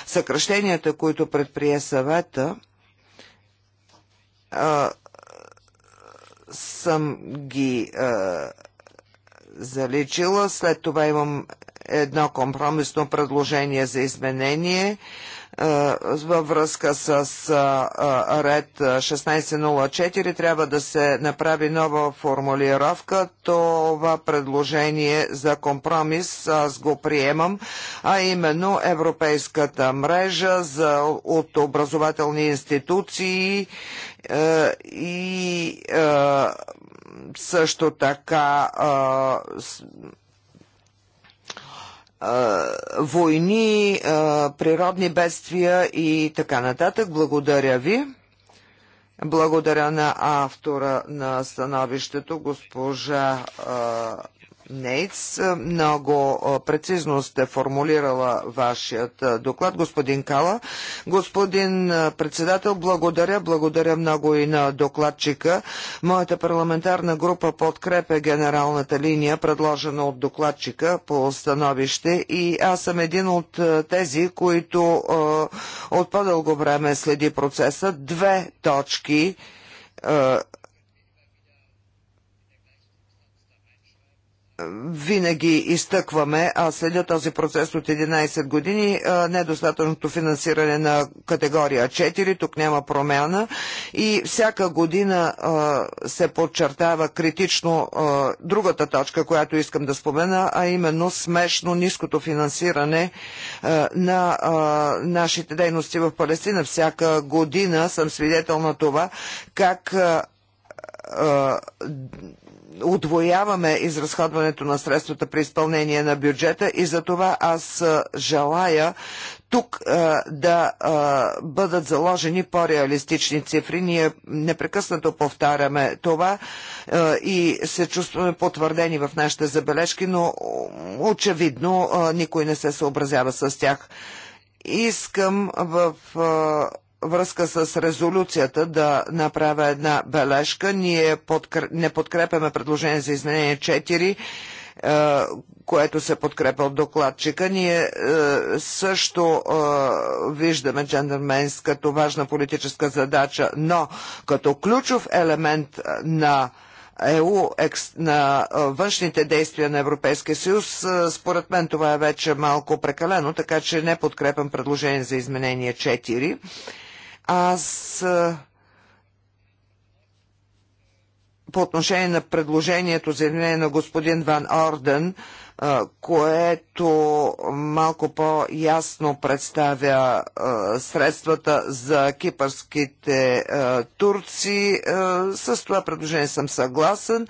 Speaker 4: съкръщенията, които предприе съвета, съм ги заличила. След това имам едно компромисно предложение за изменение. Е, във връзка с ред 1604 трябва да се направи нова формулировка. Това предложение за компромис аз го приемам, а именно Европейската мрежа за, от образователни институции е, и е, също така войни, природни бедствия и така нататък. Благодаря ви. Благодаря на автора на становището, госпожа Нейтс е, много е, прецизно сте формулирала вашият е, доклад, господин Кала. Господин председател, благодаря, благодаря много и на докладчика. Моята парламентарна група подкрепя генералната линия, предложена от докладчика по становище и аз съм един от тези, които от по-дълго време следи процеса. Две точки винаги изтъкваме, а следя този процес от 11 години, недостатъчното финансиране на категория 4, тук няма промяна и всяка година се подчертава критично другата точка, която искам да спомена, а именно смешно ниското финансиране на нашите дейности в Палестина. Всяка година съм свидетел на това как удвояваме изразходването на средствата при изпълнение на бюджета и за това аз желая тук а, да а, бъдат заложени по-реалистични цифри. Ние непрекъснато повтаряме това а, и се чувстваме потвърдени в нашите забележки, но очевидно а, никой не се съобразява с тях. Искам в а, връзка с резолюцията да направя една бележка. Ние подкр... не подкрепяме предложение за изменение 4, е, което се подкрепя от докладчика. Ние е, също е, виждаме джендерменс като важна политическа задача, но като ключов елемент на ЕУ на външните действия на Европейския съюз. Според мен това е вече малко прекалено, така че не подкрепям предложение за изменение 4. Аз по отношение на предложението за изменение на господин Ван Орден, което малко по-ясно представя средствата за кипърските турци. С това предложение съм съгласен.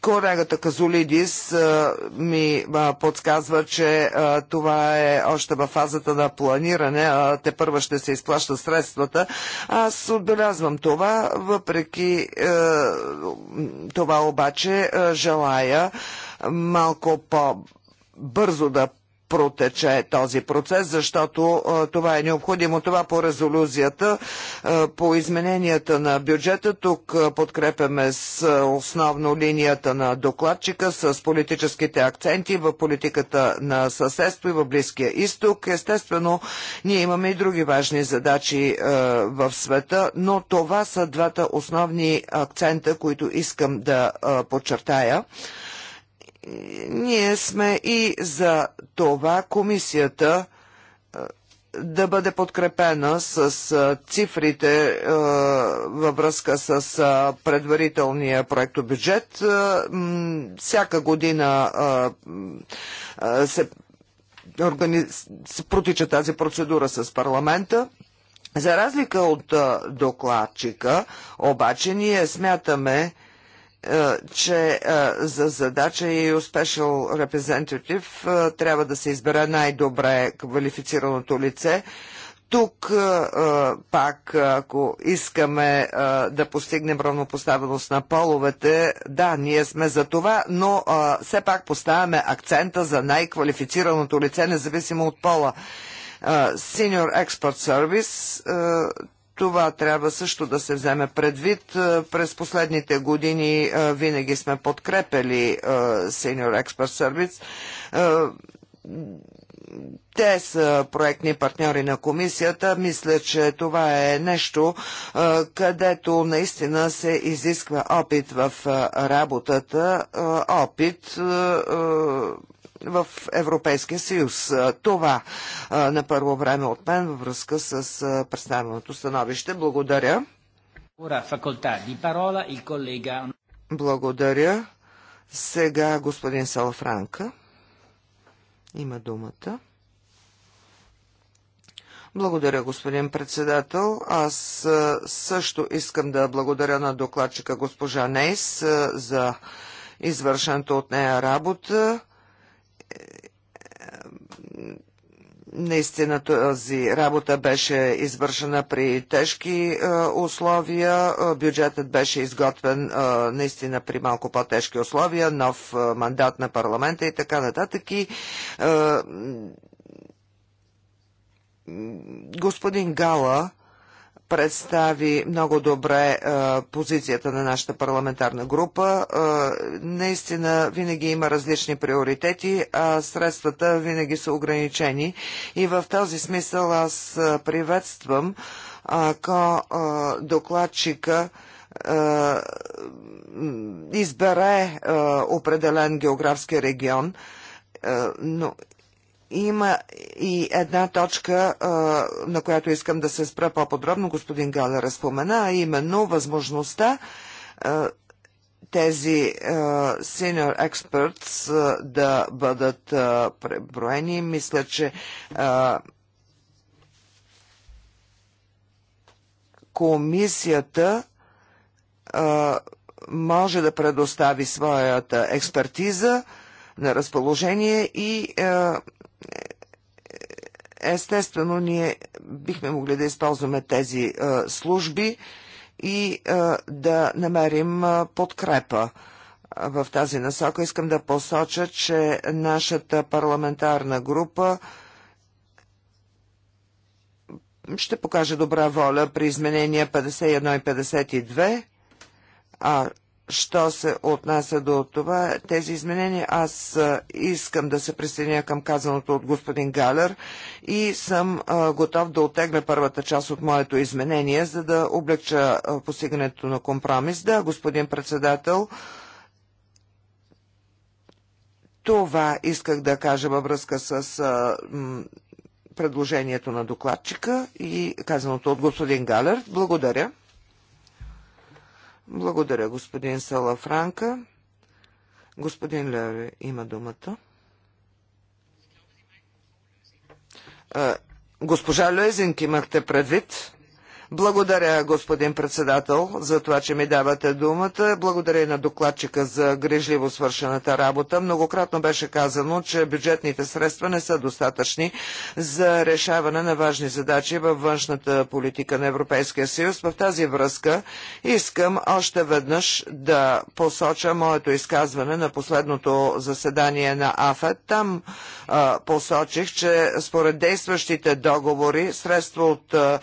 Speaker 4: Колегата Казолидис ми подсказва, че това е още във фазата на планиране, а те първа ще се изплаща средствата. Аз отбелязвам това, въпреки е, това обаче е, желая малко по бързо да протече този процес, защото това е необходимо. Това по резолюцията, по измененията на бюджета. Тук подкрепяме с основно линията на докладчика, с политическите акценти в политиката на съседство и в Близкия изток. Естествено, ние имаме и други важни задачи в света, но това са двата основни акцента, които искам да подчертая ние сме и за това комисията да бъде подкрепена с цифрите във връзка с предварителния проектобюджет. Всяка година се, органи... се протича тази процедура с парламента. За разлика от докладчика, обаче ние смятаме, е, че е, за задача и Special Representative е, трябва да се избере най-добре квалифицираното лице. Тук пак, ако искаме да постигнем равнопоставеност на половете, да, ние сме за това, но все пак поставяме акцента за най-квалифицираното лице, независимо от пола. Senior Expert Service това трябва също да се вземе предвид. Е, през последните години е, винаги сме подкрепили е, Senior Expert Service. Те са проектни партньори на комисията. Мисля, че това е нещо, където наистина се изисква опит в работата, опит в Европейския съюз. Това на първо време от мен във връзка с представеното становище. Благодаря. Благодаря. Сега господин Салафранка има думата. Благодаря, господин председател. Аз също искам да благодаря на докладчика госпожа Нейс за извършената от нея работа наистина тази работа беше извършена при тежки е, условия. Е, бюджетът беше изготвен е, наистина при малко по-тежки условия, нов мандат на парламента и така нататък. И, господин Гала представи много добре е, позицията на нашата парламентарна група. Е, наистина винаги има различни приоритети, а средствата винаги са ограничени. И в този смисъл аз е, приветствам, ако е, докладчика е, избере е, определен географски регион, но има и една точка, на която искам да се спра по-подробно, господин Галер разпомена, а именно възможността тези senior experts да бъдат преброени. Мисля, че комисията може да предостави своята експертиза на разположение и uh, Естествено, ние бихме могли да използваме тези е, служби и е, да намерим е, подкрепа в тази насока. Искам да посоча, че нашата парламентарна група ще покаже добра воля при изменения 51 и 52, а Що се отнася до това, тези изменения, аз искам да се присъединя към казаното от господин Галер и съм готов да отегна първата част от моето изменение, за да облегча постигането на компромис. Да, господин председател, това исках да кажа във връзка с предложението на докладчика и казаното от господин Галер. Благодаря. Благодаря, господин Салафранка. Господин Леви има думата. Госпожа Лезинг имахте предвид. Благодаря, господин председател, за това, че ми давате думата. Благодаря и на докладчика за грижливо свършената работа. Многократно беше казано, че бюджетните средства не са достатъчни за решаване на важни задачи във външната политика на Европейския съюз. В тази връзка искам още веднъж да посоча моето изказване на последното заседание на АФЕД. Там а, посочих, че според действащите договори средства от а,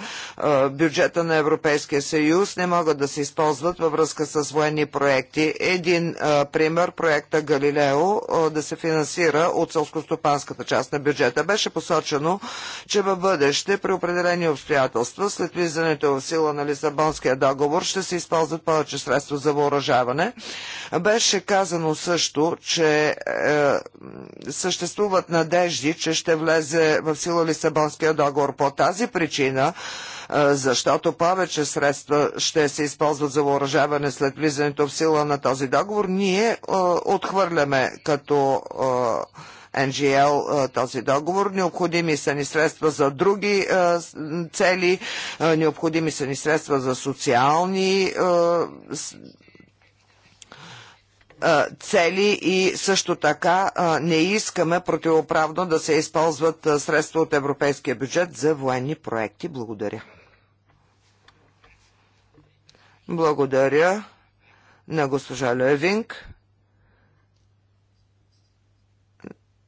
Speaker 4: бюджет бюджета на Европейския съюз не могат да се използват във връзка с военни проекти. Един а, пример, проекта Галилео, а, да се финансира от селскостопанската част на бюджета. Беше посочено, че във бъдеще при определени обстоятелства след влизането в сила на Лисабонския договор ще се използват повече средства за въоръжаване. Беше казано също, че а, е, съществуват надежди, че ще влезе в сила Лисабонския договор по тази причина защото повече средства ще се използват за въоръжаване след влизането в сила на този договор, ние отхвърляме като NGL този договор. Необходими са ни средства за други цели, необходими са ни средства за социални цели и също така не искаме противоправно да се използват средства от европейския бюджет за военни проекти. Благодаря. Благодаря на госпожа Левинг.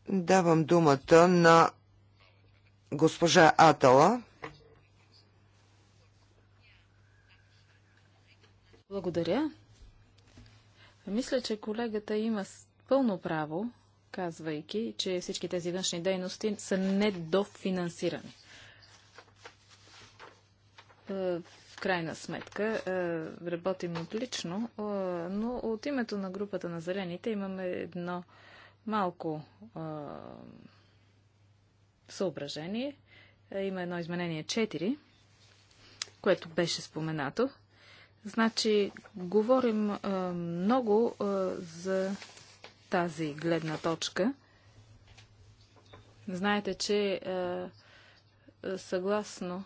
Speaker 4: Давам думата на госпожа Атала.
Speaker 3: Благодаря. Мисля, че колегата има пълно право, казвайки, че всички тези външни дейности са недофинансирани. Е, крайна сметка е, работим отлично, е, но от името на групата на зелените имаме едно малко е, съображение. Има едно изменение 4, което беше споменато. Значи, говорим много за тази гледна точка. Знаете, че съгласно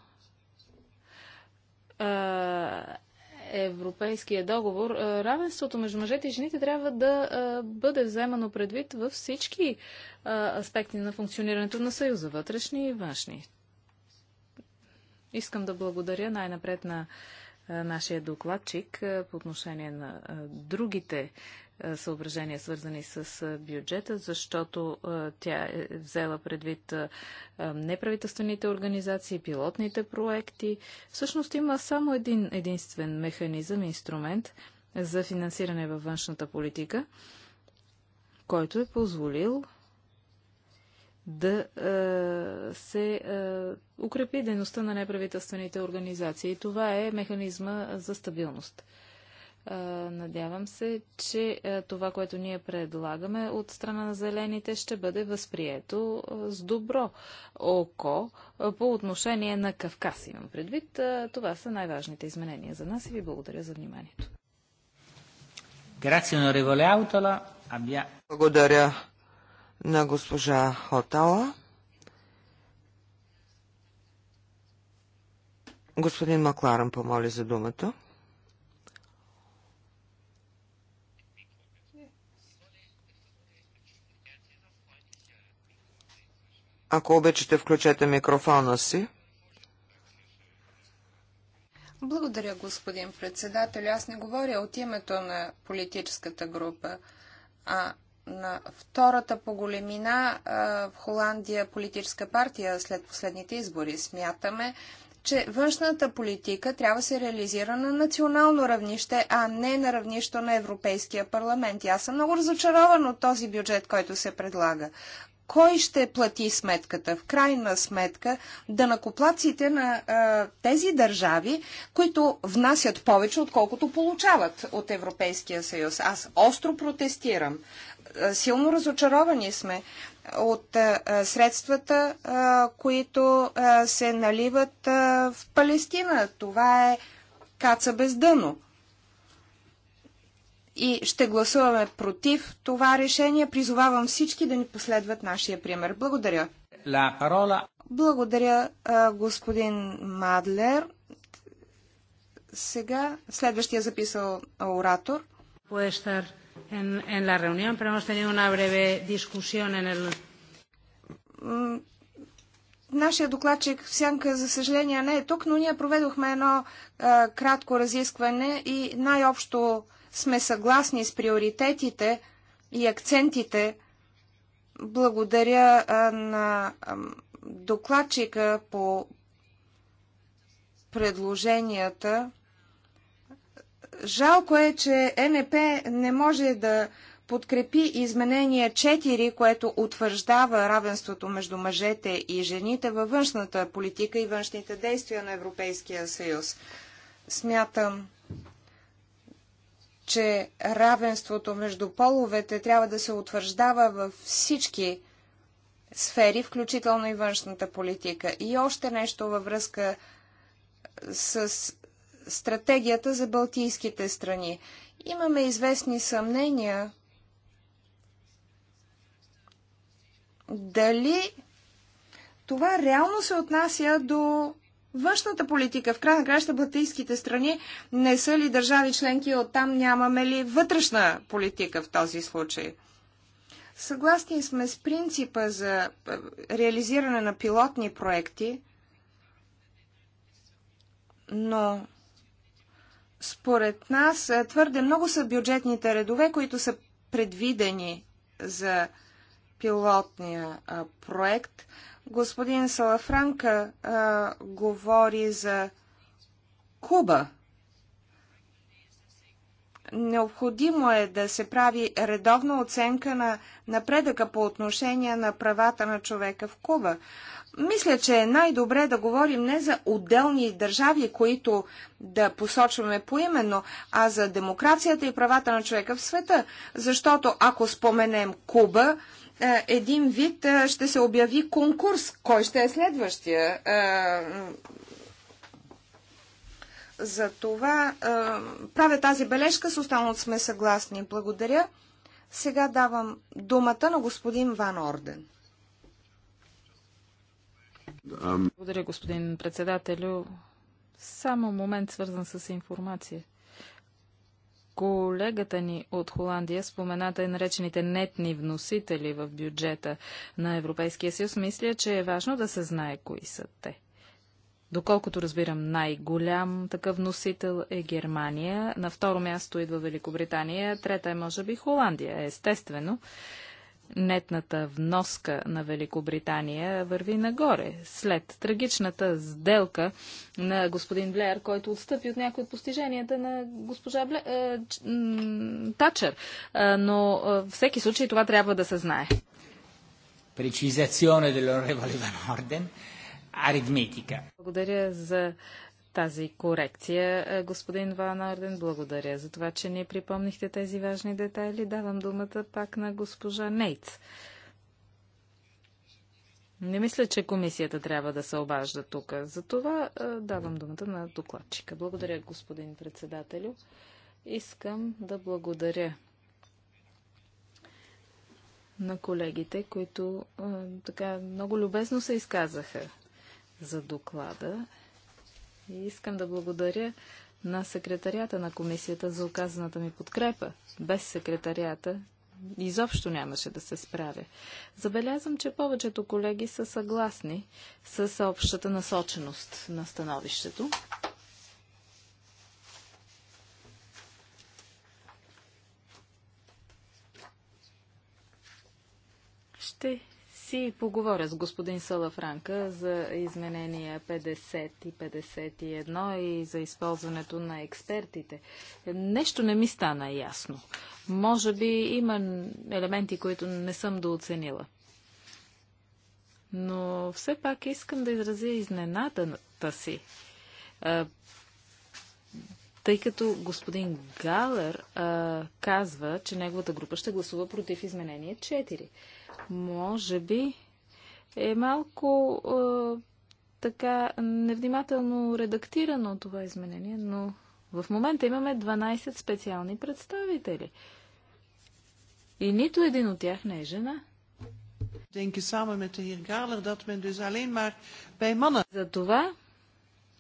Speaker 3: Европейския договор, равенството между мъжете и жените трябва да бъде вземано предвид във всички аспекти на функционирането на Съюза, вътрешни и външни. Искам да благодаря най-напред на нашия докладчик по отношение на другите е, съображения, свързани с е, бюджета, защото е, тя е взела предвид неправителствените организации, пилотните проекти. Всъщност има само един единствен механизъм, инструмент за финансиране във външната политика, който е позволил да е, се е, укрепи дейността на неправителствените организации. Това е механизма за стабилност. Надявам се, че това, което ние предлагаме от страна на зелените, ще бъде възприето с добро око по отношение на Кавказ. Имам предвид, това са най-важните изменения за нас и ви благодаря за вниманието.
Speaker 2: Благодаря на госпожа
Speaker 4: Хотала. Господин Макларен помоли за думата. Ако обичате, включете микрофона си.
Speaker 1: Благодаря, господин председател. Аз не говоря от името на политическата група, а на втората по големина в Холандия политическа партия след последните избори. Смятаме, че външната политика трябва да се реализира на национално равнище, а не на равнище на Европейския парламент. И аз съм много разочарован от този бюджет, който се предлага. Кой ще плати сметката? В крайна сметка, данакоплаците на а, тези държави, които внасят повече, отколкото получават от Европейския съюз. Аз остро протестирам. Силно разочаровани сме от а, средствата, а, които а, се наливат а, в Палестина. Това е каца без дъно и ще гласуваме против това решение. Призовавам всички да ни последват нашия пример. Благодаря. Благодаря, господин Мадлер. Сега следващия записал оратор.
Speaker 3: En, en la reunión, pero hemos tenido una breve discusión en el...
Speaker 1: Нашия докладчик в Сянка, за съжаление, не е тук, но ние проведохме едно а, кратко разискване и най-общо сме съгласни с приоритетите и акцентите. Благодаря на докладчика по предложенията. Жалко е, че НП не може да подкрепи изменение 4, което утвърждава равенството между мъжете и жените във външната политика и външните действия на Европейския съюз. Смятам, че равенството между половете трябва да се утвърждава във всички сфери, включително и външната политика. И още нещо във връзка с стратегията за балтийските страни. Имаме известни съмнения дали това реално се отнася до външната политика, в край на краща балтийските страни не са ли държави членки, оттам нямаме ли вътрешна политика в този случай? Съгласни сме с принципа за е, реализиране на пилотни проекти, но според нас е, твърде много са бюджетните редове, които са предвидени за пилотния проект – Господин Салафранка а, говори за Куба. Необходимо е да се прави редовна оценка на напредъка по отношение на правата на човека в Куба. Мисля, че е най-добре да говорим не за отделни държави, които да посочваме поименно, а за демокрацията и правата на човека в света. Защото ако споменем Куба, е, един вид е, ще се обяви конкурс. Кой ще е следващия? Е, за това правя тази бележка, с останалото сме съгласни. Благодаря. Сега давам думата на господин Ван Орден.
Speaker 3: Благодаря, господин председателю. Само момент свързан с информация. Колегата ни от Холандия спомена тъй наречените нетни вносители в бюджета на Европейския съюз. Мисля, че е важно да се знае кои са те. Доколкото разбирам, най-голям такъв носител е Германия. На второ място идва Великобритания, трета е може би Холандия, естествено нетната вноска на Великобритания върви нагоре. След трагичната сделка на господин Блеер, който отстъпи от някои от постиженията на госпожа Бле... Е, Тачер. Е, но в е, всеки случай това трябва да се знае.
Speaker 2: Прецизация на Орден. Аритметика.
Speaker 3: Благодаря за тази корекция, е, господин Ван Орден. Благодаря за това, че ни припомнихте тези важни детайли. Давам думата пак на госпожа Нейц. Не мисля, че комисията трябва да се обажда тук. Затова е, давам думата на докладчика. Благодаря, господин председателю. Искам да благодаря на колегите, които е, така много любезно се изказаха за доклада. И искам да благодаря на секретарията на комисията за оказаната ми подкрепа. Без секретарията изобщо нямаше да се справя. Забелязвам, че повечето колеги са съгласни с общата насоченост на становището. Ще си поговоря с господин Салафранка за изменения 50 и 51 и за използването на експертите. Нещо не ми стана ясно. Може би има елементи, които не съм дооценила. Но все пак искам да изразя изненадата си тъй като господин Галер а, казва, че неговата група ще гласува против изменение 4 може би е малко е, така невнимателно редактирано това изменение, но в момента имаме 12 специални представители. И нито един от тях не е жена. За това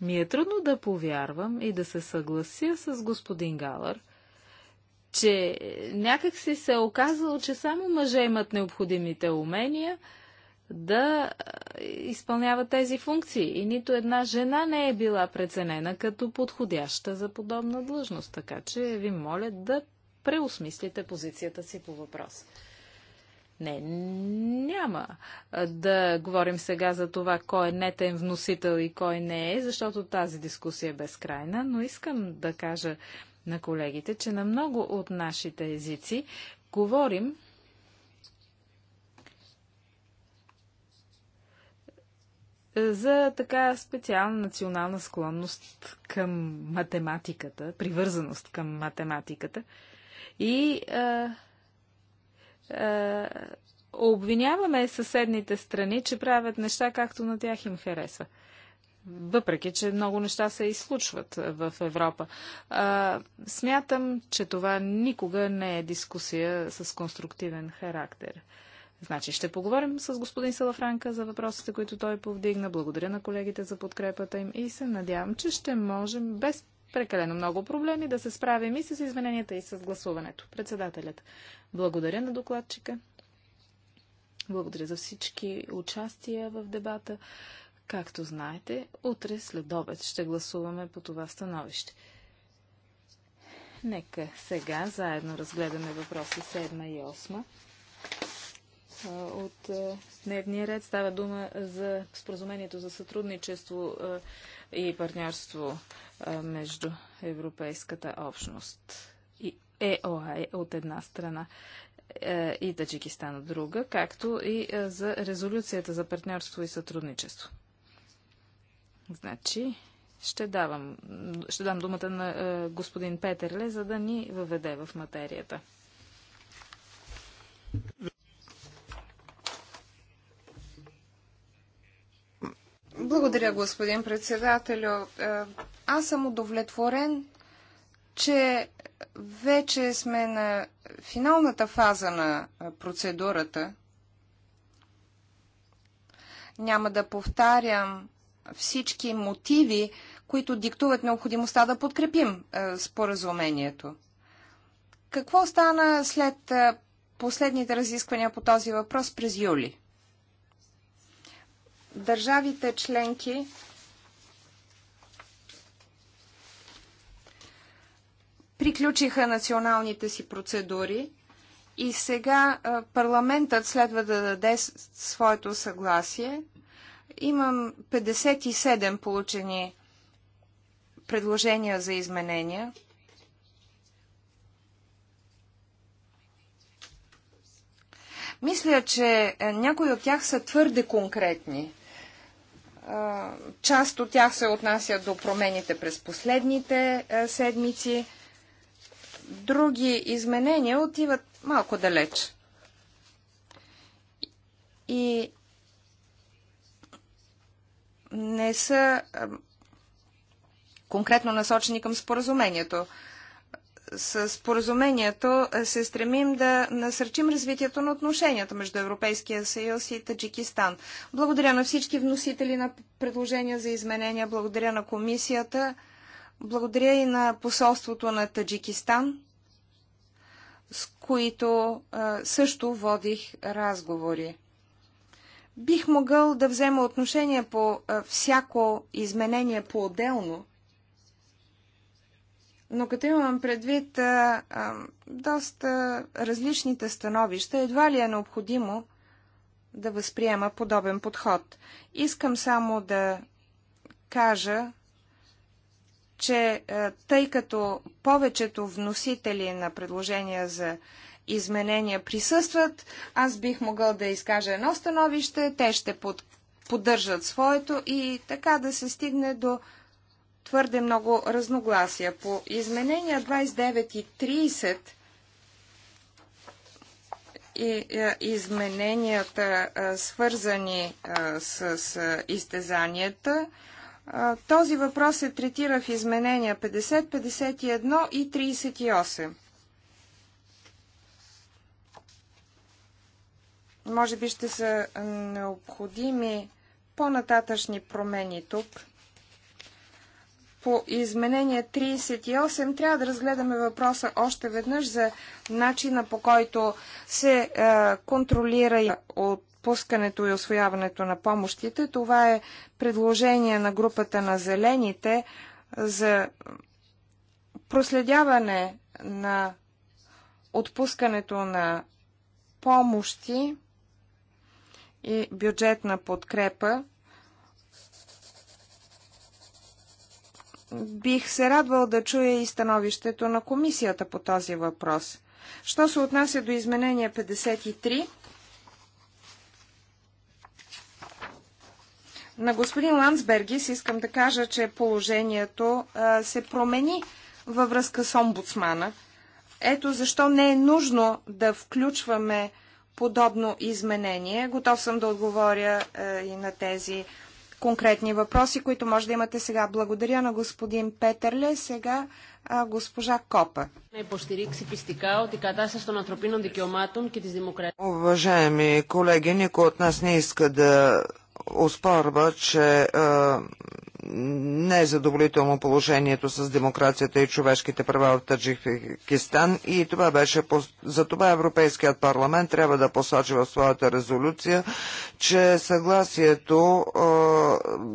Speaker 3: ми е трудно да повярвам и да се съглася с господин Галър – че някак си се е оказало, че само мъже имат необходимите умения да изпълняват тези функции. И нито една жена не е била преценена като подходяща за подобна длъжност. Така че ви моля да преосмислите позицията си по въпрос. Не, няма да говорим сега за това кой е нетен вносител и кой не е, защото тази дискусия е безкрайна, но искам да кажа на колегите, че на много от нашите езици говорим за така специална национална склонност към математиката, привързаност към математиката. И а, а, обвиняваме съседните страни, че правят неща както на тях им харесва въпреки че много неща се изслучват в Европа. А, смятам, че това никога не е дискусия с конструктивен характер. Значи ще поговорим с господин Салафранка за въпросите, които той повдигна. Благодаря на колегите за подкрепата им и се надявам, че ще можем без прекалено много проблеми да се справим и с измененията и с гласуването. Председателят. Благодаря на докладчика. Благодаря за всички участия в дебата. Както знаете, утре след обед ще гласуваме по това становище. Нека сега заедно разгледаме въпроси 7 и 8 от дневния ред. Става дума за споразумението за сътрудничество и партньорство между Европейската общност и ЕОАЕ от една страна и Таджикистан от друга, както и за резолюцията за партньорство и сътрудничество. Значи, ще, давам, ще дам думата на е, господин Петерле, за да ни въведе в материята.
Speaker 1: Благодаря, господин председателю. Е, аз съм удовлетворен, че вече сме на финалната фаза на е, процедурата. Няма да повтарям всички мотиви, които диктуват необходимостта да подкрепим е, споразумението. Какво стана след е, последните разисквания по този въпрос през юли? Държавите членки приключиха националните си процедури и сега е, парламентът следва да даде своето съгласие – Имам 57 получени предложения за изменения. Мисля, че е, някои от тях са твърде конкретни. Е, част от тях се отнасят до промените през последните е, седмици. Други изменения отиват малко далеч. И не са конкретно насочени към споразумението. С споразумението се стремим да насърчим развитието на отношенията между Европейския съюз и Таджикистан. Благодаря на всички вносители на предложения за изменения, благодаря на комисията, благодаря и на посолството на Таджикистан, с които също водих разговори. Бих могъл да взема отношение по всяко изменение по-отделно, но като имам предвид а, а, доста различните становища, едва ли е необходимо да възприема подобен подход. Искам само да кажа, че а, тъй като повечето вносители на предложения за изменения присъстват. Аз бих могъл да изкажа едно становище, те ще под, поддържат своето и така да се стигне до твърде много разногласия. По изменения 29 и 30 и е, измененията, е, свързани е, с изтезанията, този въпрос се третира в изменения 50, 51 и 38. Може би ще са необходими по-нататъчни промени тук. По изменение 38 трябва да разгледаме въпроса още веднъж за начина по който се е, контролира отпускането и освояването на помощите. Това е предложение на групата на зелените за проследяване на отпускането на помощи и бюджетна подкрепа. Бих се радвал да чуя и становището на комисията по този въпрос. Що се отнася до изменение 53, на господин Ландсбергис искам да кажа, че положението а, се промени във връзка с омбудсмана. Ето защо не е нужно да включваме подобно изменение. Готов съм да отговоря е, и на тези конкретни въпроси, които може да имате сега. Благодаря на господин Петърле, сега а, госпожа Копа.
Speaker 4: Уважаеми колеги, никой от нас не иска да оспорва, че е, не е задоволително положението с демокрацията и човешките права в Таджикистан и това беше за това Европейският парламент трябва да посочи в своята резолюция, че съгласието е,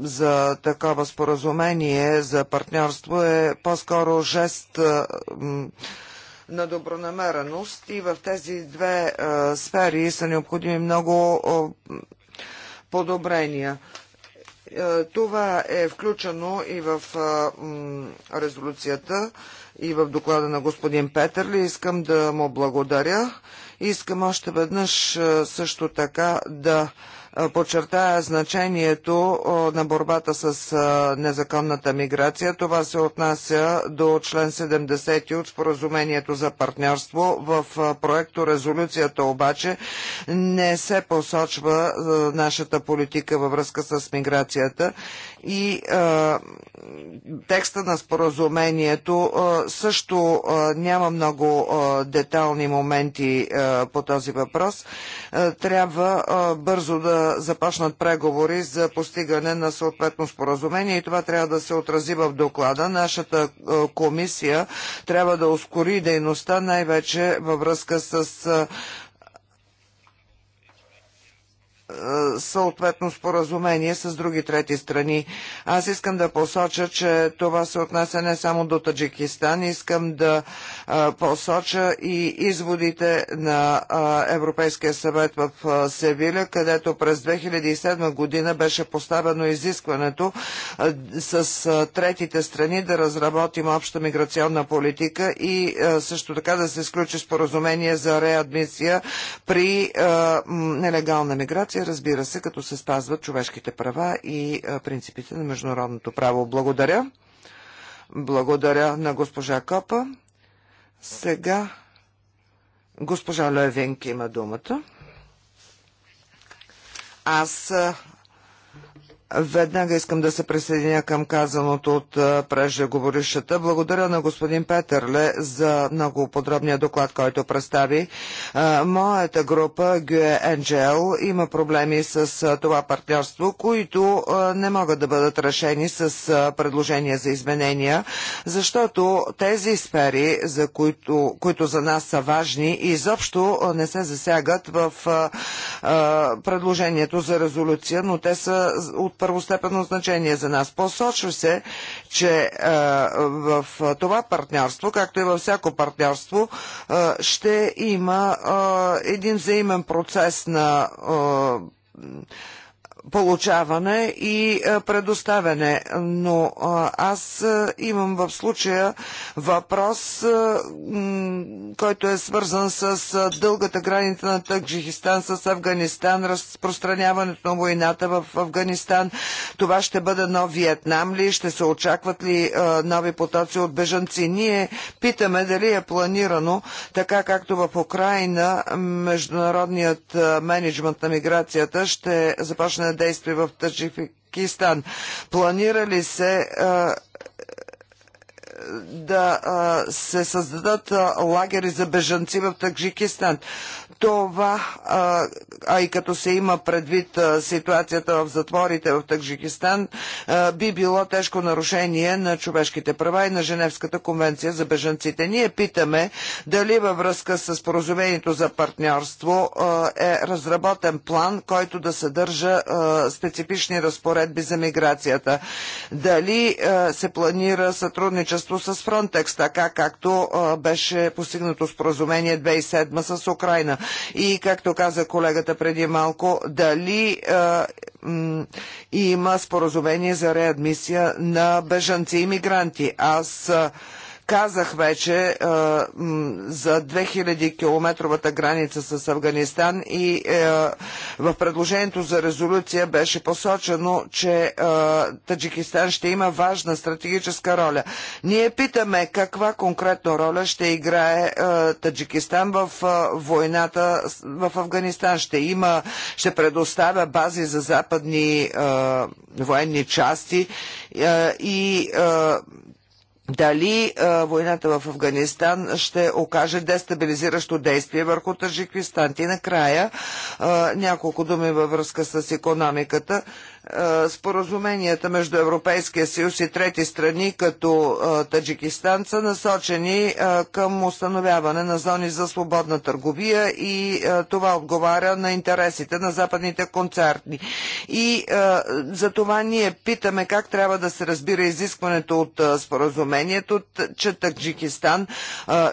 Speaker 4: за такова споразумение за партньорство е по-скоро жест е, на добронамереност и в тези две е, сфери са необходими много подобрения. Е, това е включено и в е, резолюцията и в доклада на господин Петърли. Искам да му благодаря. Искам още веднъж е, също така да подчертая значението на борбата с незаконната миграция. Това се отнася до член 70 от споразумението за партньорство. В проекто резолюцията обаче не се посочва нашата политика във връзка с миграцията и а, текста на споразумението а, също а, няма много а, детални моменти а, по този въпрос. А, трябва а, бързо да започнат преговори за постигане на съответно споразумение и това трябва да се отрази в доклада. Нашата а, комисия трябва да ускори дейността най-вече във връзка с а, е, съответно споразумение с други трети страни. Аз искам да посоча, че това се отнася не само до Таджикистан, искам да е, посоча и изводите на е, Европейския съвет в Севиля, където през 2007 година беше поставено изискването с третите страни да разработим обща миграционна политика и също така да се сключи споразумение за реадмисия при нелегална миграция, разбира се, като се спазват човешките права и принципите на международното право. Благодаря. Благодаря на госпожа Копа. Сега госпожа Левенки има думата. Аз Веднага искам да се присъединя към казаното от преждеговорищата. Благодаря на господин Петърле за много подробния доклад, който представи. Моята група gue има проблеми с това партньорство, които не могат да бъдат решени с предложения за изменения, защото тези сфери, за които, които за нас са важни, изобщо не се засягат в предложението за резолюция, но те са от първостепенно значение за нас. Посочва се, че е, в това партньорство, както и във всяко партньорство, е, ще има е, един взаимен процес на получаване и е, предоставяне. Но е, аз е, имам в случая въпрос, който е свързан с дългата граница на Таджихистан с Афганистан, разпространяването на войната в Афганистан. Това ще бъде нов Виетнам ли? Ще се очакват ли нови потоци от бежанци? Ние питаме дали е планирано, така както в Украина международният менеджмент на миграцията ще започне действия в Таджикистан? Планирали се а, да се създадат лагери за бежанци в Таджикистан. Това, а и като се има предвид ситуацията в затворите в Таджикистан, би било тежко нарушение на човешките права и на Женевската конвенция за бежанците. Ние питаме дали във връзка с поразумението за партньорство е разработен план, който да съдържа специфични разпоредби за миграцията. Дали се планира сътрудничество постигнато с Фронтекс, така както беше постигнато споразумение 2007 с Украина. И както каза колегата преди малко, дали има споразумение за реадмисия на бежанци и мигранти. Аз Казах вече е, за 2000 километровата граница с Афганистан и е, в предложението за резолюция беше посочено, че е, Таджикистан ще има важна стратегическа роля. Ние питаме каква конкретно роля ще играе Таджикистан в войната в Афганистан. Ще има, ще предоставя бази за западни военни части и дали а, войната в Афганистан ще окаже дестабилизиращо действие върху Таджикистан. И накрая а, няколко думи във връзка с економиката. Е, споразуменията между Европейския съюз и трети страни, като е, Таджикистан, са насочени е, към установяване на зони за свободна търговия и това отговаря на интересите на западните концерни. И за това ние питаме как трябва да се разбира изискването от споразумението, че Таджикистан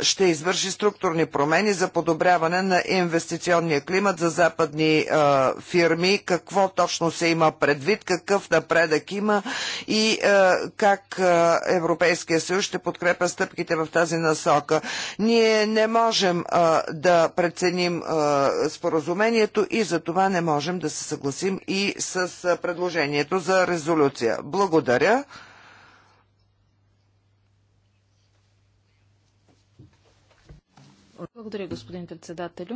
Speaker 4: ще извърши структурни промени за подобряване на инвестиционния климат за западни фирми. Какво точно се има предвид? предвид какъв напредък има и е, как е, Европейския съюз ще подкрепя стъпките в тази насока. Ние не можем е, да преценим споразумението и за това не можем да се съгласим и с предложението за резолюция. Благодаря.
Speaker 3: Благодаря, господин председателю.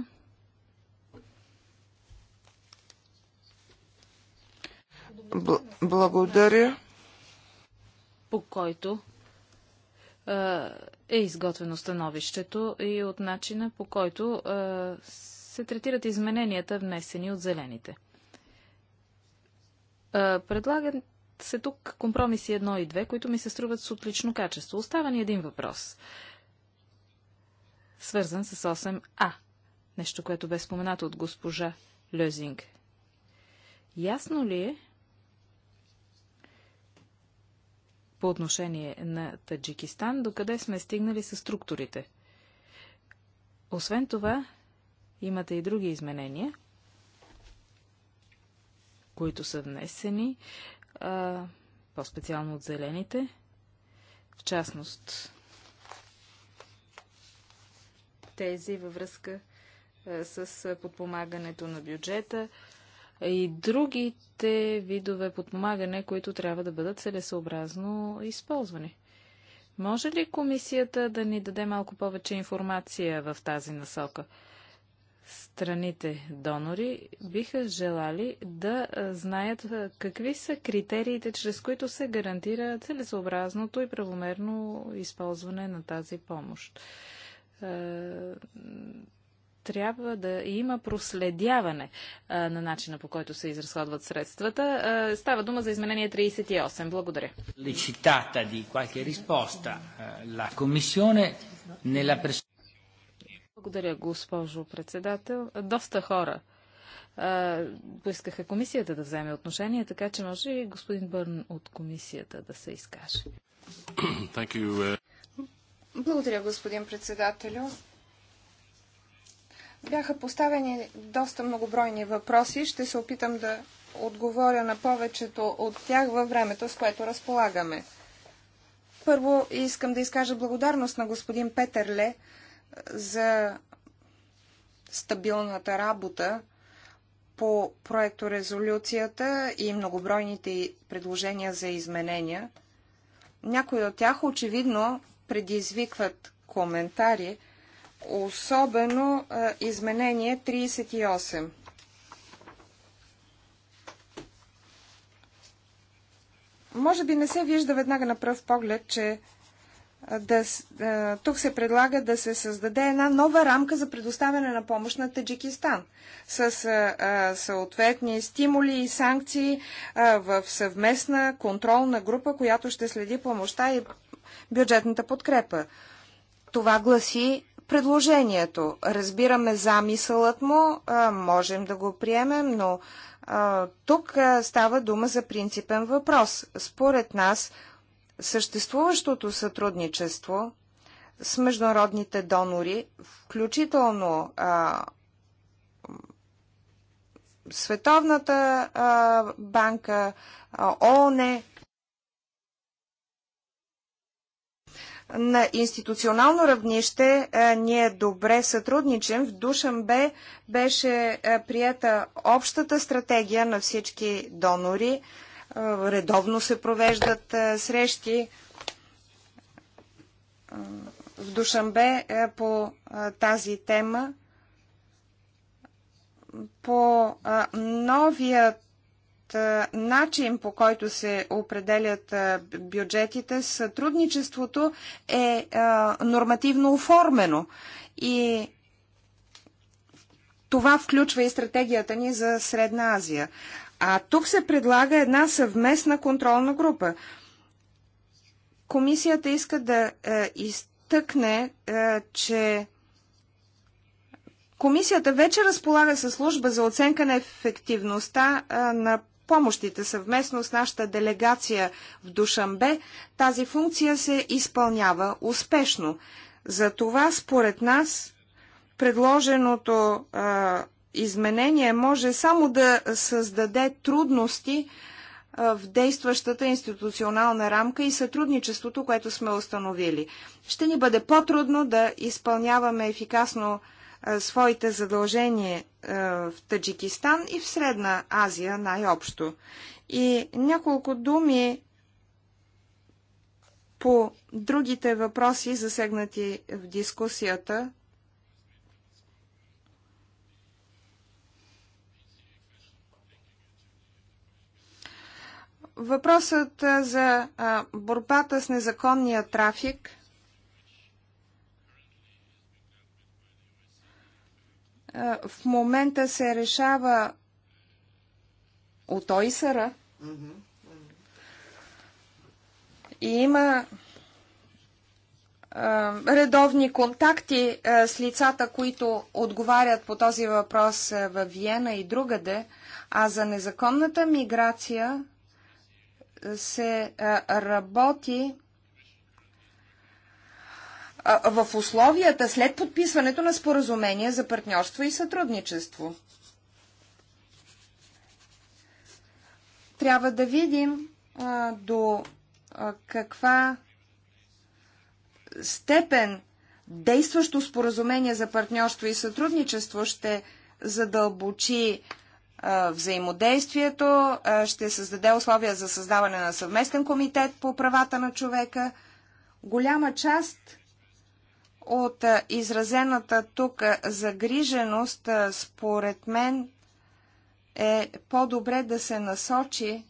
Speaker 4: Б- благодаря. По
Speaker 3: който е изготвено становището и от начина по който се третират измененията, внесени от зелените. Предлагат се тук компромиси 1 и 2, които ми се струват с отлично качество. Остава ни един въпрос, свързан с 8А. Нещо, което бе споменато от госпожа Лезинг. Ясно ли е, по отношение на Таджикистан, докъде сме стигнали с структурите. Освен това, имате и други изменения, които са внесени, по-специално от зелените. В частност, тези във връзка с подпомагането на бюджета, и другите видове подпомагане, които трябва да бъдат целесообразно използвани. Може ли комисията да ни даде малко повече информация в тази насока? Страните донори биха желали да знаят какви са критериите, чрез които се гарантира целесообразното и правомерно използване на тази помощ трябва да има проследяване а, на начина по който се изразходват средствата. А, става дума за изменение 38. Благодаря. Личитата di qualche risposta la
Speaker 2: commissione nella
Speaker 3: Благодаря, госпожо председател. Доста хора а, поискаха комисията да вземе отношение, така че може и господин Бърн от комисията да се изкаже.
Speaker 1: Uh, Благодаря, господин председателю. Бяха поставени доста многобройни въпроси. Ще се опитам да отговоря на повечето от тях във времето, с което разполагаме. Първо искам да изкажа благодарност на господин Петърле за стабилната работа по проекто резолюцията и многобройните предложения за изменения. Някои от тях очевидно предизвикват коментари, особено изменение 38. Може би не се вижда веднага на пръв поглед, че да, тук се предлага да се създаде една нова рамка за предоставяне на помощ на Таджикистан с съответни стимули и санкции в съвместна контролна група, която ще следи помощта и бюджетната подкрепа. Това гласи предложението. Разбираме замисълът му, можем да го приемем, но тук става дума за принципен въпрос. Според нас, съществуващото сътрудничество с международните донори, включително а, Световната а, банка, а, ООН, На институционално равнище е, ние добре сътрудничим. В Душанбе беше е, прията общата стратегия на всички донори. Е, редовно се провеждат срещи в Душанбе по тази тема. По новият начин, по който се определят бюджетите, сътрудничеството е нормативно оформено. И това включва и стратегията ни за Средна Азия. А тук се предлага една съвместна контролна група. Комисията иска да е, изтъкне, е, че Комисията вече разполага със служба за оценка на ефективността е, на помощите съвместно с нашата делегация в Душамбе, тази функция се изпълнява успешно. Затова, според нас, предложеното а, изменение може само да създаде трудности а, в действащата институционална рамка и сътрудничеството, което сме установили. Ще ни бъде по-трудно да изпълняваме ефикасно своите задължения в Таджикистан и в Средна Азия най-общо. И няколко думи по другите въпроси, засегнати в дискусията. Въпросът за борбата с незаконния трафик в момента се решава от ОИСъра и има редовни контакти с лицата, които отговарят по този въпрос в Виена и другаде, а за незаконната миграция се работи в условията след подписването на споразумение за партньорство и сътрудничество. Трябва да видим а, до а, каква степен действащо споразумение за партньорство и сътрудничество ще задълбочи взаимодействието, ще създаде условия за създаване на съвместен комитет по правата на човека. Голяма част от изразената тук загриженост, според мен е по-добре да се насочи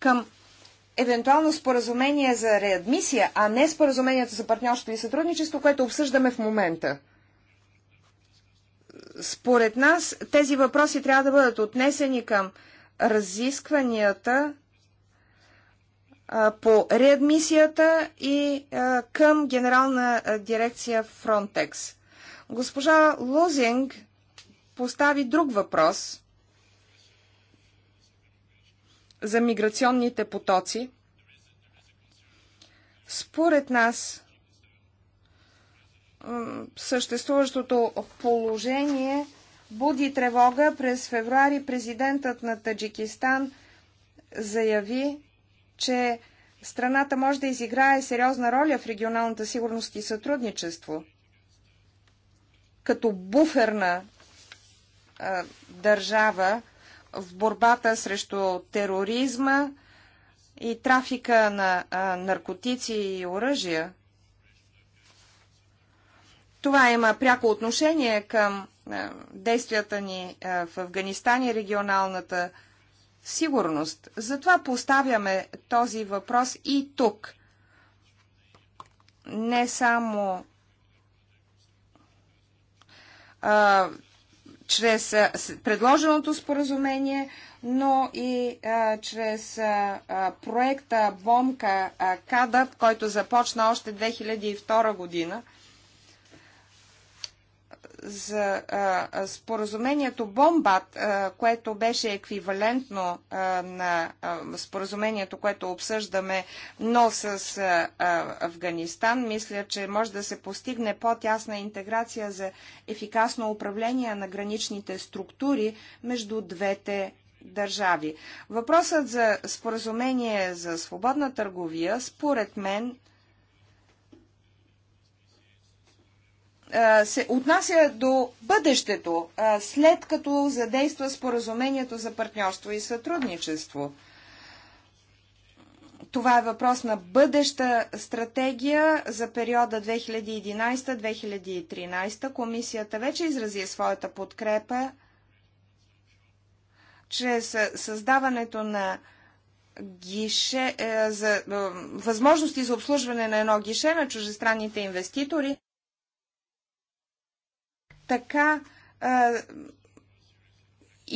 Speaker 1: към евентуално споразумение за реадмисия, а не споразумението за партньорство и сътрудничество, което обсъждаме в момента. Според нас тези въпроси трябва да бъдат отнесени към разискванията по реадмисията и към генерална дирекция Frontex. Госпожа Лозинг постави друг въпрос за миграционните потоци. Според нас съществуващото положение буди тревога. През февруари президентът на Таджикистан заяви, че страната може да изиграе сериозна роля в регионалната сигурност и сътрудничество, като буферна а, държава в борбата срещу тероризма и трафика на а, наркотици и оръжия. Това има пряко отношение към а, действията ни а, в Афганистан и регионалната сигурност. Затова поставяме този въпрос и тук. Не само а, чрез а, предложеното споразумение, но и а, чрез а, проекта Бомка Кадъп, който започна още 2002 година – за споразумението Бомбат, което беше еквивалентно на споразумението, което обсъждаме, но с Афганистан, мисля, че може да се постигне по-тясна интеграция за ефикасно управление на граничните структури между двете държави. Въпросът за споразумение за свободна търговия, според мен, се отнася до бъдещето, след като задейства споразумението за партньорство и сътрудничество. Това е въпрос на бъдеща стратегия за периода 2011-2013. Комисията вече изрази своята подкрепа чрез създаването на гише, е, за, възможности за обслужване на едно гише на чужестранните инвеститори така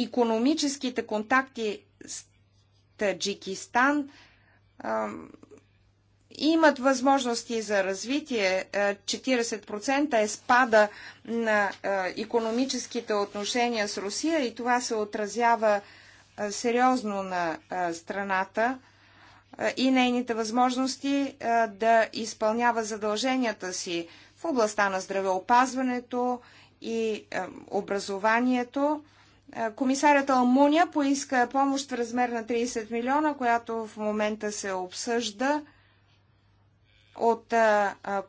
Speaker 1: економическите контакти с Таджикистан имат възможности за развитие. 40% е спада на економическите отношения с Русия и това се отразява сериозно на страната и нейните възможности да изпълнява задълженията си в областта на здравеопазването и образованието. Комисарят Алмуня поиска помощ в размер на 30 милиона, която в момента се обсъжда от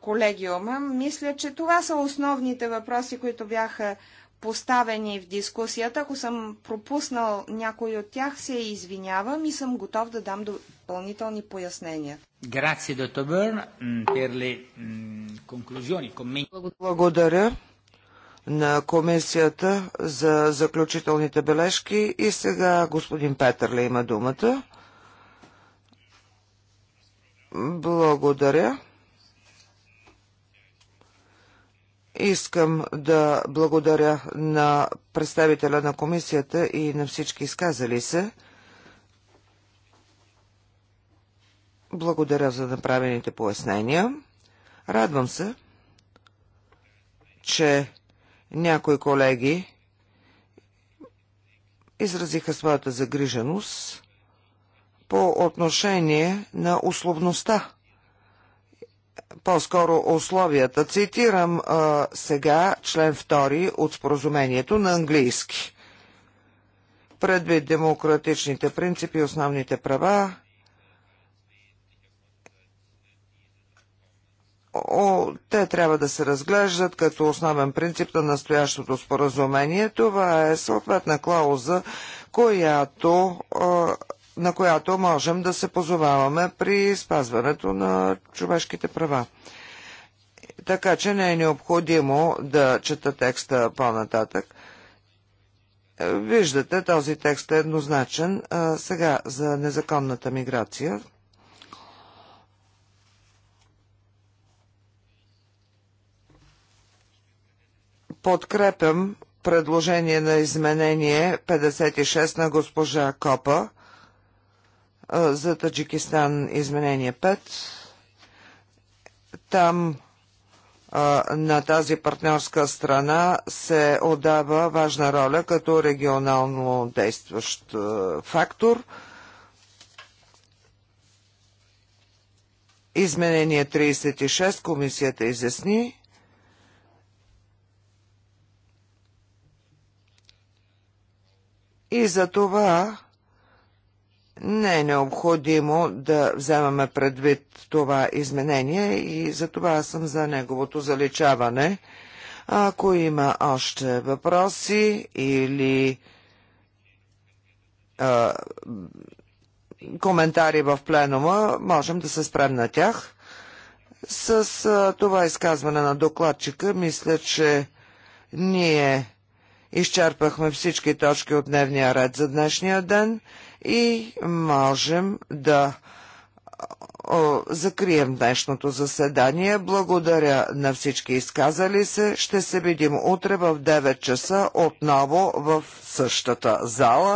Speaker 1: колегиума. Мисля, че това са основните въпроси, които бяха поставени в дискусията. Ако съм пропуснал някой от тях, се извинявам и съм готов да дам допълнителни пояснения.
Speaker 4: Благодаря на комисията за заключителните бележки и сега господин ли има думата. Благодаря. Искам да благодаря на представителя на комисията и на всички изказали се. Благодаря за направените пояснения. Радвам се, че някои колеги изразиха своята загриженост по отношение на условността, по-скоро условията. Цитирам а, сега член 2 от споразумението на английски. Предвид демократичните принципи и основните права, О, те трябва да се разглеждат като основен принцип на настоящото споразумение. Това е съответна клауза, която, на която можем да се позоваваме при спазването на човешките права. Така че не е необходимо да чета текста по-нататък. Виждате, този текст е еднозначен. А, сега за незаконната миграция. Подкрепям предложение на изменение 56 на госпожа Копа за Таджикистан изменение 5. Там на тази партньорска страна се отдава важна роля като регионално действащ фактор. Изменение 36 комисията изясни И за това не е необходимо да вземаме предвид това изменение и за това аз съм за неговото заличаване. Ако има още въпроси или а, коментари в пленума, можем да се спрем на тях. С а, това изказване на докладчика, мисля, че ние Изчерпахме всички точки от дневния ред за днешния ден и можем да закрием днешното заседание. Благодаря на всички изказали се. Ще се видим утре в 9 часа отново в същата зала.